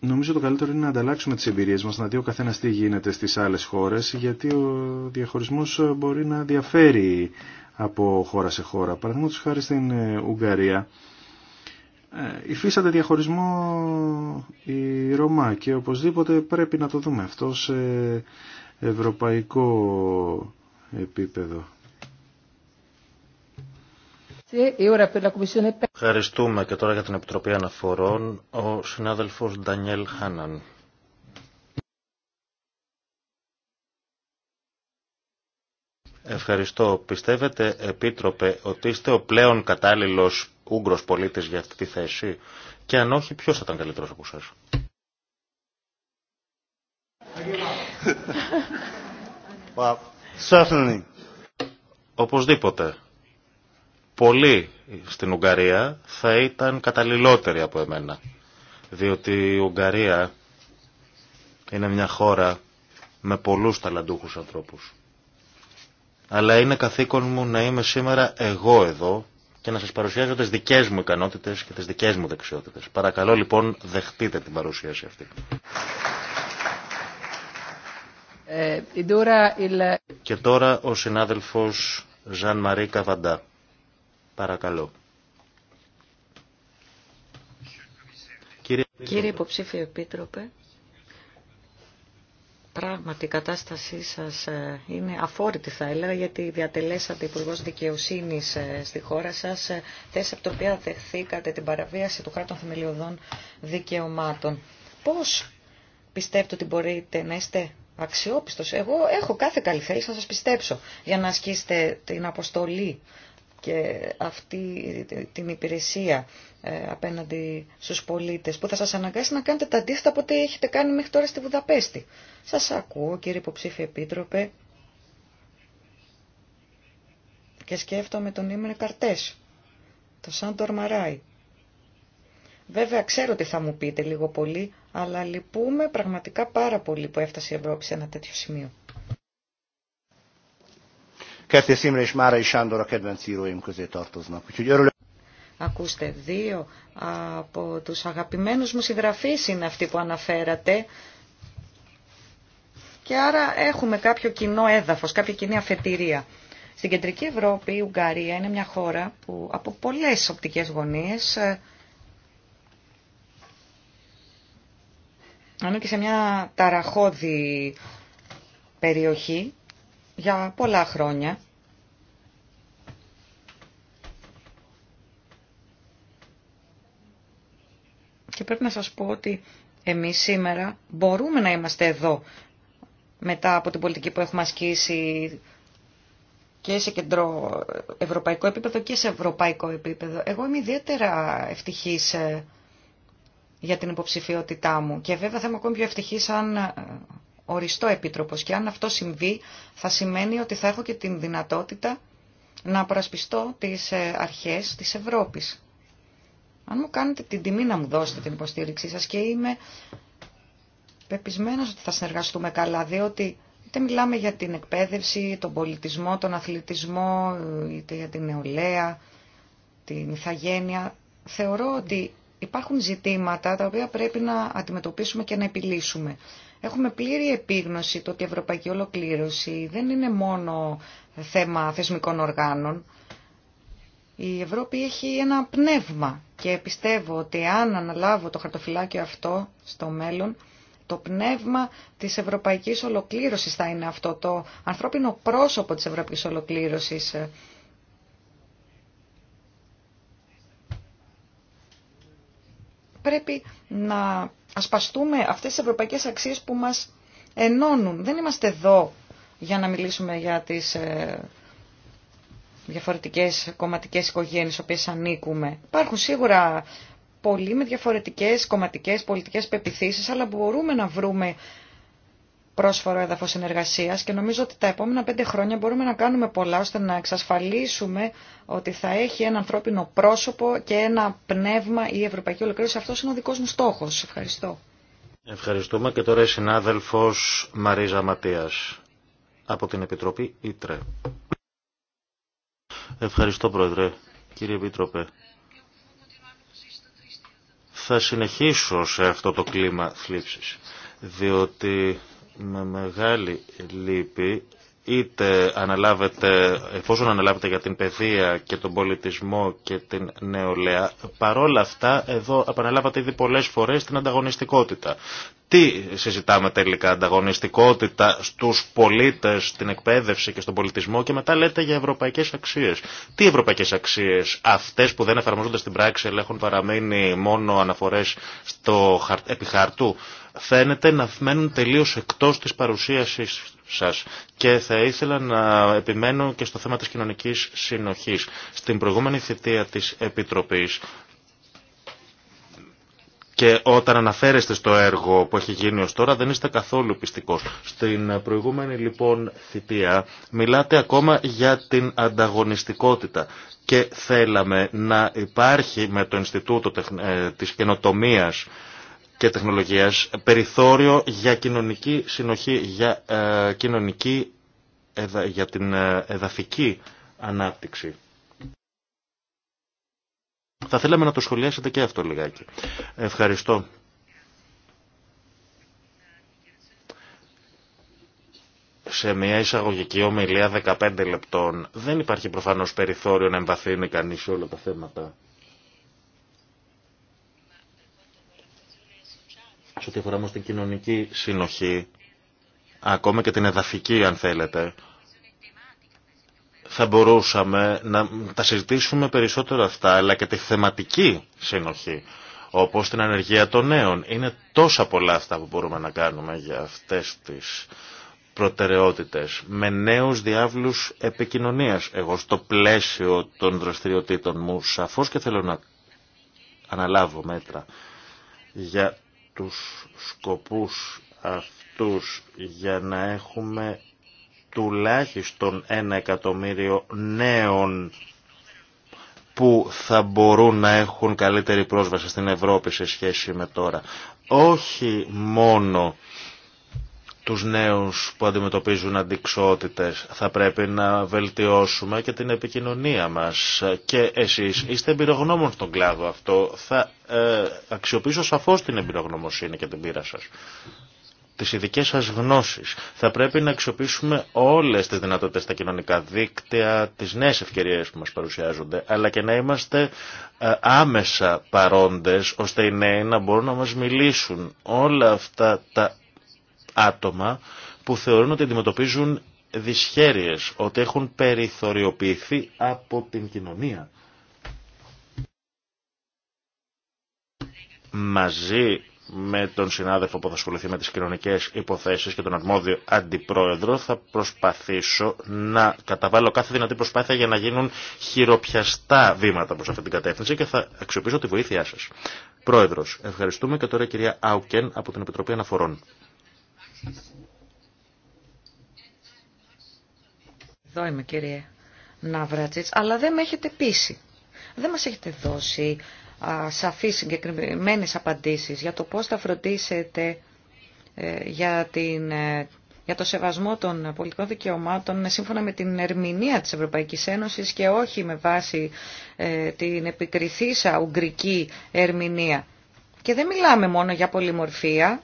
Νομίζω το καλύτερο είναι να ανταλλάξουμε τις εμπειρίες μας, να δει ο καθένας τι γίνεται στις άλλες χώρες, γιατί ο διαχωρισμός μπορεί να διαφέρει από χώρα σε χώρα. Παραδείγματος χάρη στην ε, Ουγγαρία, ε, υφίσταται διαχωρισμό η Ρωμά και οπωσδήποτε πρέπει να το δούμε αυτό σε ευρωπαϊκό επίπεδο. E Ευχαριστούμε και τώρα για την Επιτροπή Αναφορών ο συνάδελφος Ντανιέλ Χάναν. Ευχαριστώ. Πιστεύετε, Επίτροπε, ότι είστε ο πλέον κατάλληλος Ούγγρος πολίτης για αυτή τη θέση και αν όχι, ποιος θα ήταν καλύτερος από εσάς. Οπωσδήποτε πολύ στην Ουγγαρία θα ήταν καταλληλότεροι από εμένα. Διότι η Ουγγαρία είναι μια χώρα με πολλούς ταλαντούχους ανθρώπους. Αλλά είναι καθήκον μου να είμαι σήμερα εγώ εδώ και να σας παρουσιάζω τις δικές μου ικανότητες και τις δικές μου δεξιότητες. Παρακαλώ λοιπόν δεχτείτε την παρουσίαση αυτή. Ε, και τώρα ο συνάδελφος Ζαν Μαρί Καβαντά. Παρακαλώ. Κύριε Υποψήφιο Επίτροπε, πράγματι η κατάστασή σας ε, είναι αφόρητη θα έλεγα γιατί διατελέσατε Υπουργός Δικαιοσύνης ε, στη χώρα σας ε, θέση από την οποία δεχθήκατε την παραβίαση του κράτων θεμελιωδών δικαιωμάτων. Πώς πιστεύετε ότι μπορείτε να είστε αξιόπιστος. Εγώ έχω κάθε καλή θέληση να σας πιστέψω για να ασκήσετε την αποστολή και αυτή την υπηρεσία ε, απέναντι στους πολίτες που θα σας αναγκάσει να κάνετε τα αντίθετα από ό,τι έχετε κάνει μέχρι τώρα στη Βουδαπέστη. Σας ακούω κύριε υποψήφιε επίτροπε και σκέφτομαι τον Ήμνε Καρτές, τον Σάντορ Μαράι. Βέβαια ξέρω τι θα μου πείτε λίγο πολύ, αλλά λυπούμε πραγματικά πάρα πολύ που έφτασε η Ευρώπη σε ένα τέτοιο σημείο. Ακούστε, δύο από τους αγαπημένους μου συγγραφείς είναι αυτοί που αναφέρατε. Και άρα έχουμε κάποιο κοινό έδαφος, κάποια κοινή αφετηρία. Στην Κεντρική Ευρώπη η Ουγγαρία είναι μια χώρα που από πολλές οπτικές γωνίες ε, ανήκει σε μια ταραχώδη περιοχή για πολλά χρόνια. Και πρέπει να σας πω ότι εμείς σήμερα μπορούμε να είμαστε εδώ μετά από την πολιτική που έχουμε ασκήσει και σε κεντρό ευρωπαϊκό επίπεδο και σε ευρωπαϊκό επίπεδο. Εγώ είμαι ιδιαίτερα ευτυχής ε, για την υποψηφιότητά μου και βέβαια θα είμαι ακόμη πιο ευτυχής αν ε, οριστό επίτροπος και αν αυτό συμβεί θα σημαίνει ότι θα έχω και την δυνατότητα να προασπιστώ τις ε, αρχές της Ευρώπης. Αν μου κάνετε την τιμή να μου δώσετε την υποστήριξή σας και είμαι πεπισμένο ότι θα συνεργαστούμε καλά, διότι είτε μιλάμε για την εκπαίδευση, τον πολιτισμό, τον αθλητισμό, είτε για την νεολαία, την ηθαγένεια, θεωρώ ότι υπάρχουν ζητήματα τα οποία πρέπει να αντιμετωπίσουμε και να επιλύσουμε. Έχουμε πλήρη επίγνωση το ότι η ευρωπαϊκή ολοκλήρωση δεν είναι μόνο θέμα θεσμικών οργάνων. Η Ευρώπη έχει ένα πνεύμα και πιστεύω ότι αν αναλάβω το χαρτοφυλάκιο αυτό στο μέλλον, το πνεύμα της ευρωπαϊκής ολοκλήρωσης θα είναι αυτό, το ανθρώπινο πρόσωπο της ευρωπαϊκής ολοκλήρωσης. Πρέπει να ασπαστούμε αυτές τις ευρωπαϊκές αξίες που μας ενώνουν. Δεν είμαστε εδώ για να μιλήσουμε για τις ε, διαφορετικές κομματικές οικογένειες οποίες ανήκουμε. Υπάρχουν σίγουρα πολλοί με διαφορετικές κομματικές πολιτικές πεπιθήσεις, αλλά μπορούμε να βρούμε πρόσφορο έδαφος συνεργασίας και νομίζω ότι τα επόμενα πέντε χρόνια μπορούμε να κάνουμε πολλά ώστε να εξασφαλίσουμε ότι θα έχει ένα ανθρώπινο πρόσωπο και ένα πνεύμα η Ευρωπαϊκή Ολοκλήρωση. Αυτός είναι ο δικός μου στόχος. Ευχαριστώ. Ευχαριστούμε και τώρα η συνάδελφος Μαρίζα Ματίας από την Επιτροπή Ήτρε. Ευχαριστώ Πρόεδρε, κύριε Επίτροπε. Θα συνεχίσω σε αυτό το κλίμα θλίψης, διότι με μεγάλη λύπη είτε αναλάβετε, εφόσον αναλάβετε για την παιδεία και τον πολιτισμό και την νεολαία, παρόλα αυτά εδώ επαναλάβατε ήδη πολλές φορές την ανταγωνιστικότητα. Τι συζητάμε τελικά, ανταγωνιστικότητα στους πολίτες, στην εκπαίδευση και στον πολιτισμό και μετά λέτε για ευρωπαϊκές αξίες. Τι ευρωπαϊκές αξίες, αυτές που δεν εφαρμόζονται στην πράξη, αλλά έχουν παραμείνει μόνο αναφορές στο χαρτού φαίνεται να μένουν τελείως εκτός της παρουσίασης σας. Και θα ήθελα να επιμένω και στο θέμα της κοινωνικής συνοχής. Στην προηγούμενη θητεία της Επιτροπής και όταν αναφέρεστε στο έργο που έχει γίνει ως τώρα δεν είστε καθόλου πιστικός. Στην προηγούμενη λοιπόν θητεία μιλάτε ακόμα για την ανταγωνιστικότητα και θέλαμε να υπάρχει με το Ινστιτούτο ε, της Καινοτομίας και τεχνολογίας, περιθώριο για κοινωνική συνοχή, για, ε, κοινωνική, για την ε, εδαφική ανάπτυξη. Θα θέλαμε να το σχολιάσετε και αυτό λιγάκι. Ευχαριστώ. σε μια εισαγωγική ομιλία 15 λεπτών δεν υπάρχει προφανώς περιθώριο να εμβαθύνει κανείς όλα τα θέματα σε ό,τι αφορά όμως την κοινωνική συνοχή, ακόμα και την εδαφική αν θέλετε, θα μπορούσαμε να τα συζητήσουμε περισσότερο αυτά, αλλά και τη θεματική συνοχή, όπως την ανεργία των νέων. Είναι τόσα πολλά αυτά που μπορούμε να κάνουμε για αυτές τις προτεραιότητες, με νέους διάβλους επικοινωνίας. Εγώ στο πλαίσιο των δραστηριοτήτων μου σαφώς και θέλω να αναλάβω μέτρα για τους σκοπούς αυτούς για να έχουμε τουλάχιστον ένα εκατομμύριο νέων που θα μπορούν να έχουν καλύτερη πρόσβαση στην Ευρώπη σε σχέση με τώρα. Όχι μόνο τους νέους που αντιμετωπίζουν αντικσότητες. Θα πρέπει να βελτιώσουμε και την επικοινωνία μας. Και εσείς είστε εμπειρογνώμων στον κλάδο αυτό. Θα ε, αξιοποιήσω σαφώς την εμπειρογνωμοσύνη και την πείρα σας. Τις ειδικές σας γνώσεις. Θα πρέπει να αξιοποιήσουμε όλες τις δυνατότητες στα κοινωνικά δίκτυα, τις νέες ευκαιρίες που μας παρουσιάζονται, αλλά και να είμαστε ε, άμεσα παρόντες, ώστε οι νέοι να μπορούν να μας μιλήσουν όλα αυτά τα άτομα που θεωρούν ότι αντιμετωπίζουν δυσχέρειες, ότι έχουν περιθωριοποιηθεί από την κοινωνία. Μαζί με τον συνάδελφο που θα ασχοληθεί με τις κοινωνικές υποθέσεις και τον αρμόδιο αντιπρόεδρο θα προσπαθήσω να καταβάλω κάθε δυνατή προσπάθεια για να γίνουν χειροπιαστά βήματα προς αυτή την κατεύθυνση και θα αξιοποιήσω τη βοήθειά σας. Πρόεδρος, ευχαριστούμε και τώρα η κυρία Άουκεν από την Επιτροπή Αναφορών. Εδώ είμαι κύριε Ναβρατζίτς, αλλά δεν με έχετε πείσει. Δεν μας έχετε δώσει α, σαφείς συγκεκριμένες απαντήσεις για το πώς θα φροντίσετε ε, για, την, ε, για το σεβασμό των πολιτικών δικαιωμάτων σύμφωνα με την ερμηνεία της Ευρωπαϊκής Ένωσης και όχι με βάση ε, την επικριθήσα ουγγρική ερμηνεία. Και δεν μιλάμε μόνο για πολυμορφία,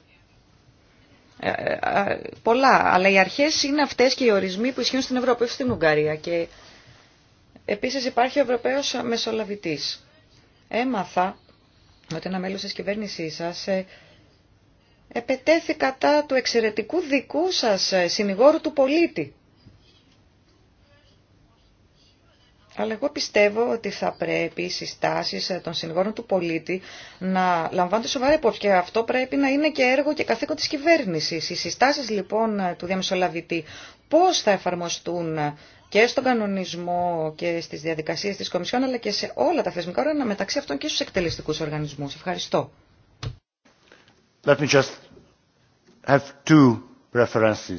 ε, ε, ε, πολλά, αλλά οι αρχές είναι αυτές και οι ορισμοί που ισχύουν στην Ευρώπη, όχι στην Ουγγαρία. Και επίσης υπάρχει ο Ευρωπαίος Μεσολαβητής. Έμαθα ότι ένα μέλος της κυβέρνησής σας επετέθη κατά του εξαιρετικού δικού σας συνηγόρου του πολίτη. Αλλά εγώ πιστεύω ότι θα πρέπει οι συστάσεις ε, των συνηγόρων του πολίτη να λαμβάνονται σοβαρά υπόψη και αυτό πρέπει να είναι και έργο και καθήκον της κυβέρνησης. Οι συστάσεις λοιπόν ε, του διαμεσολαβητή πώς θα εφαρμοστούν ε, και στον κανονισμό και στις διαδικασίες της Κομισιόν αλλά και σε όλα τα θεσμικά όργανα μεταξύ αυτών και στους εκτελεστικούς οργανισμούς. Ευχαριστώ.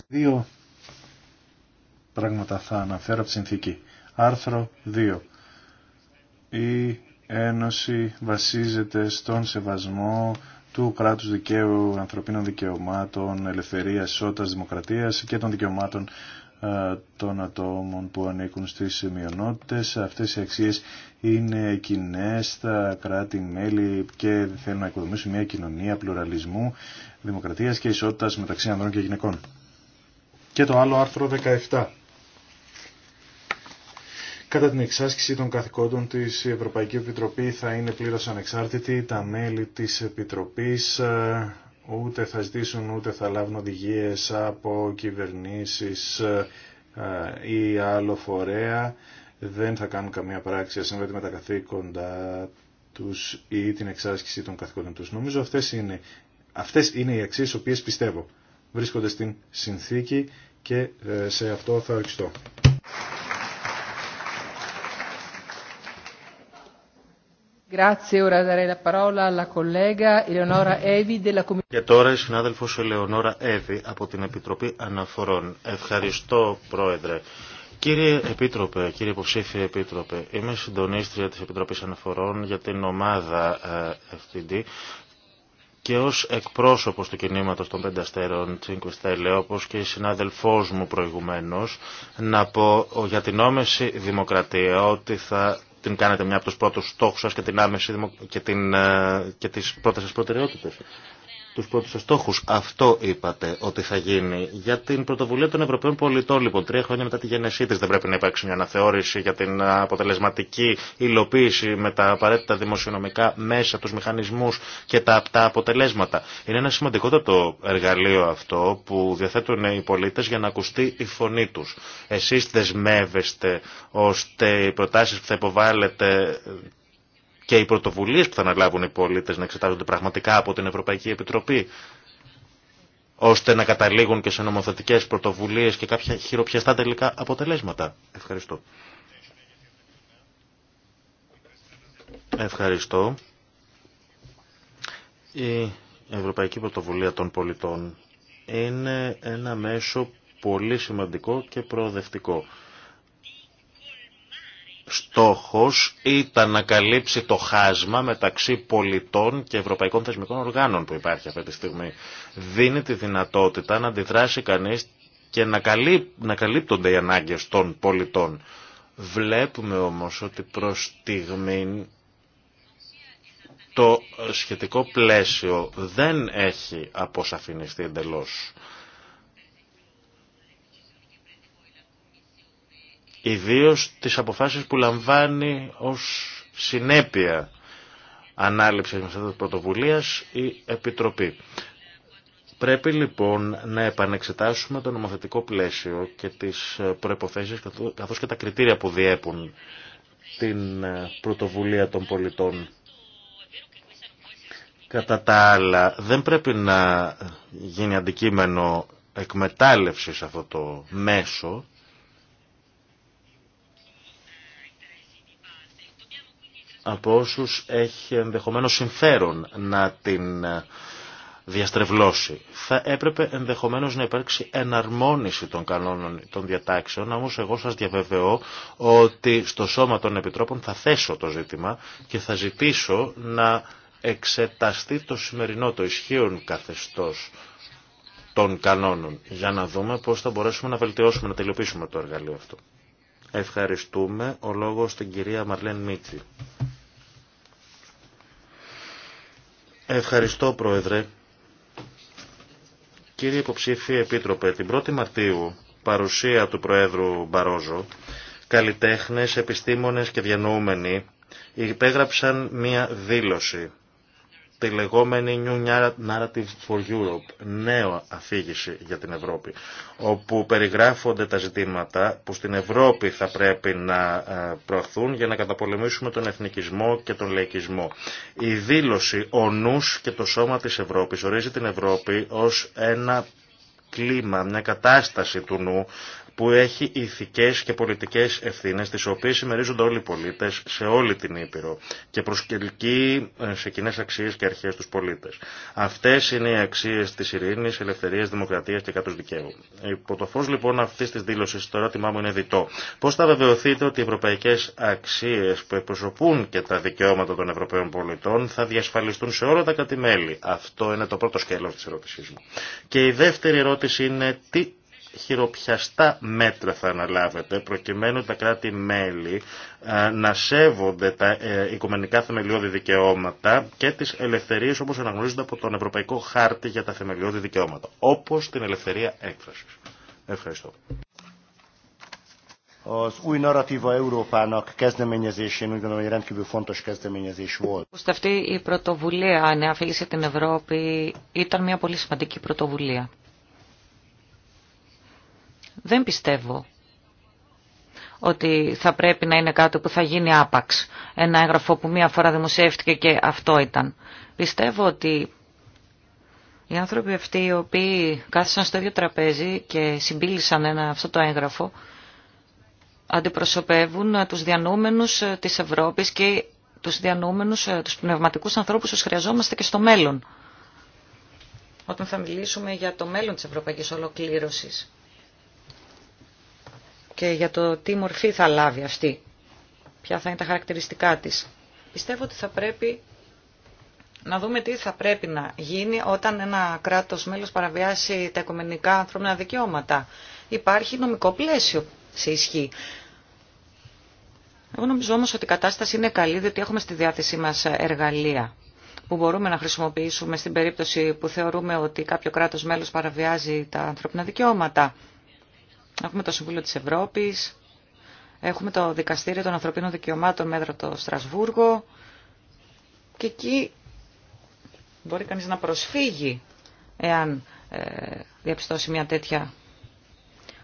Δύο πράγματα θα αναφέρω από τη συνθήκη. Άρθρο 2. Η Ένωση βασίζεται στον σεβασμό του κράτους δικαίου, ανθρωπίνων δικαιωμάτων, ελευθερίας, ισότητας, δημοκρατίας και των δικαιωμάτων ε, των ατόμων που ανήκουν στις μειονότητες. Αυτές οι αξίες είναι κοινέ στα κράτη-μέλη και θέλουν να οικοδομήσουν μια κοινωνία πλουραλισμού, δημοκρατίας και ισότητας μεταξύ ανδρών και γυναικών. Και το άλλο άρθρο 17 Κατά την εξάσκηση των καθηκόντων της η Ευρωπαϊκή Επιτροπή θα είναι πλήρως ανεξάρτητη. Τα μέλη της Επιτροπής ε, ούτε θα ζητήσουν ούτε θα λάβουν οδηγίες από κυβερνήσεις ε, ή άλλο φορέα. Δεν θα κάνουν καμία πράξη ασύμβατη με τα καθήκοντα τους ή την εξάσκηση των καθηκόντων τους. Νομίζω αυτές είναι, αυτές είναι οι αξίες οποίες πιστεύω. Βρίσκονται στην συνθήκη και ε, σε αυτό θα οριστώ. Και τώρα η συνάδελφος Ελεονόρα Εύη από την Επιτροπή Αναφορών. Ευχαριστώ Πρόεδρε. Κύριε Επίτροπε, κύριε Υποψήφιε Επίτροπε, είμαι συντονίστρια της Επιτροπής Αναφορών για την ομάδα ε, FTD και ως εκπρόσωπος του κινήματος των πέντε αστέρων Τσίνκου Στέλε, όπως και η συνάδελφός μου προηγουμένως, να πω για την όμεση δημοκρατία ότι θα την κάνετε μια από τους πρώτους στόχους σας και, την άμεση και, την, ε, και τις πρώτες σας τους πρώτους στόχους. Αυτό είπατε ότι θα γίνει. Για την πρωτοβουλία των Ευρωπαίων πολιτών, λοιπόν, τρία χρόνια μετά τη γέννησή της δεν πρέπει να υπάρξει μια αναθεώρηση για την αποτελεσματική υλοποίηση με τα απαραίτητα δημοσιονομικά μέσα, τους μηχανισμούς και τα, τα αποτελέσματα. Είναι ένα σημαντικότατο εργαλείο αυτό που διαθέτουν οι πολίτες για να ακουστεί η φωνή τους. Εσείς δεσμεύεστε ώστε οι προτάσεις που θα υποβάλλετε και οι πρωτοβουλίε που θα αναλάβουν οι πολίτε να εξετάζονται πραγματικά από την Ευρωπαϊκή Επιτροπή, ώστε να καταλήγουν και σε νομοθετικέ πρωτοβουλίε και κάποια χειροπιαστά τελικά αποτελέσματα. Ευχαριστώ. Ευχαριστώ. Η Ευρωπαϊκή Πρωτοβουλία των Πολιτών είναι ένα μέσο πολύ σημαντικό και προοδευτικό στόχος ήταν να καλύψει το χάσμα μεταξύ πολιτών και ευρωπαϊκών θεσμικών οργάνων που υπάρχει αυτή τη στιγμή. Δίνει τη δυνατότητα να αντιδράσει κανείς και να, να καλύπτονται οι ανάγκες των πολιτών. Βλέπουμε όμως ότι προς στιγμή το σχετικό πλαίσιο δεν έχει αποσαφινιστεί εντελώς. ιδίως τις αποφάσεις που λαμβάνει ως συνέπεια ανάληψη με αυτή πρωτοβουλίας η Επιτροπή. Πρέπει λοιπόν να επανεξετάσουμε το νομοθετικό πλαίσιο και τις προϋποθέσεις καθώς και τα κριτήρια που διέπουν την πρωτοβουλία των πολιτών. Κατά τα άλλα, δεν πρέπει να γίνει αντικείμενο εκμετάλλευσης αυτό το μέσο, από όσους έχει ενδεχομένως συμφέρον να την ε, διαστρεβλώσει. Θα έπρεπε ενδεχομένως να υπάρξει εναρμόνιση των κανόνων των διατάξεων, όμως εγώ σας διαβεβαιώ ότι στο Σώμα των Επιτρόπων θα θέσω το ζήτημα και θα ζητήσω να εξεταστεί το σημερινό, το ισχύον καθεστώς των κανόνων, για να δούμε πώς θα μπορέσουμε να βελτιώσουμε, να τελειοποιήσουμε το εργαλείο αυτό. Ευχαριστούμε. Ο λόγος στην κυρία Μαρλέν Μίτσι. Ευχαριστώ, Πρόεδρε. Κύριε Υποψήφι Επίτροπε, την 1η Μαρτίου, παρουσία του Προέδρου Μπαρόζο, καλλιτέχνες, επιστήμονες και διανοούμενοι υπέγραψαν μία δήλωση τη λεγόμενη New Narrative for Europe, νέο αφήγηση για την Ευρώπη, όπου περιγράφονται τα ζητήματα που στην Ευρώπη θα πρέπει να ε, προωθούν για να καταπολεμήσουμε τον εθνικισμό και τον λαϊκισμό. Η δήλωση «Ο νους και το σώμα της Ευρώπης» ορίζει την Ευρώπη ως ένα κλίμα, μια κατάσταση του νου που έχει ηθικές και πολιτικές ευθύνες, τις οποίες συμμερίζονται όλοι οι πολίτες σε όλη την Ήπειρο και προσκελκεί ε, σε κοινέ αξίες και αρχές τους πολίτες. Αυτές είναι οι αξίες της ειρήνης, ελευθερίας, δημοκρατίας και κάτω δικαίου. Υπό το φως λοιπόν αυτής της δήλωσης, το ερώτημά μου είναι διτό. Πώς θα βεβαιωθείτε ότι οι ευρωπαϊκές αξίες που εκπροσωπούν και τα δικαιώματα των Ευρωπαίων πολιτών θα διασφαλιστούν σε όλα τα κατημέλη. Αυτό είναι το πρώτο σκέλος της ερώτησής μου. Και η δεύτερη ερώτηση είναι τι χειροπιαστά μέτρα θα αναλάβετε προκειμένου τα κράτη-μέλη ε, να σέβονται τα ε, οικουμενικά θεμελιώδη δικαιώματα και τις ελευθερίες όπως αναγνωρίζονται από τον Ευρωπαϊκό Χάρτη για τα θεμελιώδη δικαιώματα, όπως την ελευθερία έκφρασης. Ευχαριστώ. Az Európának rendkívül fontos kezdeményezés volt. Αυτή η πρωτοβουλία ανεαφίλησε την Ευρώπη ήταν μια πολύ σημαντική πρωτοβουλία δεν πιστεύω ότι θα πρέπει να είναι κάτι που θα γίνει άπαξ. Ένα έγγραφο που μία φορά δημοσιεύτηκε και αυτό ήταν. Πιστεύω ότι οι άνθρωποι αυτοί οι οποίοι κάθισαν στο ίδιο τραπέζι και συμπίλησαν ένα, αυτό το έγγραφο αντιπροσωπεύουν τους διανούμενους ε, της Ευρώπης και τους διανούμενους, ε, τους πνευματικούς ανθρώπους που χρειαζόμαστε και στο μέλλον. Όταν θα μιλήσουμε για το μέλλον της ευρωπαϊκής ολοκλήρωσης και για το τι μορφή θα λάβει αυτή, ποια θα είναι τα χαρακτηριστικά της. Πιστεύω ότι θα πρέπει να δούμε τι θα πρέπει να γίνει όταν ένα κράτος μέλος παραβιάσει τα οικομενικά ανθρώπινα δικαιώματα. Υπάρχει νομικό πλαίσιο σε ισχύ. Εγώ νομίζω όμως ότι η κατάσταση είναι καλή, διότι έχουμε στη διάθεσή μας εργαλεία που μπορούμε να χρησιμοποιήσουμε στην περίπτωση που θεωρούμε ότι κάποιο κράτος μέλος παραβιάζει τα ανθρώπινα δικαιώματα. Έχουμε το Συμβούλιο της Ευρώπης, έχουμε το Δικαστήριο των Ανθρωπίνων Δικαιωμάτων μέτρα το Στρασβούργο και εκεί μπορεί κανείς να προσφύγει εάν ε, διαπιστώσει μια τέτοια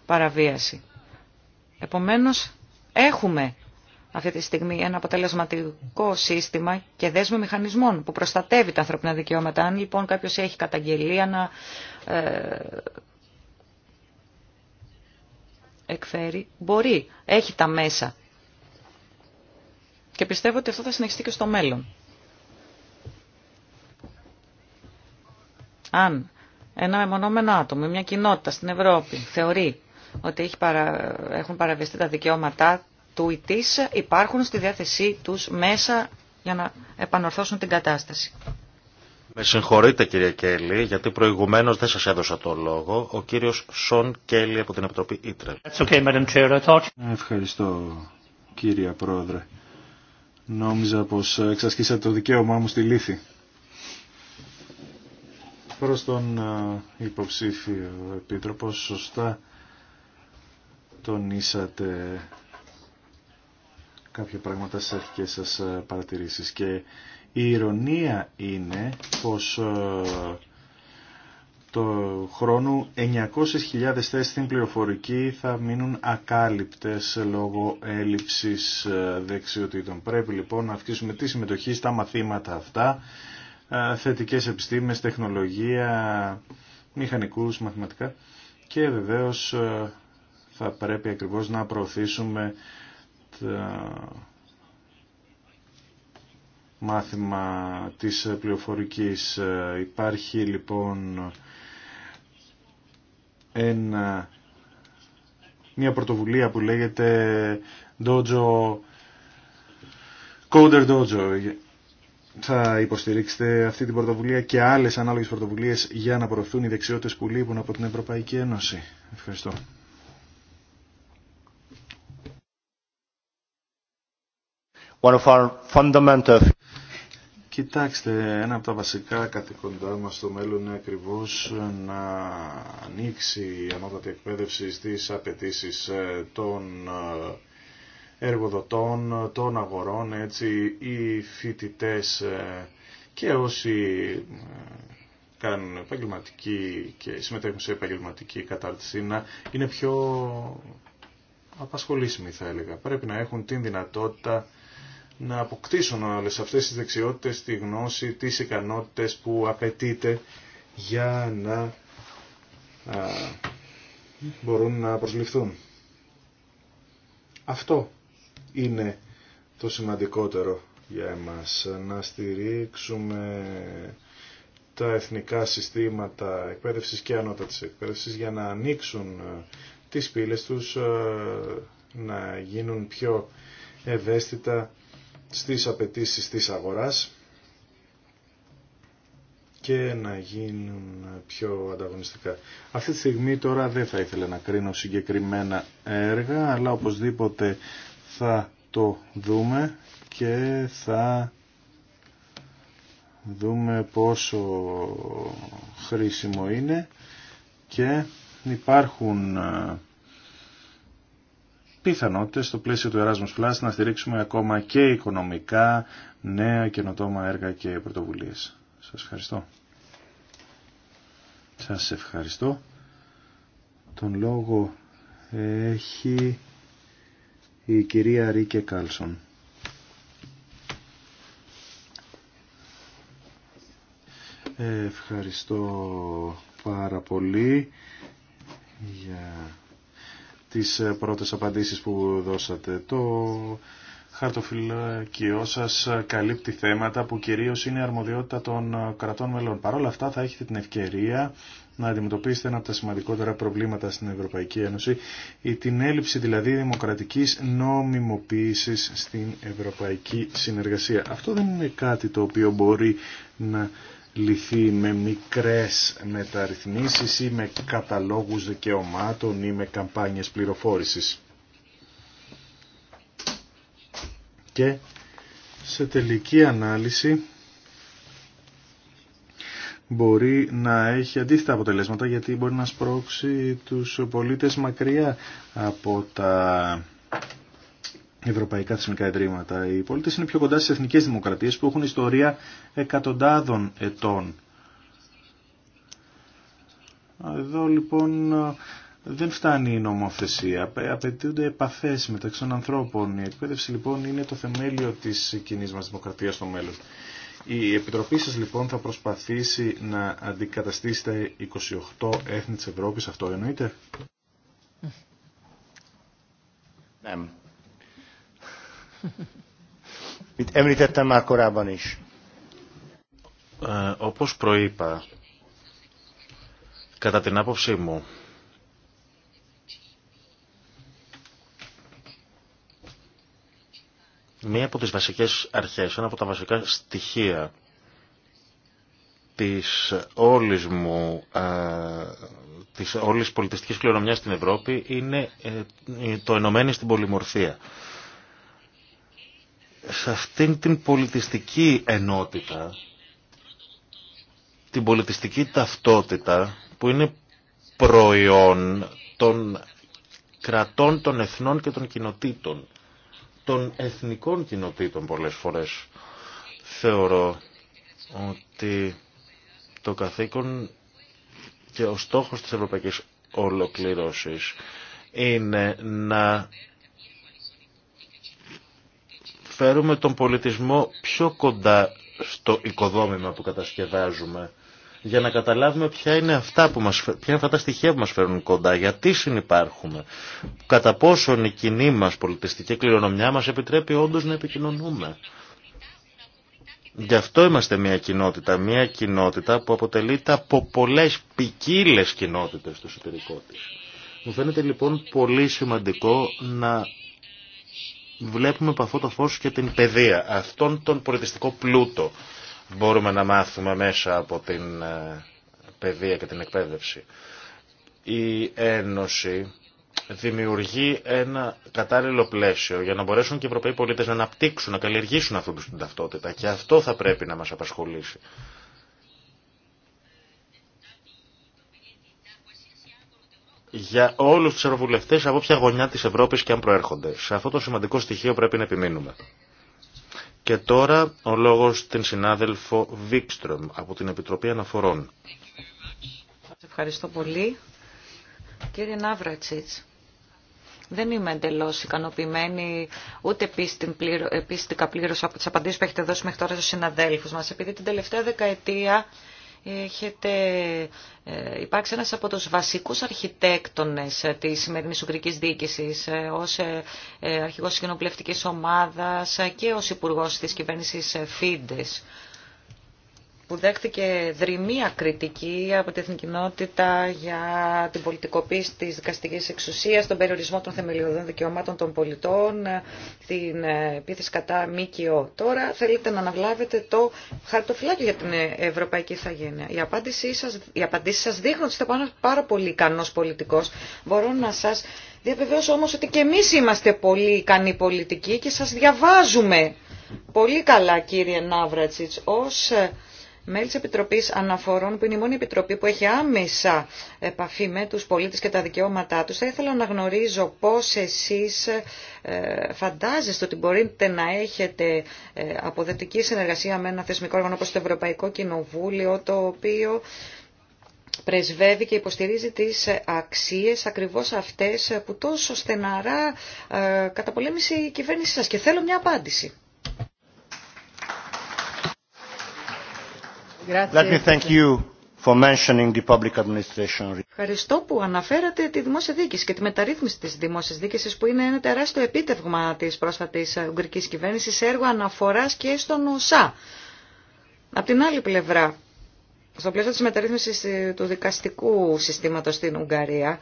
παραβίαση. Επομένως, έχουμε αυτή τη στιγμή ένα αποτελεσματικό σύστημα και δέσμε μηχανισμών που προστατεύει τα ανθρώπινα δικαιώματα. Αν λοιπόν κάποιο έχει καταγγελία να ε, εκφέρει μπορεί, έχει τα μέσα. Και πιστεύω ότι αυτό θα συνεχιστεί και στο μέλλον. Αν ένα μεμονωμένο άτομο, ή μια κοινότητα στην Ευρώπη θεωρεί ότι παρα... έχουν παραβιαστεί τα δικαιώματά του ή της, υπάρχουν στη διάθεσή τους μέσα για να επανορθώσουν την κατάσταση. Με συγχωρείτε κύριε Κέλλη, γιατί προηγουμένως δεν σας έδωσα το λόγο. Ο κύριος Σον Κέλλη από την Επιτροπή Ήτρε. Okay, Ευχαριστώ κύριε Πρόεδρε. Νόμιζα πως εξασκήσατε το δικαίωμά μου στη λύθη. Προς τον υποψήφιο επίτροπο, σωστά τονίσατε κάποια πράγματα σε αρχικές σας παρατηρήσεις και η ηρωνία είναι πως ε, το χρόνο 900.000 θέσεις στην πληροφορική θα μείνουν ακάλυπτες λόγω έλλειψης ε, δεξιοτήτων. Πρέπει λοιπόν να αυξήσουμε τη συμμετοχή στα μαθήματα αυτά, ε, θετικές επιστήμες, τεχνολογία, μηχανικούς, μαθηματικά και βεβαίως θα πρέπει ακριβώς να προωθήσουμε τα μάθημα της πληροφορικής. Ε, υπάρχει λοιπόν ένα, μια πρωτοβουλία που λέγεται Dojo, Coder Dojo. Θα υποστηρίξετε αυτή την πρωτοβουλία και άλλες ανάλογες πρωτοβουλίες για να προωθούν οι δεξιότητες που λείπουν από την Ευρωπαϊκή Ένωση. Ευχαριστώ. One of our fundamental... Κοιτάξτε, ένα από τα βασικά κατοικοντά μας στο μέλλον είναι ακριβώς να ανοίξει η ανώτατη εκπαίδευση στις απαιτήσει ε, των ε, εργοδοτών, των αγορών, έτσι οι φοιτητές ε, και όσοι κάνουν επαγγελματική και συμμετέχουν σε επαγγελματική κατάρτιση να είναι πιο απασχολήσιμοι θα έλεγα. Πρέπει να έχουν την δυνατότητα να αποκτήσουν όλες αυτές τις δεξιότητες, τη γνώση, τις ικανότητες που απαιτείται για να μπορούν να προσληφθούν. Αυτό είναι το σημαντικότερο για εμάς, να στηρίξουμε τα εθνικά συστήματα εκπαίδευσης και ανώτατης εκπαίδευσης για να ανοίξουν τις πύλες τους, να γίνουν πιο ευαίσθητα στις απαιτήσει της αγοράς και να γίνουν πιο ανταγωνιστικά. Αυτή τη στιγμή τώρα δεν θα ήθελα να κρίνω συγκεκριμένα έργα, αλλά οπωσδήποτε θα το δούμε και θα δούμε πόσο χρήσιμο είναι και υπάρχουν ε, πιθανότητες στο πλαίσιο του Erasmus Plus να στηρίξουμε ακόμα και οικονομικά νέα καινοτόμα έργα και πρωτοβουλίες. Σας ευχαριστώ. Σας ευχαριστώ. Τον λόγο έχει η κυρία Ρίκε Κάλσον. Ευχαριστώ πάρα πολύ για τις ε, πρώτες απαντήσεις που δώσατε. Το χαρτοφυλακείο σας ε, καλύπτει θέματα που κυρίως είναι αρμοδιότητα των ε, κρατών μελών. Παρ' όλα αυτά θα έχετε την ευκαιρία να αντιμετωπίσετε ένα από τα σημαντικότερα προβλήματα στην Ευρωπαϊκή Ένωση ή την έλλειψη δηλαδή δημοκρατικής νομιμοποίησης στην Ευρωπαϊκή Συνεργασία. Αυτό δεν είναι κάτι το οποίο μπορεί να λυθεί με μικρές μεταρρυθμίσεις ή με καταλόγους δικαιωμάτων ή με καμπάνιες πληροφόρησης. Και σε τελική ανάλυση μπορεί να έχει αντίθετα αποτελέσματα γιατί μπορεί να σπρώξει τους πολίτες μακριά από τα ευρωπαϊκά θεσμικά ιδρύματα. Οι πολίτε είναι πιο κοντά στι εθνικές δημοκρατίες που έχουν ιστορία εκατοντάδων ετών. Εδώ λοιπόν δεν φτάνει η νομοθεσία. Απαιτούνται επαφέ μεταξύ των ανθρώπων. Η εκπαίδευση λοιπόν είναι το θεμέλιο της κοινή μα δημοκρατίας στο μέλλον. Η Επιτροπή σας λοιπόν θα προσπαθήσει να αντικαταστήσει τα 28 έθνη της Ευρώπης. Αυτό εννοείται. Ναι. Mit említettem már korábban is. Όπως προείπα, κατά την άποψή μου, μία από τις βασικές αρχές, ένα από τα βασικά στοιχεία της όλης μου, ε, της όλης πολιτιστικής κληρονομιάς στην Ευρώπη είναι ε, το ενωμένη στην πολυμορφία σε αυτήν την πολιτιστική ενότητα, την πολιτιστική ταυτότητα που είναι προϊόν των κρατών, των εθνών και των κοινοτήτων, των εθνικών κοινοτήτων πολλές φορές. Θεωρώ ότι το καθήκον και ο στόχος της ευρωπαϊκής ολοκλήρωσης είναι να φέρουμε τον πολιτισμό πιο κοντά στο οικοδόμημα που κατασκευάζουμε για να καταλάβουμε ποια είναι αυτά, που μας, ποια είναι αυτά τα στοιχεία που μας φέρουν κοντά, γιατί συνυπάρχουμε, κατά πόσον η κοινή μας πολιτιστική κληρονομιά μας επιτρέπει όντως να επικοινωνούμε. Γι' αυτό είμαστε μια κοινότητα, μια κοινότητα που αποτελείται από πολλές ποικίλε κοινότητες στο εσωτερικό της. Μου φαίνεται λοιπόν πολύ σημαντικό να βλέπουμε από αυτό το φως και την παιδεία, αυτόν τον πολιτιστικό πλούτο μπορούμε να μάθουμε μέσα από την ε, παιδεία και την εκπαίδευση. Η Ένωση δημιουργεί ένα κατάλληλο πλαίσιο για να μπορέσουν και οι Ευρωπαίοι πολίτες να αναπτύξουν, να καλλιεργήσουν αυτή την ταυτότητα και αυτό θα πρέπει να μας απασχολήσει. για όλου του ευρωβουλευτέ από ποια γωνιά τη Ευρώπη και αν προέρχονται. Σε αυτό το σημαντικό στοιχείο πρέπει να επιμείνουμε. Και τώρα ο λόγο στην συνάδελφο Βίξτρομ από την Επιτροπή Αναφορών. ευχαριστώ πολύ. Κύριε Ναύρατσιτς, δεν είμαι εντελώ ικανοποιημένη, ούτε επίστηκα πλήρω ε, από τι απαντήσει που έχετε δώσει μέχρι τώρα στου συναδέλφου μα, επειδή την τελευταία δεκαετία έχετε ε, υπάρξει ένας από τους βασικούς αρχιτέκτονες της σημερινής Ουγγρικής Διοίκησης ε, ως ε, αρχηγός της κοινοβουλευτικής ομάδας και ως υπουργός της κυβέρνησης Φίντες που δέχτηκε δρυμία κριτική από την εθνική κοινότητα για την πολιτικοποίηση της δικαστικής εξουσίας, τον περιορισμό των θεμελιωδών δικαιωμάτων των πολιτών, την ε, επίθεση κατά ΜΚΟ. Τώρα θέλετε να αναβλάβετε το χαρτοφυλάκιο για την Ευρωπαϊκή Ιθαγένεια. Η σας, οι απαντήσεις σας δείχνουν ότι είστε πάρα πολύ ικανός πολιτικός. Μπορώ να σας διαβεβαιώσω όμως ότι και εμείς είμαστε πολύ ικανοί πολιτικοί και σας διαβάζουμε πολύ καλά κύριε Ναύρατσιτς ως ε, μέλη της Επιτροπής Αναφορών, που είναι η μόνη επιτροπή που έχει άμεσα επαφή με τους πολίτες και τα δικαιώματά τους, θα ήθελα να γνωρίζω πώς εσείς ε, φαντάζεστε ότι μπορείτε να έχετε ε, αποδετική συνεργασία με ένα θεσμικό όργανο όπως το Ευρωπαϊκό Κοινοβούλιο, το οποίο πρεσβεύει και υποστηρίζει τις αξίες ακριβώς αυτές που τόσο στεναρά ε, καταπολέμησε η κυβέρνησή σας. Και θέλω μια απάντηση. Ευχαριστώ που αναφέρατε τη δημόσια διοίκηση και τη μεταρρύθμιση της δημόσιας διοίκησης που είναι ένα τεράστιο επίτευγμα της πρόσφατης ουγγρικής κυβέρνησης έργο αναφοράς και στον ΟΣΑ. Απ' την άλλη πλευρά, στο πλαίσιο της μεταρρύθμισης του δικαστικού συστήματος στην Ουγγαρία,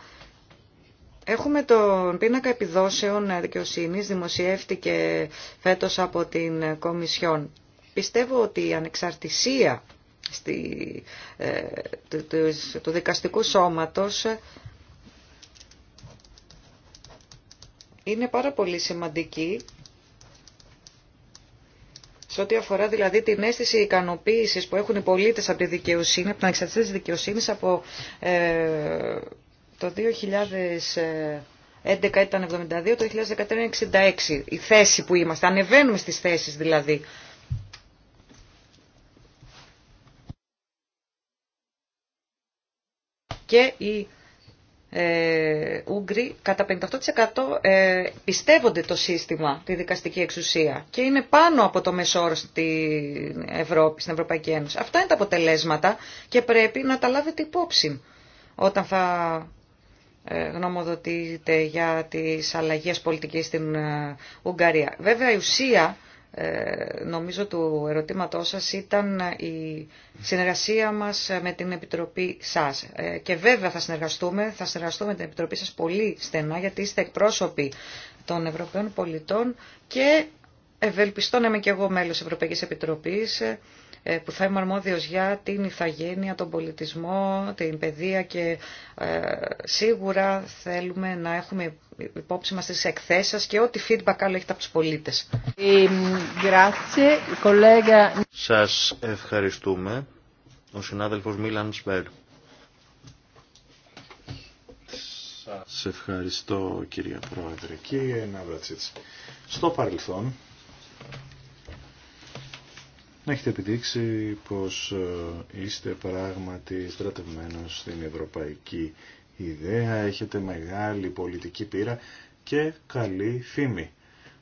Έχουμε τον πίνακα επιδόσεων δικαιοσύνη, δημοσιεύτηκε φέτος από την Κομισιόν. Πιστεύω ότι η ανεξαρτησία στη, ε, του δικαστικού σώματος είναι πάρα πολύ σημαντική σε ό,τι αφορά δηλαδή την αίσθηση ικανοποίηση που έχουν οι πολίτε από τη δικαιοσύνη, από την εξαρτησία τη δικαιοσύνη από ε, το 2011 ήταν 72, το 2014 66. Η θέση που είμαστε, ανεβαίνουμε στις θέσει δηλαδή. και οι ε, Ούγγροι κατά 58% ε, πιστεύονται το σύστημα, τη δικαστική εξουσία και είναι πάνω από το μεσόρο στην Ευρώπη, στην Ευρωπαϊκή Ένωση. Αυτά είναι τα αποτελέσματα και πρέπει να τα λάβετε υπόψη όταν θα ε, γνωμοδοτείτε για τις αλλαγές πολιτικής στην ε, Ουγγαρία. Βέβαια η ουσία ε, νομίζω του ερωτήματός σας ήταν ε, η συνεργασία μας ε, με την Επιτροπή σας. Και βέβαια θα συνεργαστούμε, θα συνεργαστούμε με την Επιτροπή σας πολύ στενά γιατί είστε εκπρόσωποι των Ευρωπαίων πολιτών και ευελπιστώ να είμαι και εγώ μέλος Ευρωπαϊκής Επιτροπής ε, που θα είμαι αρμόδιος για την ηθαγένεια, τον πολιτισμό, την παιδεία και ε, σίγουρα θέλουμε να έχουμε υπόψη μας τις εκθέσεις σας και ό,τι feedback άλλο έχετε από τους πολίτες. Ε, σας ευχαριστούμε. Ο συνάδελφος Μίλαν Σπέρ. Σας ευχαριστώ κυρία Πρόεδρε. Κύριε Ναύρατσιτς, στο παρελθόν να έχετε επιδείξει πως ε, είστε πράγματι στρατευμένος στην ευρωπαϊκή ιδέα, έχετε μεγάλη πολιτική πείρα και καλή φήμη.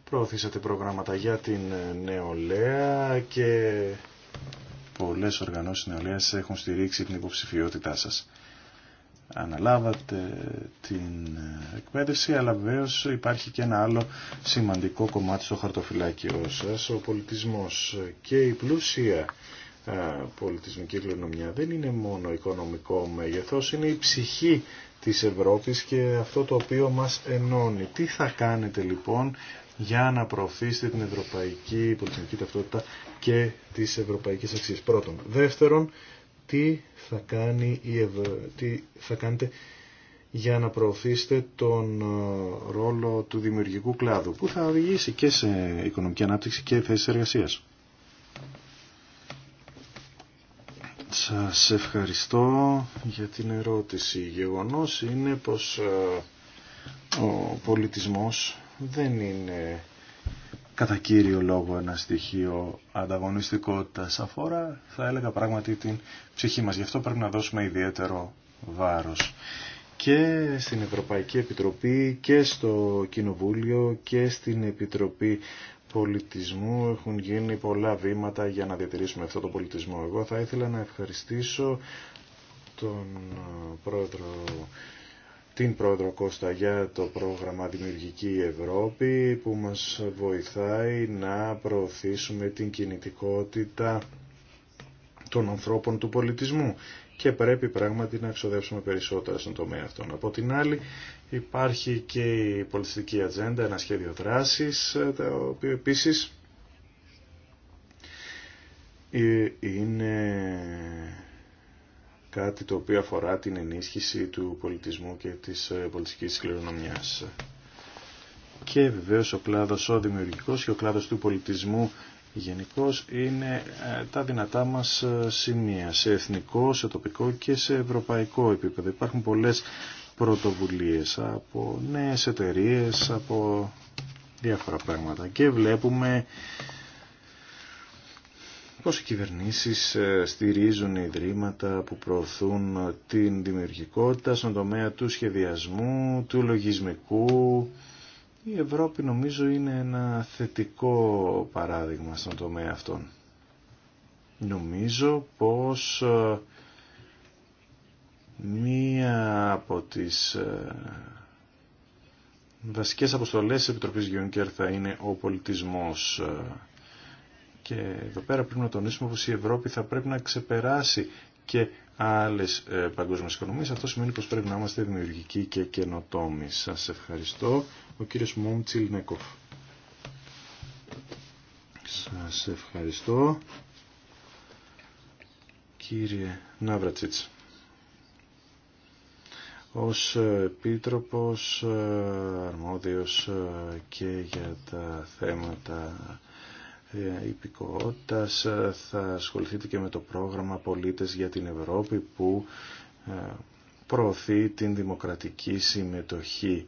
Προωθήσατε προγράμματα για την νεολαία και πολλές οργανώσεις νεολαίας έχουν στηρίξει την υποψηφιότητά σας αναλάβατε την εκπαίδευση, αλλά βεβαίω υπάρχει και ένα άλλο σημαντικό κομμάτι στο χαρτοφυλάκιό σας, ο πολιτισμός και η πλούσια πολιτισμική κληρονομιά δεν είναι μόνο οικονομικό μέγεθος, είναι η ψυχή της Ευρώπης και αυτό το οποίο μας ενώνει. Τι θα κάνετε λοιπόν για να προωθήσετε την ευρωπαϊκή πολιτισμική ταυτότητα και τις ευρωπαϊκές αξίες. Πρώτον. Δεύτερον, τι θα, κάνει η Ευ... τι θα κάνετε για να προωθήσετε τον ε, ρόλο του δημιουργικού κλάδου που θα οδηγήσει και σε οικονομική ανάπτυξη και θέσεις εργασίας. Σας ευχαριστώ για την ερώτηση. Η γεγονός είναι πως ε, ο πολιτισμός δεν είναι κατά κύριο λόγο ένα στοιχείο ανταγωνιστικότητας αφορά, θα έλεγα πράγματι την ψυχή μας. Γι' αυτό πρέπει να δώσουμε ιδιαίτερο βάρος. Και στην Ευρωπαϊκή Επιτροπή και στο Κοινοβούλιο και στην Επιτροπή Πολιτισμού έχουν γίνει πολλά βήματα για να διατηρήσουμε αυτό το πολιτισμό. Εγώ θα ήθελα να ευχαριστήσω τον ε, πρόεδρο την πρόεδρο Κώστα για το πρόγραμμα Δημιουργική Ευρώπη που μας βοηθάει να προωθήσουμε την κινητικότητα των ανθρώπων του πολιτισμού και πρέπει πράγματι να εξοδεύσουμε περισσότερα στον τομέα αυτόν. Από την άλλη υπάρχει και η πολιτιστική ατζέντα, ένα σχέδιο δράσης, ε, το οποίο επίσης ε, είναι κάτι το οποίο αφορά την ενίσχυση του πολιτισμού και της ε, πολιτικής κληρονομιάς. Και βεβαίως ο κλάδος ο δημιουργικός και ο κλάδος του πολιτισμού γενικός είναι ε, τα δυνατά μας ε, σημεία σε εθνικό, σε τοπικό και σε ευρωπαϊκό επίπεδο. Υπάρχουν πολλές πρωτοβουλίες από νέες εταιρείες, από διάφορα πράγματα και βλέπουμε πως οι κυβερνήσεις ε, στηρίζουν ιδρύματα που προωθούν ε, την δημιουργικότητα στον τομέα του σχεδιασμού, του λογισμικού. Η Ευρώπη νομίζω είναι ένα θετικό παράδειγμα στον τομέα αυτων Νομίζω πως ε, μία από τις βασικές αποστολές της Επιτροπής Γιούνκερ θα είναι ο πολιτισμός και εδώ πέρα πρέπει να τονίσουμε πως η Ευρώπη θα πρέπει να ξεπεράσει και άλλες ε, παγκόσμιες οικονομίες. Αυτό σημαίνει πως πρέπει να είμαστε δημιουργικοί και καινοτόμοι. Σας ευχαριστώ. Ο κύριος Μόμτσιλ Νέκοφ. Σας ευχαριστώ. Κύριε Ναύρατσιτς. Ως ε, επίτροπος ε, αρμόδιος ε, και για τα θέματα υπηκότητας ε, θα ασχοληθείτε και με το πρόγραμμα Πολίτες για την Ευρώπη που ε, προωθεί την δημοκρατική συμμετοχή.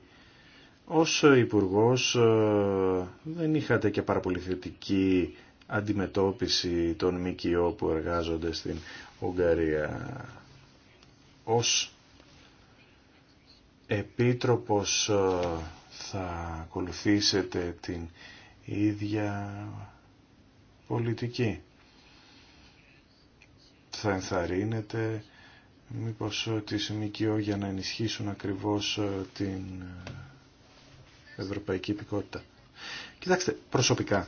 Ως Υπουργός ε, δεν είχατε και πάρα αντιμετώπιση των ΜΚΟ που εργάζονται στην Ουγγαρία. Ως Επίτροπος θα ακολουθήσετε την ίδια πολιτική. Θα ενθαρρύνεται μήπως τις ΜΚΟ για να ενισχύσουν ακριβώς ε, την ε, ευρωπαϊκή υπηκότητα. Κοιτάξτε, προσωπικά,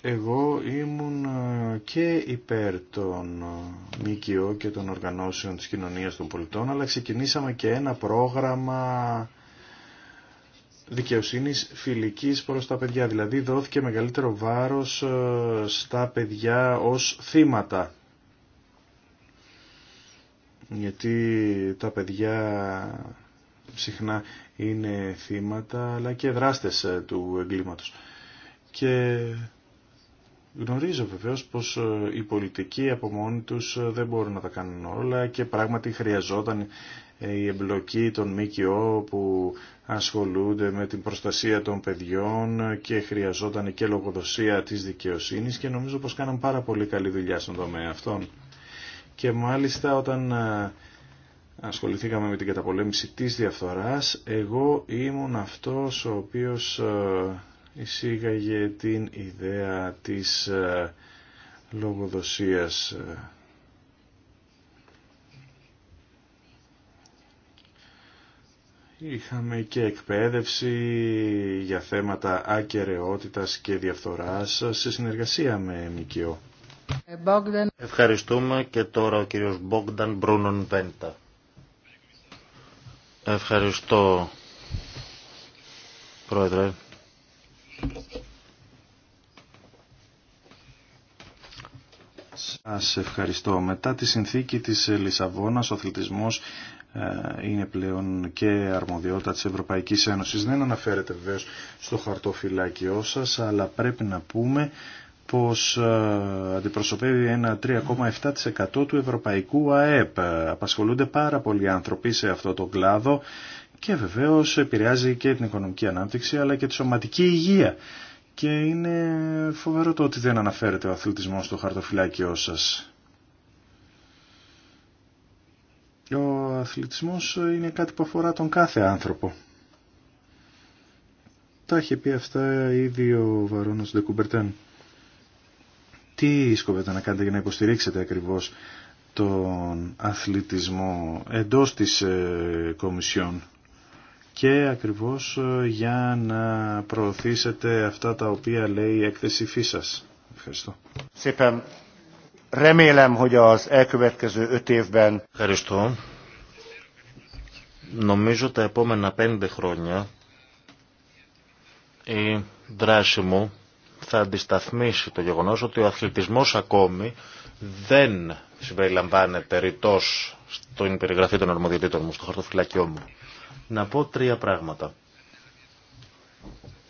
εγώ ήμουν ε, και υπέρ των ΜΚΟ και των οργανώσεων της κοινωνίας των πολιτών, αλλά ξεκινήσαμε και ένα πρόγραμμα δικαιοσύνης φιλικής προς τα παιδιά. Δηλαδή δόθηκε μεγαλύτερο βάρος ε, στα παιδιά ως θύματα. Γιατί τα παιδιά συχνά είναι θύματα αλλά και δράστες ε, του εγκλήματος. Και γνωρίζω βεβαίως πως ε, οι πολιτικοί από μόνοι τους δεν μπορούν να τα κάνουν όλα και πράγματι χρειαζόταν η εμπλοκή των ΜΚΟ που ασχολούνται με την προστασία των παιδιών και χρειαζόταν και λογοδοσία της δικαιοσύνης και νομίζω πως κάναν πάρα πολύ καλή δουλειά στον τομέα αυτών. Και μάλιστα όταν ε, ασχοληθήκαμε με την καταπολέμηση της διαφθοράς, εγώ ήμουν αυτός ο οποίος ε, εισήγαγε την ιδέα της ε, λογοδοσίας Είχαμε και εκπαίδευση για θέματα ακαιρεότητας και διαφθοράς σε συνεργασία με ΜΚΟ. Ευχαριστούμε και τώρα ο κύριος Μπόγκταν Μπρούνον Βέντα. Ευχαριστώ, Πρόεδρε. Σας ευχαριστώ. Μετά τη συνθήκη της Λισαβόνας, ο αθλητισμός ε, είναι πλέον και αρμοδιότητα της Ευρωπαϊκής Ένωσης. Δεν αναφέρεται βεβαίω στο χαρτοφυλάκιό σας, αλλά πρέπει να πούμε πως ε, αντιπροσωπεύει ένα 3,7% του ευρωπαϊκού ΑΕΠ. Ε, απασχολούνται πάρα πολλοί άνθρωποι σε αυτό το κλάδο και βεβαίως επηρεάζει και την οικονομική ανάπτυξη αλλά και τη σωματική υγεία. Και είναι φοβερό το ότι δεν αναφέρεται ο αθλητισμός στο χαρτοφυλάκιό σας. ο αθλητισμός είναι κάτι που αφορά τον κάθε άνθρωπο. Τα είχε πει αυτά ήδη ο Βαρόνος Ντεκουμπερτέν. Τι σκοπεύετε να κάνετε για να υποστηρίξετε ακριβώς τον αθλητισμό εντός της ε, Κομισιόν και ακριβώς ε, για να προωθήσετε αυτά τα οποία λέει η έκθεση φύσας. Ευχαριστώ. Remélem, hogy az elkövetkező öt évben... Ευχαριστώ. Νομίζω τα επόμενα πέντε χρόνια η δράση μου θα αντισταθμίσει το γεγονός ότι ο αθλητισμός ακόμη δεν συμπεριλαμβάνεται ρητός στην περιγραφή των αρμοδιοτήτων μου, στο χαρτοφυλακιό μου. Να πω τρία πράγματα.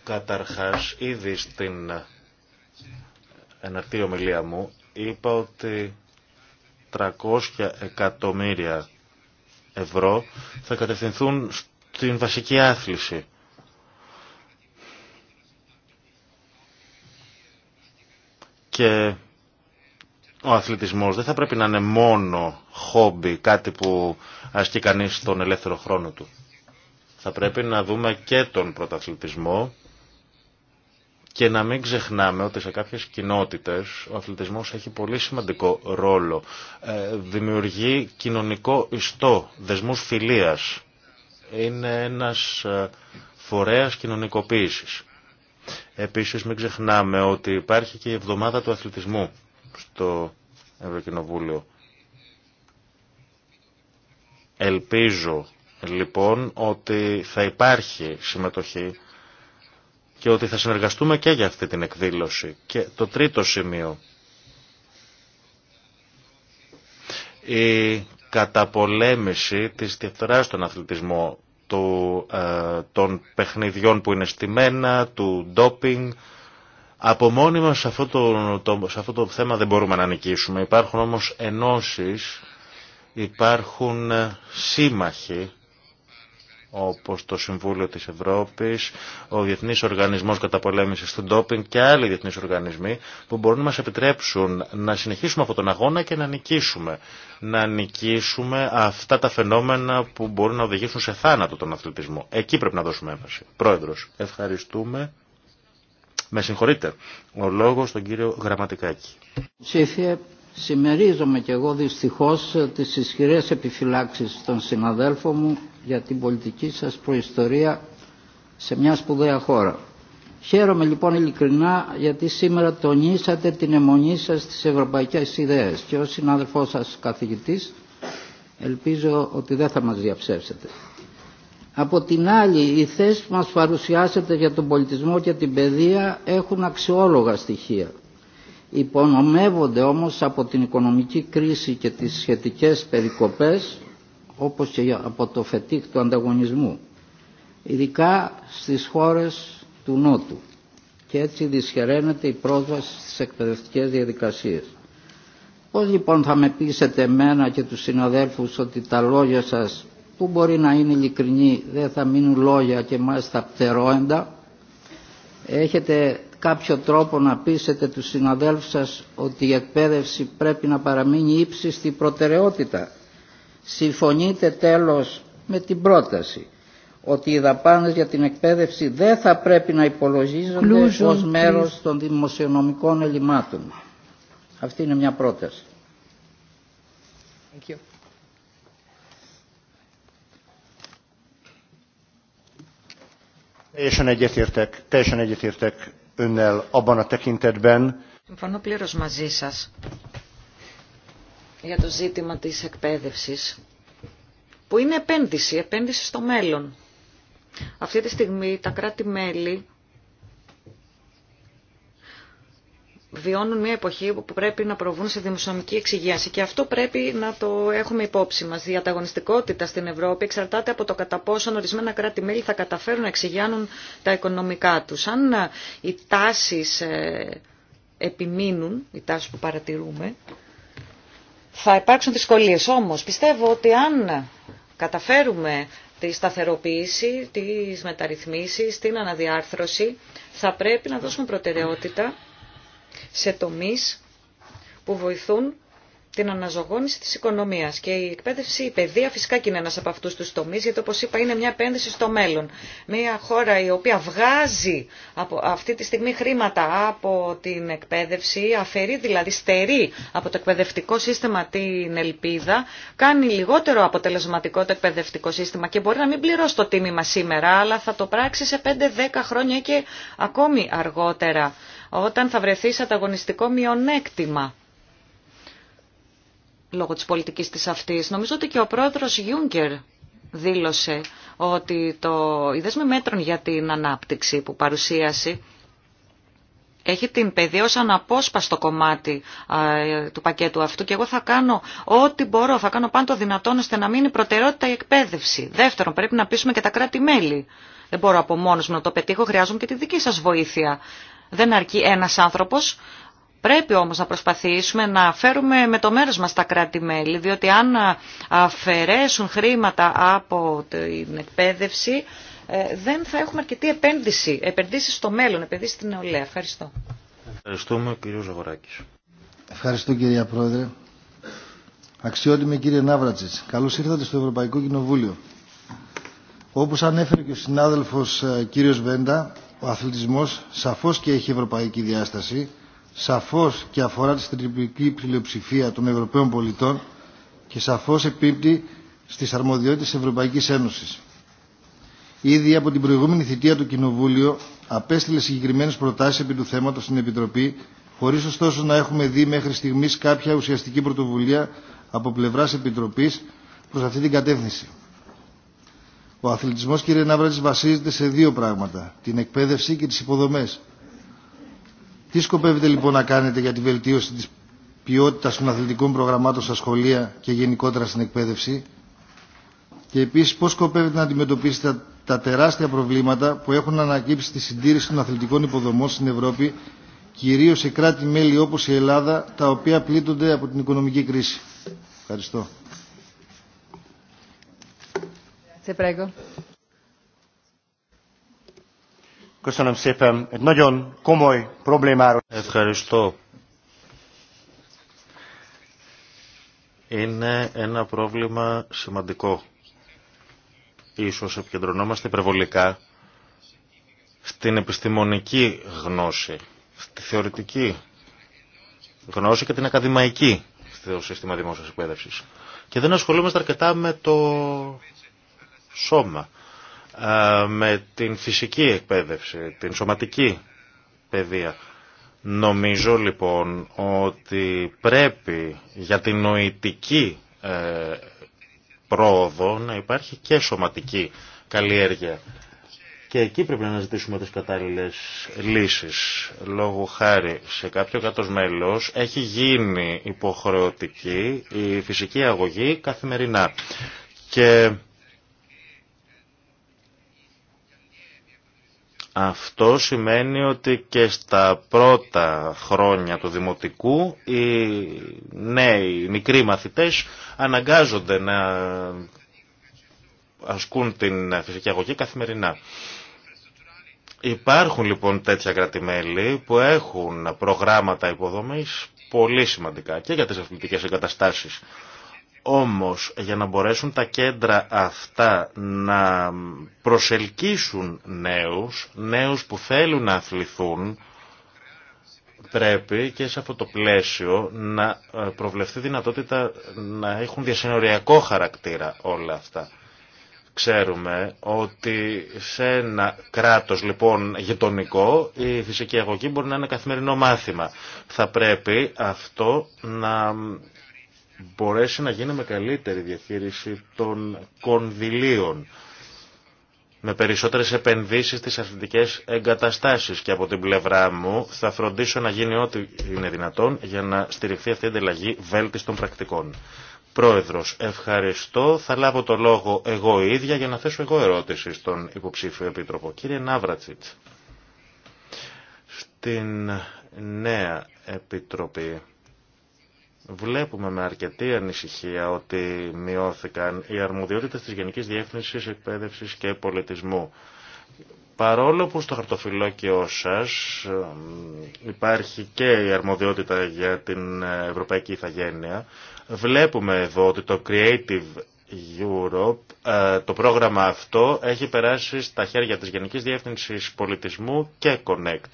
Καταρχάς, ήδη στην εναρτή ομιλία μου είπα ότι 300 εκατομμύρια ευρώ θα κατευθυνθούν στην βασική άθληση. Και ο αθλητισμός δεν θα πρέπει να είναι μόνο χόμπι, κάτι που ασκεί κανείς τον ελεύθερο χρόνο του. Θα πρέπει να δούμε και τον πρωταθλητισμό και να μην ξεχνάμε ότι σε κάποιες κοινότητες ο αθλητισμός έχει πολύ σημαντικό ρόλο. Ε, δημιουργεί κοινωνικό ιστό, δεσμούς φιλίας. Είναι ένας ε, φορέας κοινωνικοποίησης. Επίσης μην ξεχνάμε ότι υπάρχει και η εβδομάδα του αθλητισμού στο Ευρωκοινοβούλιο. Ελπίζω λοιπόν ότι θα υπάρχει συμμετοχή και ότι θα συνεργαστούμε και για αυτή την εκδήλωση. Και το τρίτο σημείο. Η καταπολέμηση της διαφθοράς στον αθλητισμό, του, ε, των παιχνιδιών που είναι στημένα, του ντόπινγκ. Από μόνοι μας σε αυτό το, σε αυτό το θέμα δεν μπορούμε να νικήσουμε. Υπάρχουν όμως ενώσεις, υπάρχουν ε, σύμμαχοι όπως το Συμβούλιο της Ευρώπης, ο Διεθνής Οργανισμός Καταπολέμησης του Ντόπινγκ και άλλοι διεθνείς οργανισμοί που μπορούν να μας επιτρέψουν να συνεχίσουμε αυτόν τον αγώνα και να νικήσουμε. Να νικήσουμε αυτά τα φαινόμενα που μπορούν να οδηγήσουν σε θάνατο τον αθλητισμό. Εκεί πρέπει να δώσουμε έμφαση. Πρόεδρος, ευχαριστούμε. Με συγχωρείτε. Ο λόγος στον κύριο Γραμματικάκη. Συμμερίζομαι κι εγώ δυστυχώς τις ισχυρές επιφυλάξεις των συναδέλφων μου για την πολιτική σας προϊστορία σε μια σπουδαία χώρα. Χαίρομαι λοιπόν ειλικρινά γιατί σήμερα τονίσατε την αιμονή σας στις ευρωπαϊκές ιδέες και ως συνάδελφός σας καθηγητής ελπίζω ότι δεν θα μας διαψεύσετε. Από την άλλη, οι θέσεις που μας παρουσιάσετε για τον πολιτισμό και την παιδεία έχουν αξιόλογα στοιχεία υπονομεύονται όμως από την οικονομική κρίση και τις σχετικές περικοπές όπως και από το φετίχ του ανταγωνισμού ειδικά στις χώρες του Νότου και έτσι δυσχεραίνεται η πρόσβαση στις εκπαιδευτικές διαδικασίες. Πώς λοιπόν θα με πείσετε εμένα και τους συναδέλφους ότι τα λόγια σας που μπορεί να είναι ειλικρινή δεν θα μείνουν λόγια και μάλιστα πτερόεντα έχετε κάποιο τρόπο να πείσετε τους συναδέλφους σας ότι η εκπαίδευση πρέπει να παραμείνει ύψιστη προτεραιότητα. Συμφωνείτε τέλος με την πρόταση ότι οι δαπάνες για την εκπαίδευση δεν θα πρέπει να υπολογίζονται ως μέρος των δημοσιονομικών ελλημάτων. Αυτή είναι μια πρόταση. Thank you. Teljesen Συμφωνώ μαζί σας για το ζήτημα της εκπαίδευσης, που είναι επένδυση, επένδυση στο μέλλον. Αυτή τη στιγμή τα κράτη-μέλη βιώνουν μια εποχή που πρέπει να προβούν σε δημοσιονομική εξυγίαση και αυτό πρέπει να το έχουμε υπόψη μας. Η ανταγωνιστικότητα στην Ευρώπη εξαρτάται από το κατά πόσο ορισμένα κράτη-μέλη θα καταφέρουν να εξηγιάνουν τα οικονομικά τους. Αν οι τάσεις ε, επιμείνουν, οι τάσεις που παρατηρούμε, θα υπάρξουν δυσκολίε όμω, πιστεύω ότι αν καταφέρουμε τη σταθεροποίηση, τις μεταρρυθμίσεις, την αναδιάρθρωση, θα πρέπει να δώσουμε προτεραιότητα σε τομείς που βοηθούν την αναζωγόνηση της οικονομίας και η εκπαίδευση, η παιδεία φυσικά και είναι ένας από αυτούς τους τομείς γιατί όπως είπα είναι μια επένδυση στο μέλλον. Μια χώρα η οποία βγάζει από αυτή τη στιγμή χρήματα από την εκπαίδευση, αφαιρεί δηλαδή, στερεί από το εκπαιδευτικό σύστημα την ελπίδα, κάνει λιγότερο αποτελεσματικό το εκπαιδευτικό σύστημα και μπορεί να μην πληρώσει το τίμημα σήμερα αλλά θα το πράξει σε 5-10 χρόνια και ακόμη αργότερα όταν θα βρεθεί σε ανταγωνιστικό μειονέκτημα λόγω της πολιτικής της αυτής. Νομίζω ότι και ο πρόεδρος Γιούγκερ δήλωσε ότι το, η δέσμη μέτρων για την ανάπτυξη που παρουσίασε έχει την παιδεία ως αναπόσπαστο κομμάτι του πακέτου αυτού και εγώ θα κάνω ό,τι μπορώ, θα κάνω πάντο δυνατόν ώστε να μείνει προτεραιότητα η εκπαίδευση. Δεύτερον, πρέπει να πείσουμε και τα κράτη-μέλη. Δεν μπορώ από μόνος μου να το πετύχω, χρειάζομαι και τη δική σας βοήθεια. Δεν αρκεί ένας άνθρωπος. Πρέπει όμως να προσπαθήσουμε να φέρουμε με το μέρος μας τα κράτη-μέλη, διότι αν αφαιρέσουν χρήματα από την εκπαίδευση, ε, δεν θα έχουμε αρκετή επένδυση, επενδύσεις στο μέλλον, επενδύσεις στην νεολαία. Ευχαριστώ. Ευχαριστούμε κύριο Ζαγοράκης. Ευχαριστώ κυρία Πρόεδρε. Αξιότιμη κύριε Ναύρατζης. καλώς ήρθατε στο Ευρωπαϊκό Κοινοβούλιο. Όπως ανέφερε και ο συνάδελφος ε, κύριος Βέντα, ο αθλητισμός σαφώς και έχει ευρωπαϊκή διάσταση, σαφώς και αφορά τη στριπτική πλειοψηφία των Ευρωπαίων πολιτών και σαφώς επίπτει στις αρμοδιότητες της Ευρωπαϊκής Ένωσης. Ήδη από την προηγούμενη θητεία του Κοινοβούλιο απέστειλε συγκεκριμένες προτάσεις επί του θέματος στην Επιτροπή, χωρίς ωστόσο να έχουμε δει μέχρι στιγμής κάποια ουσιαστική πρωτοβουλία από πλευράς Επιτροπής προς αυτή την κατεύθυνση. Ο αθλητισμό, κύριε Ναύρατζη, βασίζεται σε δύο πράγματα. Την εκπαίδευση και τι υποδομέ. Τι σκοπεύετε λοιπόν να κάνετε για τη βελτίωση τη ποιότητα των αθλητικών προγραμμάτων στα σχολεία και γενικότερα στην εκπαίδευση. Και επίση, πώ σκοπεύετε να αντιμετωπίσετε τα τεράστια προβλήματα που έχουν ανακύψει στη συντήρηση των αθλητικών υποδομών στην Ευρώπη, κυρίω σε κράτη-μέλη όπω η Ελλάδα, τα οποία πλήττονται από την οικονομική κρίση. Ευχαριστώ. Ευχαριστώ. Είναι ένα πρόβλημα σημαντικό. Ίσως επικεντρωνόμαστε υπερβολικά στην επιστημονική γνώση, στη θεωρητική γνώση και την ακαδημαϊκή στο σύστημα δημόσιας εκπαίδευσης. Και δεν ασχολούμαστε αρκετά με το σώμα, ε, με την φυσική εκπαίδευση, την σωματική παιδεία. Νομίζω λοιπόν ότι πρέπει για την νοητική ε, πρόοδο να υπάρχει και σωματική καλλιέργεια. Και εκεί πρέπει να αναζητήσουμε τις κατάλληλες λύσεις. Λόγω χάρη σε κάποιο κάτω μέλος έχει γίνει υποχρεωτική η φυσική αγωγή καθημερινά. Και Αυτό σημαίνει ότι και στα πρώτα χρόνια του Δημοτικού οι νέοι, οι μικροί μαθητές αναγκάζονται να ασκούν την φυσική αγωγή καθημερινά. Υπάρχουν λοιπόν τέτοια κρατημέλη που έχουν προγράμματα υποδομής πολύ σημαντικά και για τις αθλητικές εγκαταστάσεις. Όμως για να μπορέσουν τα κέντρα αυτά να προσελκύσουν νέους, νέους που θέλουν να αθληθούν, πρέπει και σε αυτό το πλαίσιο να ε, προβλεφθεί δυνατότητα να έχουν διασυνοριακό χαρακτήρα όλα αυτά. Ξέρουμε ότι σε ένα κράτος λοιπόν γειτονικό η φυσική αγωγή μπορεί να είναι καθημερινό μάθημα. Θα πρέπει αυτό να μπορέσει να γίνει με καλύτερη διαχείριση των κονδυλίων με περισσότερες επενδύσεις στις αθλητικές εγκαταστάσεις και από την πλευρά μου θα φροντίσω να γίνει ό,τι είναι δυνατόν για να στηριχθεί αυτή η ανταλλαγή βέλτιστων πρακτικών. Πρόεδρος, ευχαριστώ. Θα λάβω το λόγο εγώ ίδια για να θέσω εγώ ερώτηση στον υποψήφιο επίτροπο. Κύριε Ναύρατσιτς, στην νέα επιτροπή Βλέπουμε με αρκετή ανησυχία ότι μειώθηκαν οι αρμοδιότητες της Γενικής Διεύθυνσης Εκπαίδευσης και Πολιτισμού. Παρόλο που στο χαρτοφυλόκιό σας υπάρχει και η αρμοδιότητα για την ε, Ευρωπαϊκή Ιθαγένεια, βλέπουμε εδώ ότι το Creative Europe, ε, το πρόγραμμα αυτό έχει περάσει στα χέρια της Γενικής Διεύθυνσης Πολιτισμού και Connect.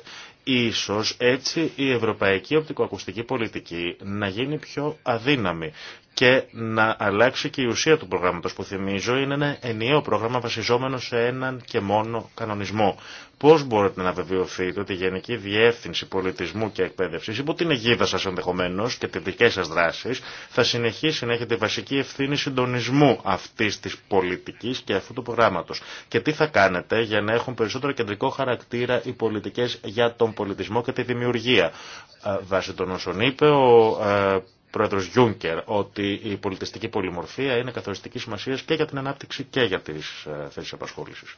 Ίσως έτσι η ευρωπαϊκή οπτικοακουστική πολιτική να γίνει πιο αδύναμη και να αλλάξει και η ουσία του προγράμματος που θυμίζω είναι ένα ενιαίο πρόγραμμα βασιζόμενο σε έναν και μόνο κανονισμό. Πώς μπορείτε να βεβαιωθείτε ότι η Γενική Διεύθυνση Πολιτισμού και Εκπαίδευσης υπό την αιγίδα σας ενδεχομένω και τις δικές σας δράσεις θα συνεχίσει να έχετε βασική ευθύνη συντονισμού αυτής της πολιτικής και αυτού του προγράμματος. Και τι θα κάνετε για να έχουν περισσότερο κεντρικό χαρακτήρα οι πολιτικές για τον πολιτισμό και τη δημιουργία. Ε, βάσει των όσων είπε ο ε, πρόεδρος Γιούνκερ ότι η πολιτιστική πολυμορφία είναι καθοριστική σημασία και για την ανάπτυξη και για τις ε, θέσεις απασχόλησης.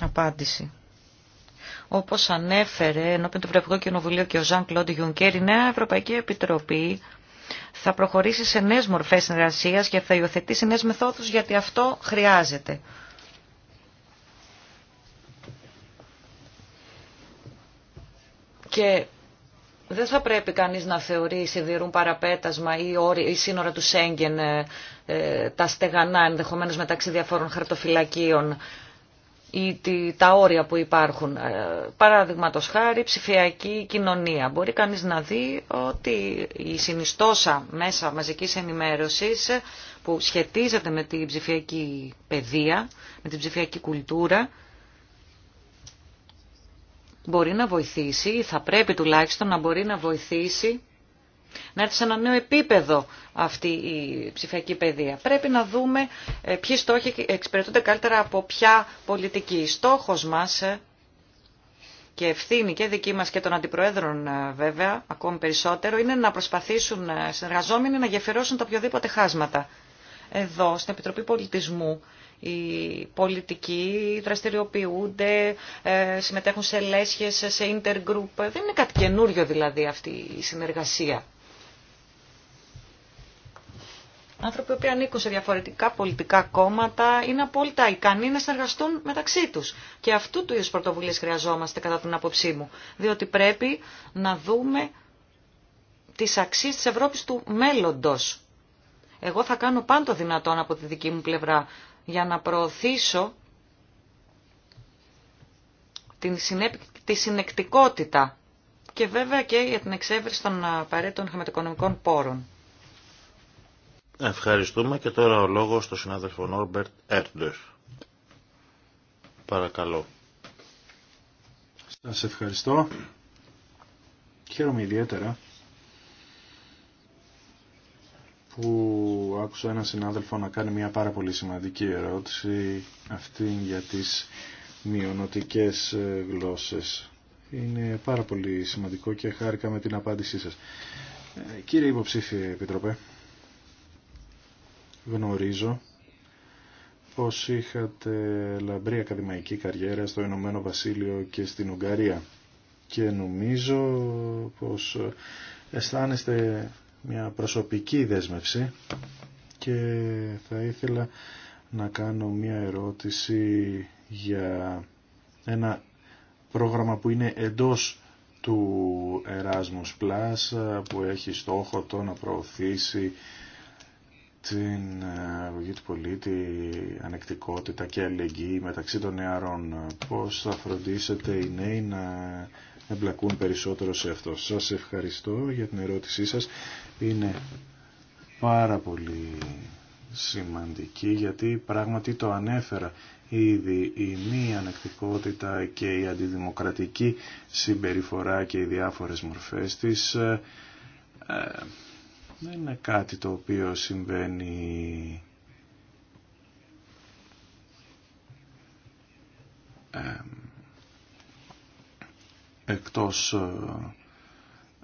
Απάντηση. Όπως ανέφερε ενώπιν του Ευρωπαϊκού Κοινοβουλίου και ο Ζαν Κλοντ Γιουνκέρ, η Νέα Ευρωπαϊκή Επιτροπή θα προχωρήσει σε νέες μορφές συνεργασίας και θα υιοθετήσει νέες μεθόδους γιατί αυτό χρειάζεται. Και δεν θα πρέπει κανείς να θεωρεί σιδηρούν παραπέτασμα ή, ή σύνορα του Σέγγεν ε, ε, τα στεγανά ενδεχομένως μεταξύ διαφόρων χαρτοφυλακίων ή τα όρια που υπάρχουν. Ε, Παραδείγματο χάρη, ψηφιακή κοινωνία. Μπορεί κανείς να δει ότι η συνιστόσα μέσα μαζικής ενημέρωσης που σχετίζεται με την ψηφιακή παιδεία, με την ψηφιακή κουλτούρα, μπορεί να βοηθήσει ή θα πρέπει τουλάχιστον να μπορεί να βοηθήσει να έρθει σε ένα νέο επίπεδο αυτή η ψηφιακή παιδεία. Πρέπει να δούμε ε, ποιοι στόχοι εξυπηρετούνται καλύτερα από ποια πολιτική. Στόχος μας ε, και ευθύνη και δική μας και των αντιπροέδρων ε, βέβαια, ακόμη περισσότερο, είναι να προσπαθήσουν συνεργαζόμενοι να γεφυρώσουν τα οποιοδήποτε χάσματα εδώ στην Επιτροπή Πολιτισμού οι πολιτικοί δραστηριοποιούνται, ε, συμμετέχουν σε λέσχες, σε intergroup. Δεν είναι κάτι καινούριο δηλαδή αυτή η συνεργασία. Άνθρωποι που ανήκουν σε διαφορετικά πολιτικά κόμματα είναι απόλυτα ικανοί να συνεργαστούν μεταξύ τους. Και αυτού του είδους πρωτοβουλίες χρειαζόμαστε κατά την άποψή μου. Διότι πρέπει να δούμε τις αξίες της Ευρώπης του μέλλοντος εγώ θα κάνω πάντο δυνατόν από τη δική μου πλευρά για να προωθήσω την τη συνεκτικότητα και βέβαια και για την εξέβριση των ε, απαραίτητων χρηματοοικονομικών πόρων. Ευχαριστούμε και τώρα ο λόγος στον συνάδελφο Νόρμπερτ Έρντερ. Παρακαλώ. Σας ευχαριστώ. Χαίρομαι ιδιαίτερα που άκουσα έναν συνάδελφο να κάνει μια πάρα πολύ σημαντική ερώτηση αυτή για τις μειονοτικές ε, γλώσσες. Είναι πάρα πολύ σημαντικό και χάρηκα με την απάντησή σας. Ε, κύριε Υποψήφιε Επιτροπέ, γνωρίζω πως είχατε λαμπρή ακαδημαϊκή καριέρα στο Ηνωμένο Βασίλειο και στην Ουγγαρία και νομίζω πως ε, αισθάνεστε μια προσωπική δέσμευση και θα ήθελα να κάνω μια ερώτηση για ένα πρόγραμμα που είναι εντός του Erasmus Plus που έχει στόχο το να προωθήσει την ε, αγωγή του πολίτη, ανεκτικότητα και αλληλεγγύη μεταξύ των νεαρών. Πώς θα φροντίσετε οι νέοι να εμπλακούν περισσότερο σε αυτό. Σας ευχαριστώ για την ερώτησή σας. Είναι πάρα πολύ σημαντική γιατί πράγματι το ανέφερα ήδη η μη ανεκτικότητα και η αντιδημοκρατική συμπεριφορά και οι διάφορες μορφές της ε, ε, δεν είναι κάτι το οποίο συμβαίνει ε, εκτός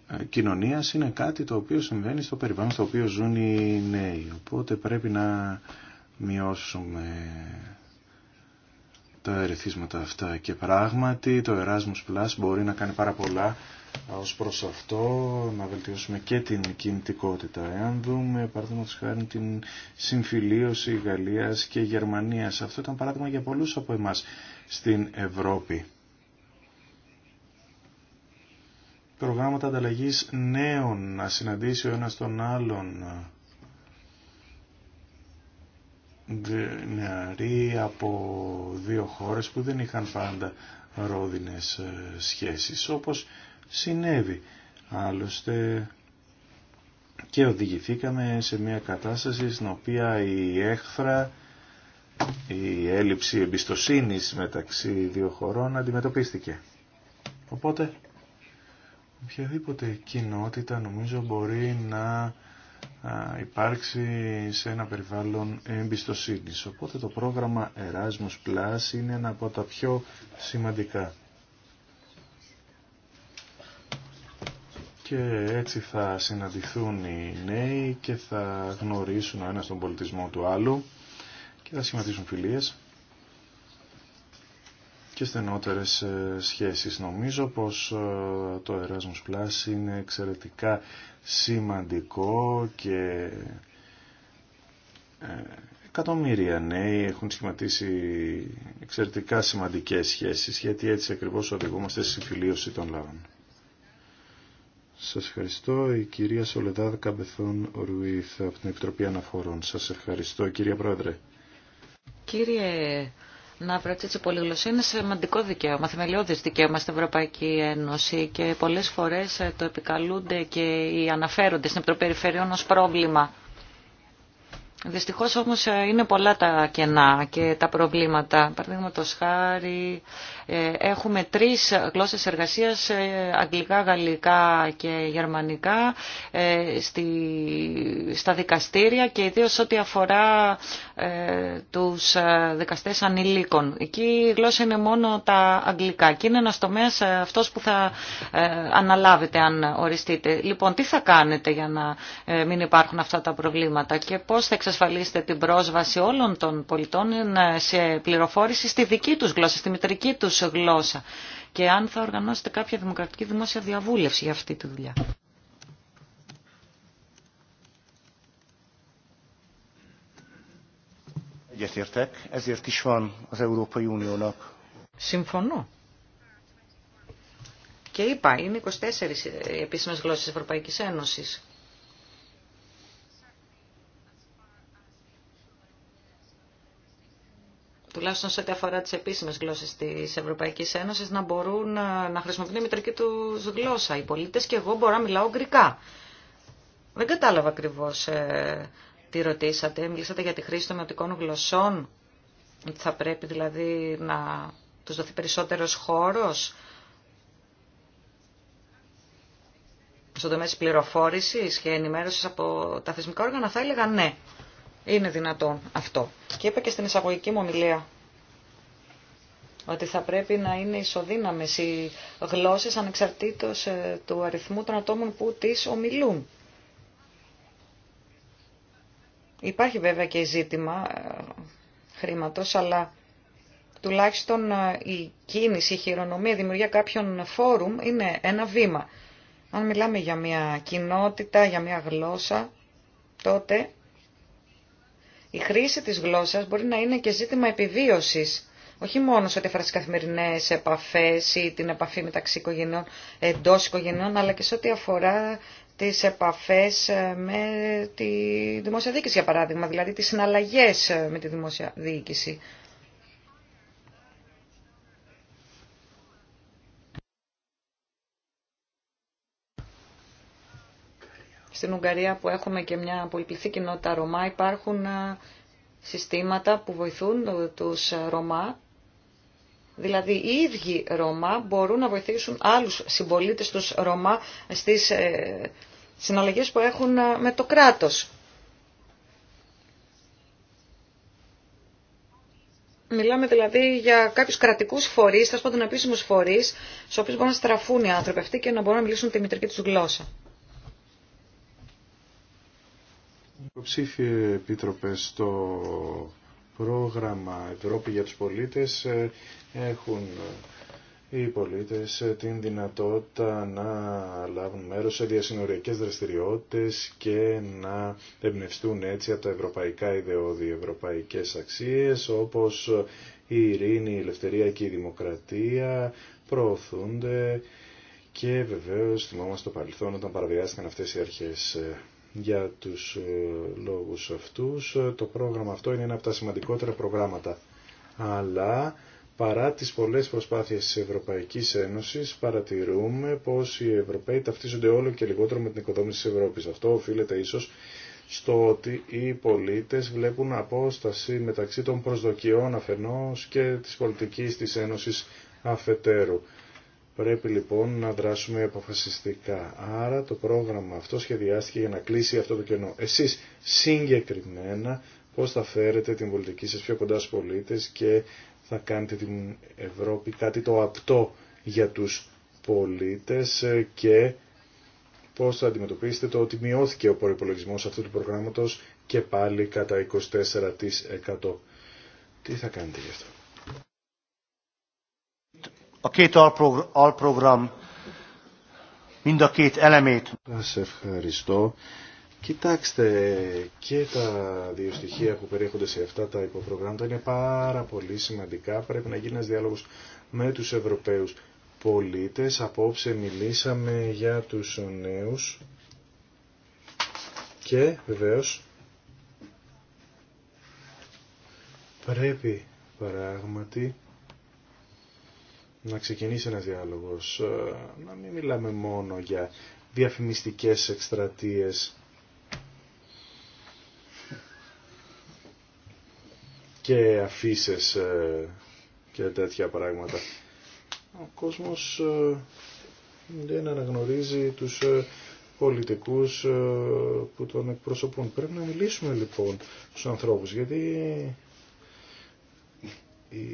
ε, ε, κοινωνίας είναι κάτι το οποίο συμβαίνει στο περιβάλλον στο οποίο ζουν οι νέοι. Οπότε πρέπει να μειώσουμε τα ερεθίσματα αυτά και πράγματι το Erasmus Plus μπορεί να κάνει πάρα πολλά ως προς αυτό να βελτιώσουμε και την κινητικότητα. Εάν δούμε παραδείγματος χάρη την συμφιλίωση Γαλλίας και Γερμανίας, αυτό ήταν παράδειγμα για πολλούς από εμάς στην Ευρώπη. προγράμματα ανταλλαγής νέων, να συναντήσει ο ένας τον άλλον νεαροί από δύο χώρες που δεν είχαν πάντα ρόδινες ε, σχέσεις, όπως συνέβη. Άλλωστε και οδηγηθήκαμε σε μια κατάσταση στην οποία η έχθρα, η έλλειψη εμπιστοσύνης μεταξύ δύο χωρών αντιμετωπίστηκε. Οπότε οποιαδήποτε κοινότητα νομίζω μπορεί να υπάρξει σε ένα περιβάλλον εμπιστοσύνης. Οπότε το πρόγραμμα Erasmus Plus είναι ένα από τα πιο σημαντικά. Και έτσι θα συναντηθούν οι νέοι και θα γνωρίσουν ο ένας τον πολιτισμό του άλλου και θα σχηματίσουν φιλίες και στενότερες ε, σχέσεις. Νομίζω πως ε, το Erasmus Plus είναι εξαιρετικά σημαντικό και ε, εκατομμύρια νέοι έχουν σχηματίσει εξαιρετικά σημαντικές σχέσεις γιατί έτσι ακριβώς οδηγούμαστε στη συμφιλίωση των λαών. Σας ευχαριστώ η κυρία Σολεδάδ Καμπεθόν Ρουίθ από την Επιτροπή Αναφορών. Σας ευχαριστώ κυρία Πρόεδρε. Κύριε να βρεθεί η πολυγλωσία είναι σημαντικό δικαίωμα, θεμελιώδη δικαίωμα στην Ευρωπαϊκή Ένωση και πολλέ φορέ ε, το επικαλούνται και οι αναφέρονται στην Επιτροπεριφερειών ω πρόβλημα. Δυστυχώ όμω ε, είναι πολλά τα κενά και τα προβλήματα. Παραδείγματο χάρη, ε, έχουμε τρει γλώσσε εργασία, αγγλικά, γαλλικά και γερμανικά, στα δικαστήρια και ιδίω ό,τι αφορά ε, τους ε, δικαστές ανηλίκων. Εκεί η γλώσσα είναι μόνο τα αγγλικά και είναι ένας τομέας ε, αυτός που θα αναλάβετε αν οριστείτε. Λοιπόν, τι θα κάνετε για να μην υπάρχουν αυτά τα προβλήματα και πώς θα εξασφαλίσετε την πρόσβαση όλων των πολιτών σε πληροφόρηση στη δική τους γλώσσα, στη μητρική τους γλώσσα και αν θα οργανώσετε κάποια δημοκρατική δημόσια διαβούλευση για αυτή τη δουλειά. Συμφωνώ. Και είπα, είναι 24 οι επίσημες γλώσσες της Ευρωπαϊκής Ένωσης. τουλάχιστον σε ό,τι αφορά τι επίσημε γλώσσε τη Ευρωπαϊκή Ένωση, να μπορούν να, ε, να χρησιμοποιούν η μητρική του γλώσσα. Οι πολίτε και εγώ μπορώ να μιλάω γκρικά. Δεν κατάλαβα ακριβώ ε, τι ρωτήσατε. Μιλήσατε για τη χρήση των μειωτικών γλωσσών, ότι θα πρέπει δηλαδή να τους δοθεί περισσότερος χώρος στον τομέα της πληροφόρησης και ενημέρωσης από τα θεσμικά όργανα, θα έλεγα ναι, είναι δυνατόν αυτό. Και είπα και στην εισαγωγική μου ομιλία ότι θα πρέπει να είναι ισοδύναμες οι γλώσσες ανεξαρτήτως ε, του αριθμού των ατόμων που τις ομιλούν. Υπάρχει βέβαια και ζήτημα ε, χρήματος, αλλά τουλάχιστον ε, η κίνηση, η χειρονομία, η δημιουργία κάποιων φόρουμ είναι ένα βήμα. Αν μιλάμε για μια κοινότητα, για μια γλώσσα, τότε η χρήση της γλώσσας μπορεί να είναι και ζήτημα επιβίωσης. Όχι μόνο σε ό,τι αφορά τι καθημερινέ επαφέ ή την επαφή μεταξύ οικογενειών, εντό οικογενειών, αλλά και σε ό,τι αφορά τις επαφές ε, με τη δημόσια διοίκηση, για παράδειγμα, δηλαδή τις συναλλαγές ε, με τη δημόσια διοίκηση. Στην Ουγγαρία που έχουμε και μια πολυπληθή κοινότητα Ρωμά υπάρχουν ε, συστήματα που βοηθούν τους Ρωμά Δηλαδή οι ίδιοι Ρωμά μπορούν να βοηθήσουν άλλους συμπολίτες τους Ρωμά στις συναλλαγές που έχουν ε, με το κράτος. Μιλάμε δηλαδή για κάποιου κρατικούς φορεί, θα πάντων επίσημου φορεί, στους οποίου μπορούν να στραφούν οι άνθρωποι αυτοί και να μπορούν να μιλήσουν τη μητρική τους γλώσσα. Υποψήφιε επίτροπε στο πρόγραμμα Ευρώπη για τους πολίτες ε, έχουν ε, οι πολίτες την δυνατότητα να λάβουν μέρος σε διασυνοριακές δραστηριότητες και να εμπνευστούν έτσι από τα ευρωπαϊκά ιδεώδη ευρωπαϊκές αξίες όπως η ειρήνη, η ελευθερία και η δημοκρατία προωθούνται και βεβαίως θυμόμαστε το παρελθόν όταν παραβιάστηκαν αυτές οι αρχές για τους ε, λόγους αυτούς. Ε, το πρόγραμμα αυτό είναι ένα από τα σημαντικότερα προγράμματα. Αλλά Παρά τις πολλές προσπάθειες της Ευρωπαϊκής Ένωσης, παρατηρούμε πως οι Ευρωπαίοι ταυτίζονται όλο και λιγότερο με την οικοδόμηση της Ευρώπης. Αυτό οφείλεται ίσως στο ότι οι πολίτες βλέπουν απόσταση μεταξύ των προσδοκιών αφενός και της πολιτικής της Ένωσης αφετέρου. Πρέπει λοιπόν να δράσουμε αποφασιστικά. Άρα το πρόγραμμα αυτό σχεδιάστηκε για να κλείσει αυτό το κενό. Εσείς συγκεκριμένα πώς θα φέρετε την πολιτική σας πιο κοντά στους πολίτες και θα κάνετε την Ευρώπη κάτι το απτό για τους πολίτες ε, και πώς θα αντιμετωπίσετε το ότι μειώθηκε ο προπολογισμό αυτού του προγράμματος και πάλι κατά 24%. Τι θα κάνετε γι' αυτό. Σας ευχαριστώ Κοιτάξτε, και τα δύο στοιχεία που περιέχονται σε αυτά τα υποπρογράμματα είναι πάρα πολύ σημαντικά. Πρέπει να γίνει ένας διάλογος με τους Ευρωπαίους πολίτες. Απόψε μιλήσαμε για τους νέους και βεβαίως πρέπει πράγματι να ξεκινήσει ένας διάλογος, να μην μιλάμε μόνο για διαφημιστικές εκστρατείες και αφήσει ε, και τέτοια πράγματα. Ο κόσμος ε, δεν αναγνωρίζει τους ε, πολιτικούς που τον εκπροσωπούν. Πρέπει να μιλήσουμε λοιπόν στους ανθρώπους γιατί η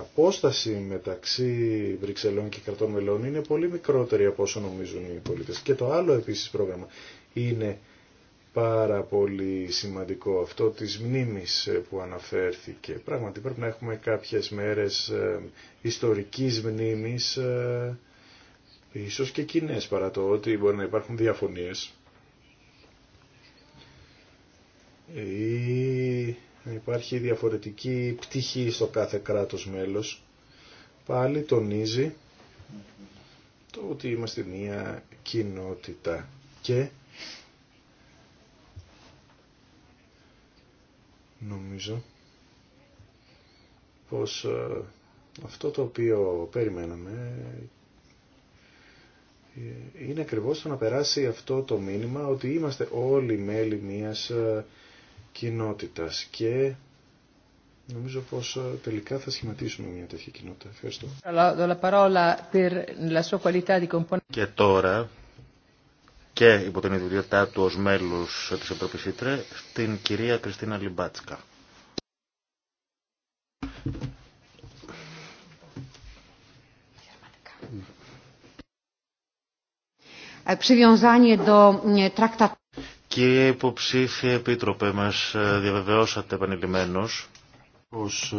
απόσταση μεταξύ Βρυξελών και κρατών μελών είναι πολύ μικρότερη από όσο νομίζουν οι πολίτες. Και το άλλο επίσης πρόγραμμα είναι πάρα πολύ σημαντικό αυτό της μνήμης ε, που αναφέρθηκε. Πράγματι πρέπει να έχουμε κάποιες μέρες ε, ιστορικής μνήμης, ε, ίσως και κοινέ παρά το ότι μπορεί να υπάρχουν διαφωνίες. Ή υπάρχει διαφορετική πτυχή στο κάθε κράτος μέλος. Πάλι τονίζει το ότι είμαστε μια κοινότητα και Νομίζω πως ε, αυτό το οποίο περιμέναμε ε, είναι ακριβώς το να περάσει αυτό το μήνυμα ότι είμαστε όλοι μέλη μιας ε, κοινότητας και νομίζω πως τελικά θα σχηματίσουμε μια τέτοια κοινότητα. Ευχαριστώ. Και τώρα και υπό την ιδιότητά του ως μέλους της Επιτροπής Ήτρε, την κυρία Κριστίνα Λιμπάτσκα. Ε, ε, Κύριε υποψήφιε επίτροπε, μας ε, διαβεβαιώσατε επανειλημμένως πως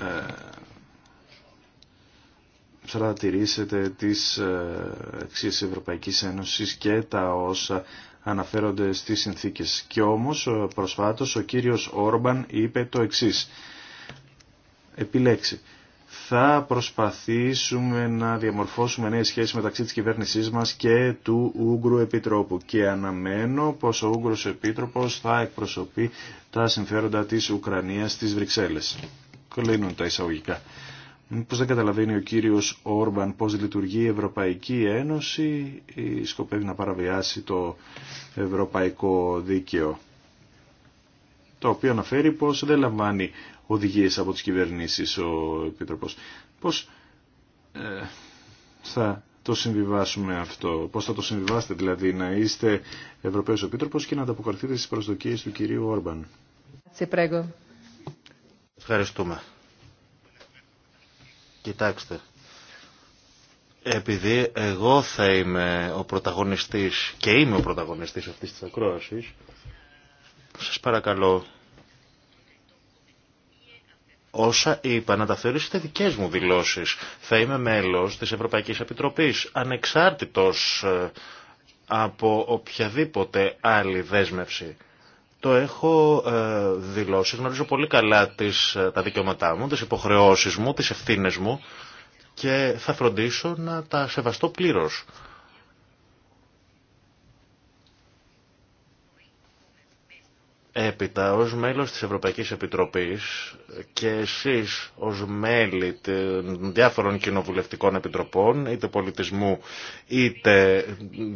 ε, παρατηρήσετε τις εξής Ευρωπαϊκής Ένωσης και τα όσα αναφέρονται στις συνθήκες. Και όμως ε, προσφάτως ο κύριος Όρμπαν είπε το εξής. Επιλέξει. Θα προσπαθήσουμε να διαμορφώσουμε νέες σχέσεις μεταξύ της κυβέρνησής μας και του Ούγκρου Επιτρόπου και αναμένω πως ο Ουγγρος Επίτροπος θα εκπροσωπεί τα συμφέροντα της Ουκρανίας στις Βρυξέλλες. Κλείνουν τα εισαγωγικά. Μήπως δεν καταλαβαίνει ο κύριος Όρμπαν πώς λειτουργεί η Ευρωπαϊκή Ένωση ή σκοπεύει να παραβιάσει το ευρωπαϊκό δίκαιο. Το οποίο αναφέρει πως δεν λαμβάνει οδηγίες από τις κυβερνήσεις ο Επίτροπος. Πώς ε, θα το συμβιβάσουμε αυτό, πώς θα το συμβιβάσετε δηλαδή να είστε Ευρωπαίος Επίτροπος και να ανταποκριθείτε στις προσδοκίες του κυρίου Όρμπαν. Ευχαριστούμε. Κοιτάξτε. Επειδή εγώ θα είμαι ο πρωταγωνιστής και είμαι ο πρωταγωνιστής αυτής της ακρόασης, σας παρακαλώ όσα είπα να τα θεωρήσετε δικές μου δηλώσεις. Θα είμαι μέλος της Ευρωπαϊκής Επιτροπής, ανεξάρτητος ε, από οποιαδήποτε άλλη δέσμευση. Το έχω ε, δηλώσει, γνωρίζω πολύ καλά τις, ε, τα δικαιώματά μου, τις υποχρεώσεις μου, τις ευθύνες μου και θα φροντίσω να τα σεβαστώ πλήρως. Έπειτα, ως μέλος της Ευρωπαϊκής Επιτροπής και εσείς ως μέλη των διάφορων κοινοβουλευτικών επιτροπών, είτε πολιτισμού, είτε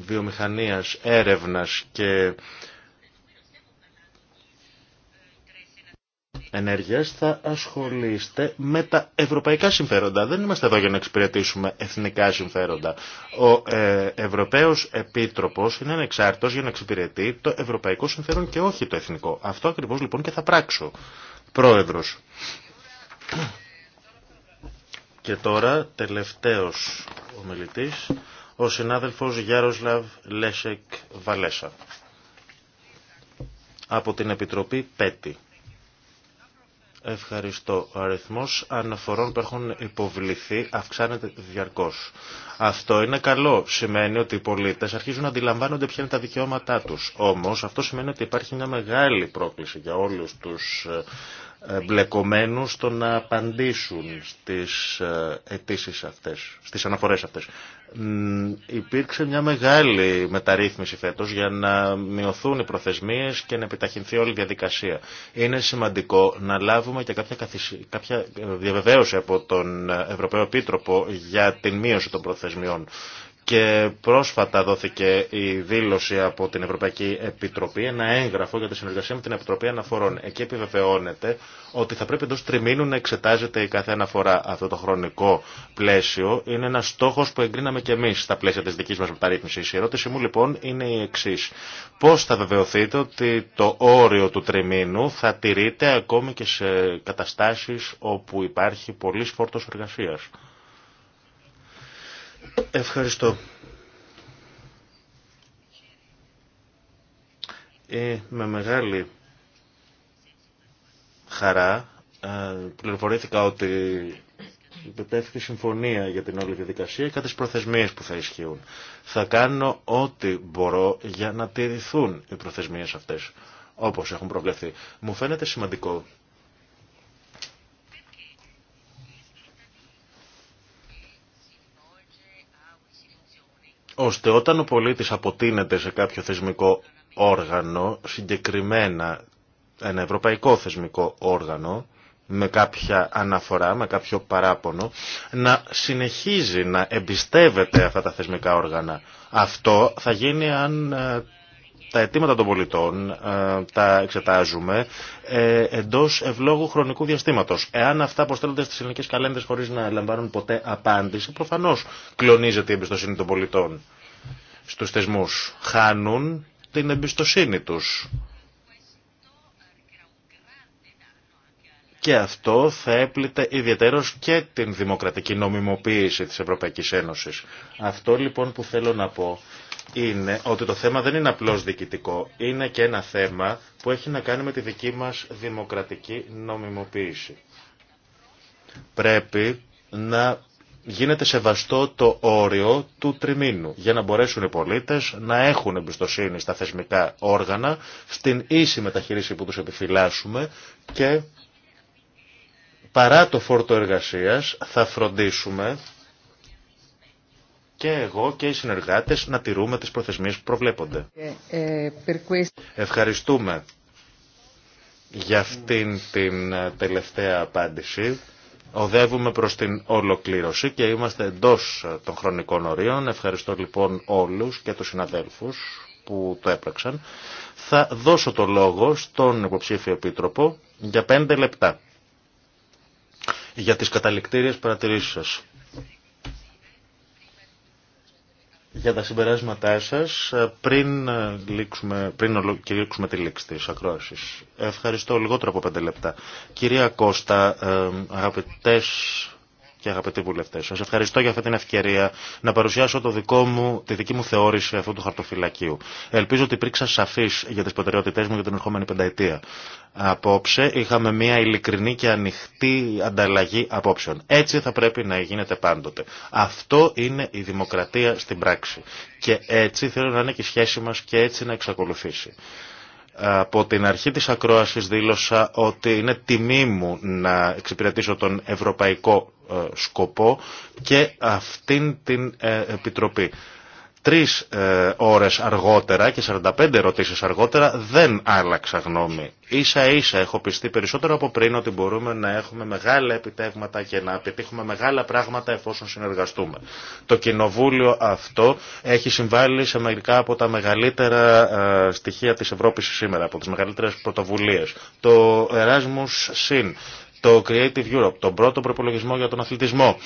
βιομηχανίας, έρευνας και ενέργειας θα ασχολείστε με τα ευρωπαϊκά συμφέροντα. Δεν είμαστε εδώ για να εξυπηρετήσουμε εθνικά συμφέροντα. Ο ε, Ευρωπαίος Επίτροπος είναι ανεξάρτητος για να εξυπηρετεί το ευρωπαϊκό συμφέρον και όχι το εθνικό. Αυτό ακριβώς λοιπόν και θα πράξω. Πρόεδρος. Και τώρα τελευταίος ομιλητής, ο συνάδελφος Γιάροσλαβ Λέσεκ Βαλέσα από την Επιτροπή ΠΕΤΗ. Ευχαριστώ. Ο αριθμός αναφορών που έχουν υποβληθεί αυξάνεται διαρκώ. Αυτό είναι καλό. Σημαίνει ότι οι πολίτες αρχίζουν να αντιλαμβάνονται ποια είναι τα δικαιώματά τους. Όμως αυτό σημαίνει ότι υπάρχει μια μεγάλη πρόκληση για όλους τους ε, μπλεκομένους στο να απαντήσουν στις ε, αιτήσει αυτές, στις αναφορές αυτές. Υπήρξε μια μεγάλη μεταρρύθμιση φέτος για να μειωθούν οι προθεσμίες και να επιταχυνθεί όλη η διαδικασία. Είναι σημαντικό να λάβουμε και κάποια, καθυσ... Ε, διαβεβαίωση από τον Ευρωπαίο Επίτροπο για την μείωση των προθεσμιών. Και πρόσφατα δόθηκε η δήλωση από την Ευρωπαϊκή Επιτροπή, ένα έγγραφο για τη συνεργασία με την Επιτροπή Αναφορών. Εκεί επιβεβαιώνεται ότι θα πρέπει εντό τριμήνου να εξετάζεται η κάθε αναφορά. Αυτό το χρονικό πλαίσιο είναι ένα στόχο που εγκρίναμε και εμεί στα πλαίσια τη δική μα μεταρρύθμιση. Η ερώτησή μου λοιπόν είναι η εξή. Πώ θα βεβαιωθείτε ότι το όριο του τριμήνου θα τηρείται ακόμη και σε καταστάσει όπου υπάρχει πολύ φόρτο εργασία. Ευχαριστώ. Ε, με μεγάλη χαρά ε, πληροφορήθηκα ότι επιτεύχθη συμφωνία για την όλη διαδικασία και τις προθεσμίες που θα ισχύουν. Θα κάνω ό,τι μπορώ για να τηρηθούν οι προθεσμίες αυτές, όπως έχουν προβλεφθεί. Μου φαίνεται σημαντικό ώστε όταν ο πολίτης αποτείνεται σε κάποιο θεσμικό όργανο, συγκεκριμένα ένα ευρωπαϊκό θεσμικό όργανο, με κάποια αναφορά, με κάποιο παράπονο, να συνεχίζει να εμπιστεύεται αυτά τα θεσμικά όργανα. Αυτό θα γίνει αν ε, τα αιτήματα των πολιτών ε, τα εξετάζουμε ε, εντό ευλόγου χρονικού διαστήματο. Εάν αυτά αποστέλλονται στις ελληνικές καλένδε χωρί να λαμβάνουν ποτέ απάντηση, προφανώ κλονίζεται η εμπιστοσύνη των πολιτών στου θεσμού. Χάνουν την εμπιστοσύνη του. Και αυτό θα έπλητε ιδιαίτερος και την δημοκρατική νομιμοποίηση της Ευρωπαϊκής Ένωσης. Αυτό λοιπόν που θέλω να πω είναι ότι το θέμα δεν είναι απλώς διοικητικό. Είναι και ένα θέμα που έχει να κάνει με τη δική μας δημοκρατική νομιμοποίηση. Πρέπει να γίνεται σεβαστό το όριο του τριμήνου για να μπορέσουν οι πολίτες να έχουν εμπιστοσύνη στα θεσμικά όργανα, στην ίση μεταχείριση που τους επιφυλάσσουμε και παρά το φόρτο εργασίας θα φροντίσουμε και εγώ και οι συνεργάτες να τηρούμε τις προθεσμίες που προβλέπονται. Ε, ε, Ευχαριστούμε για αυτήν την ε, τελευταία απάντηση. Οδεύουμε προς την ολοκλήρωση και είμαστε εντός των χρονικών ορίων. Ευχαριστώ λοιπόν όλους και τους συναδέλφους που το έπραξαν. Θα δώσω το λόγο στον υποψήφιο επίτροπο για πέντε λεπτά για τις καταληκτήριες παρατηρήσεις σας. για τα συμπεράσματά σας ε, πριν, ε, λήξουμε, πριν κηρύξουμε τη λήξη της ακρόασης. Ευχαριστώ λιγότερο από πέντε λεπτά. Κυρία Κώστα, ε, αγαπητέ, και αγαπητοί βουλευτέ. Σα ευχαριστώ για αυτή την ευκαιρία να παρουσιάσω το δικό μου, τη δική μου θεώρηση αυτού του χαρτοφυλακίου. Ελπίζω ότι υπήρξα σαφή για τι προτεραιότητέ μου για την ερχόμενη πενταετία. Απόψε είχαμε μια ειλικρινή και ανοιχτή ανταλλαγή απόψεων. Έτσι θα πρέπει να γίνεται πάντοτε. Αυτό είναι η δημοκρατία στην πράξη. Και έτσι θέλω να είναι και η σχέση μα και έτσι να εξακολουθήσει. Από την αρχή της ακρόασης δήλωσα ότι είναι τιμή μου να εξυπηρετήσω τον ευρωπαϊκό ε, σκοπό και αυτήν την ε, επιτροπή. Τρεις ε, ώρες αργότερα και 45 ερωτήσεις αργότερα δεν άλλαξα γνώμη. Ίσα ίσα έχω πιστεί περισσότερο από πριν ότι μπορούμε να έχουμε μεγάλα επιτεύγματα και να επιτύχουμε μεγάλα πράγματα εφόσον συνεργαστούμε. Το κοινοβούλιο αυτό έχει συμβάλει σε μερικά από τα μεγαλύτερα στοιχεία της Ευρώπης σήμερα, από τις μεγαλύτερες πρωτοβουλίες. Το Erasmus Sin το Creative Europe, τον πρώτο προπολογισμό για τον αθλητισμό.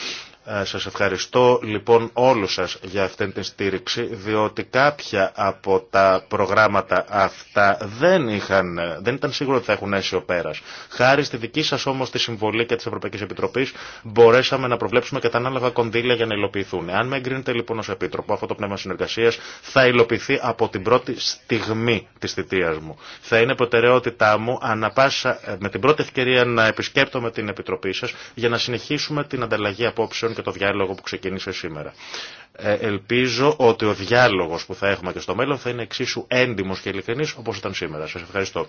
Ε, σας ευχαριστώ λοιπόν όλους σας για αυτήν την στήριξη, διότι κάποια από τα προγράμματα αυτά δεν, είχαν, δεν ήταν σίγουρο ότι θα έχουν έσει ο πέρας. Χάρη στη δική σας όμως τη συμβολή και της Ευρωπαϊκής Επιτροπής μπορέσαμε να προβλέψουμε και τα ανάλογα κονδύλια για να υλοποιηθούν. Αν με εγκρίνετε λοιπόν ως Επίτροπο αυτό το πνεύμα συνεργασίας θα υλοποιηθεί από την πρώτη στιγμή της θητείας μου. Θα είναι προτεραιότητά μου ανα με την πρώτη ευκαιρία να επισκέπτομαι την Επιτροπή σας για να συνεχίσουμε την ανταλλαγή απόψεων το διάλογο που ξεκίνησε σήμερα. Ε, ελπίζω ότι ο διάλογος που θα έχουμε και στο μέλλον θα είναι εξίσου έντιμος και ειλικρινής όπως ήταν σήμερα. Σας ευχαριστώ.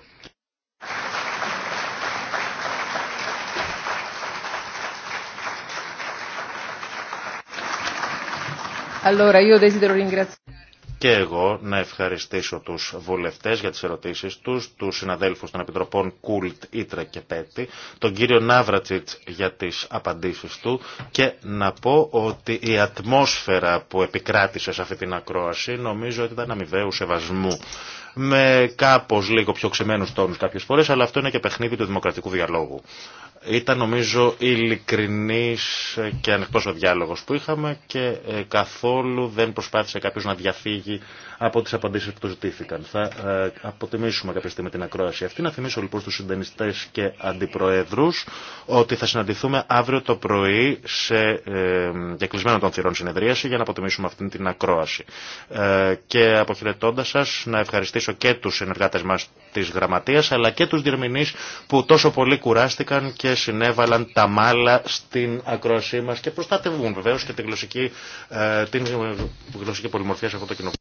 Allora, io desidero ringraziare και εγώ να ευχαριστήσω τους βουλευτές για τις ερωτήσεις τους, τους συναδέλφους των Επιτροπών Κούλτ, Ήτρα και Πέτη, τον κύριο Ναύρατσιτς για τις απαντήσεις του και να πω ότι η ατμόσφαιρα που επικράτησε σε αυτή την ακρόαση νομίζω ότι ήταν αμοιβαίου σεβασμού με κάπως λίγο πιο ξεμένους τόνους κάποιες φορές, αλλά αυτό είναι και παιχνίδι του δημοκρατικού διαλόγου. Ήταν νομίζω ειλικρινής και ανοιχτός ο διάλογος που είχαμε και ε, καθόλου δεν προσπάθησε κάποιος να διαφύγει από τις απαντήσεις που του ζητήθηκαν. Θα ε, αποτιμήσουμε κάποια στιγμή την ακρόαση αυτή. Να θυμίσω λοιπόν στους συντενιστές και αντιπροέδρους ότι θα συναντηθούμε αύριο το πρωί σε ε, διακλεισμένο των θυρών συνεδρίαση για να αποτιμήσουμε αυτή την ακρόαση. Και αποχαιρετώντας σας να ευχαριστήσω και τους συνεργάτες μας της γραμματείας αλλά και τους διερμηνείς που τόσο πολύ κουράστηκαν και συνέβαλαν τα μάλα στην ακρόασή μας και προστατεύουν βεβαίως και την γλωσσική, ε, την γλωσσική πολυμορφία σε αυτό το κοινό.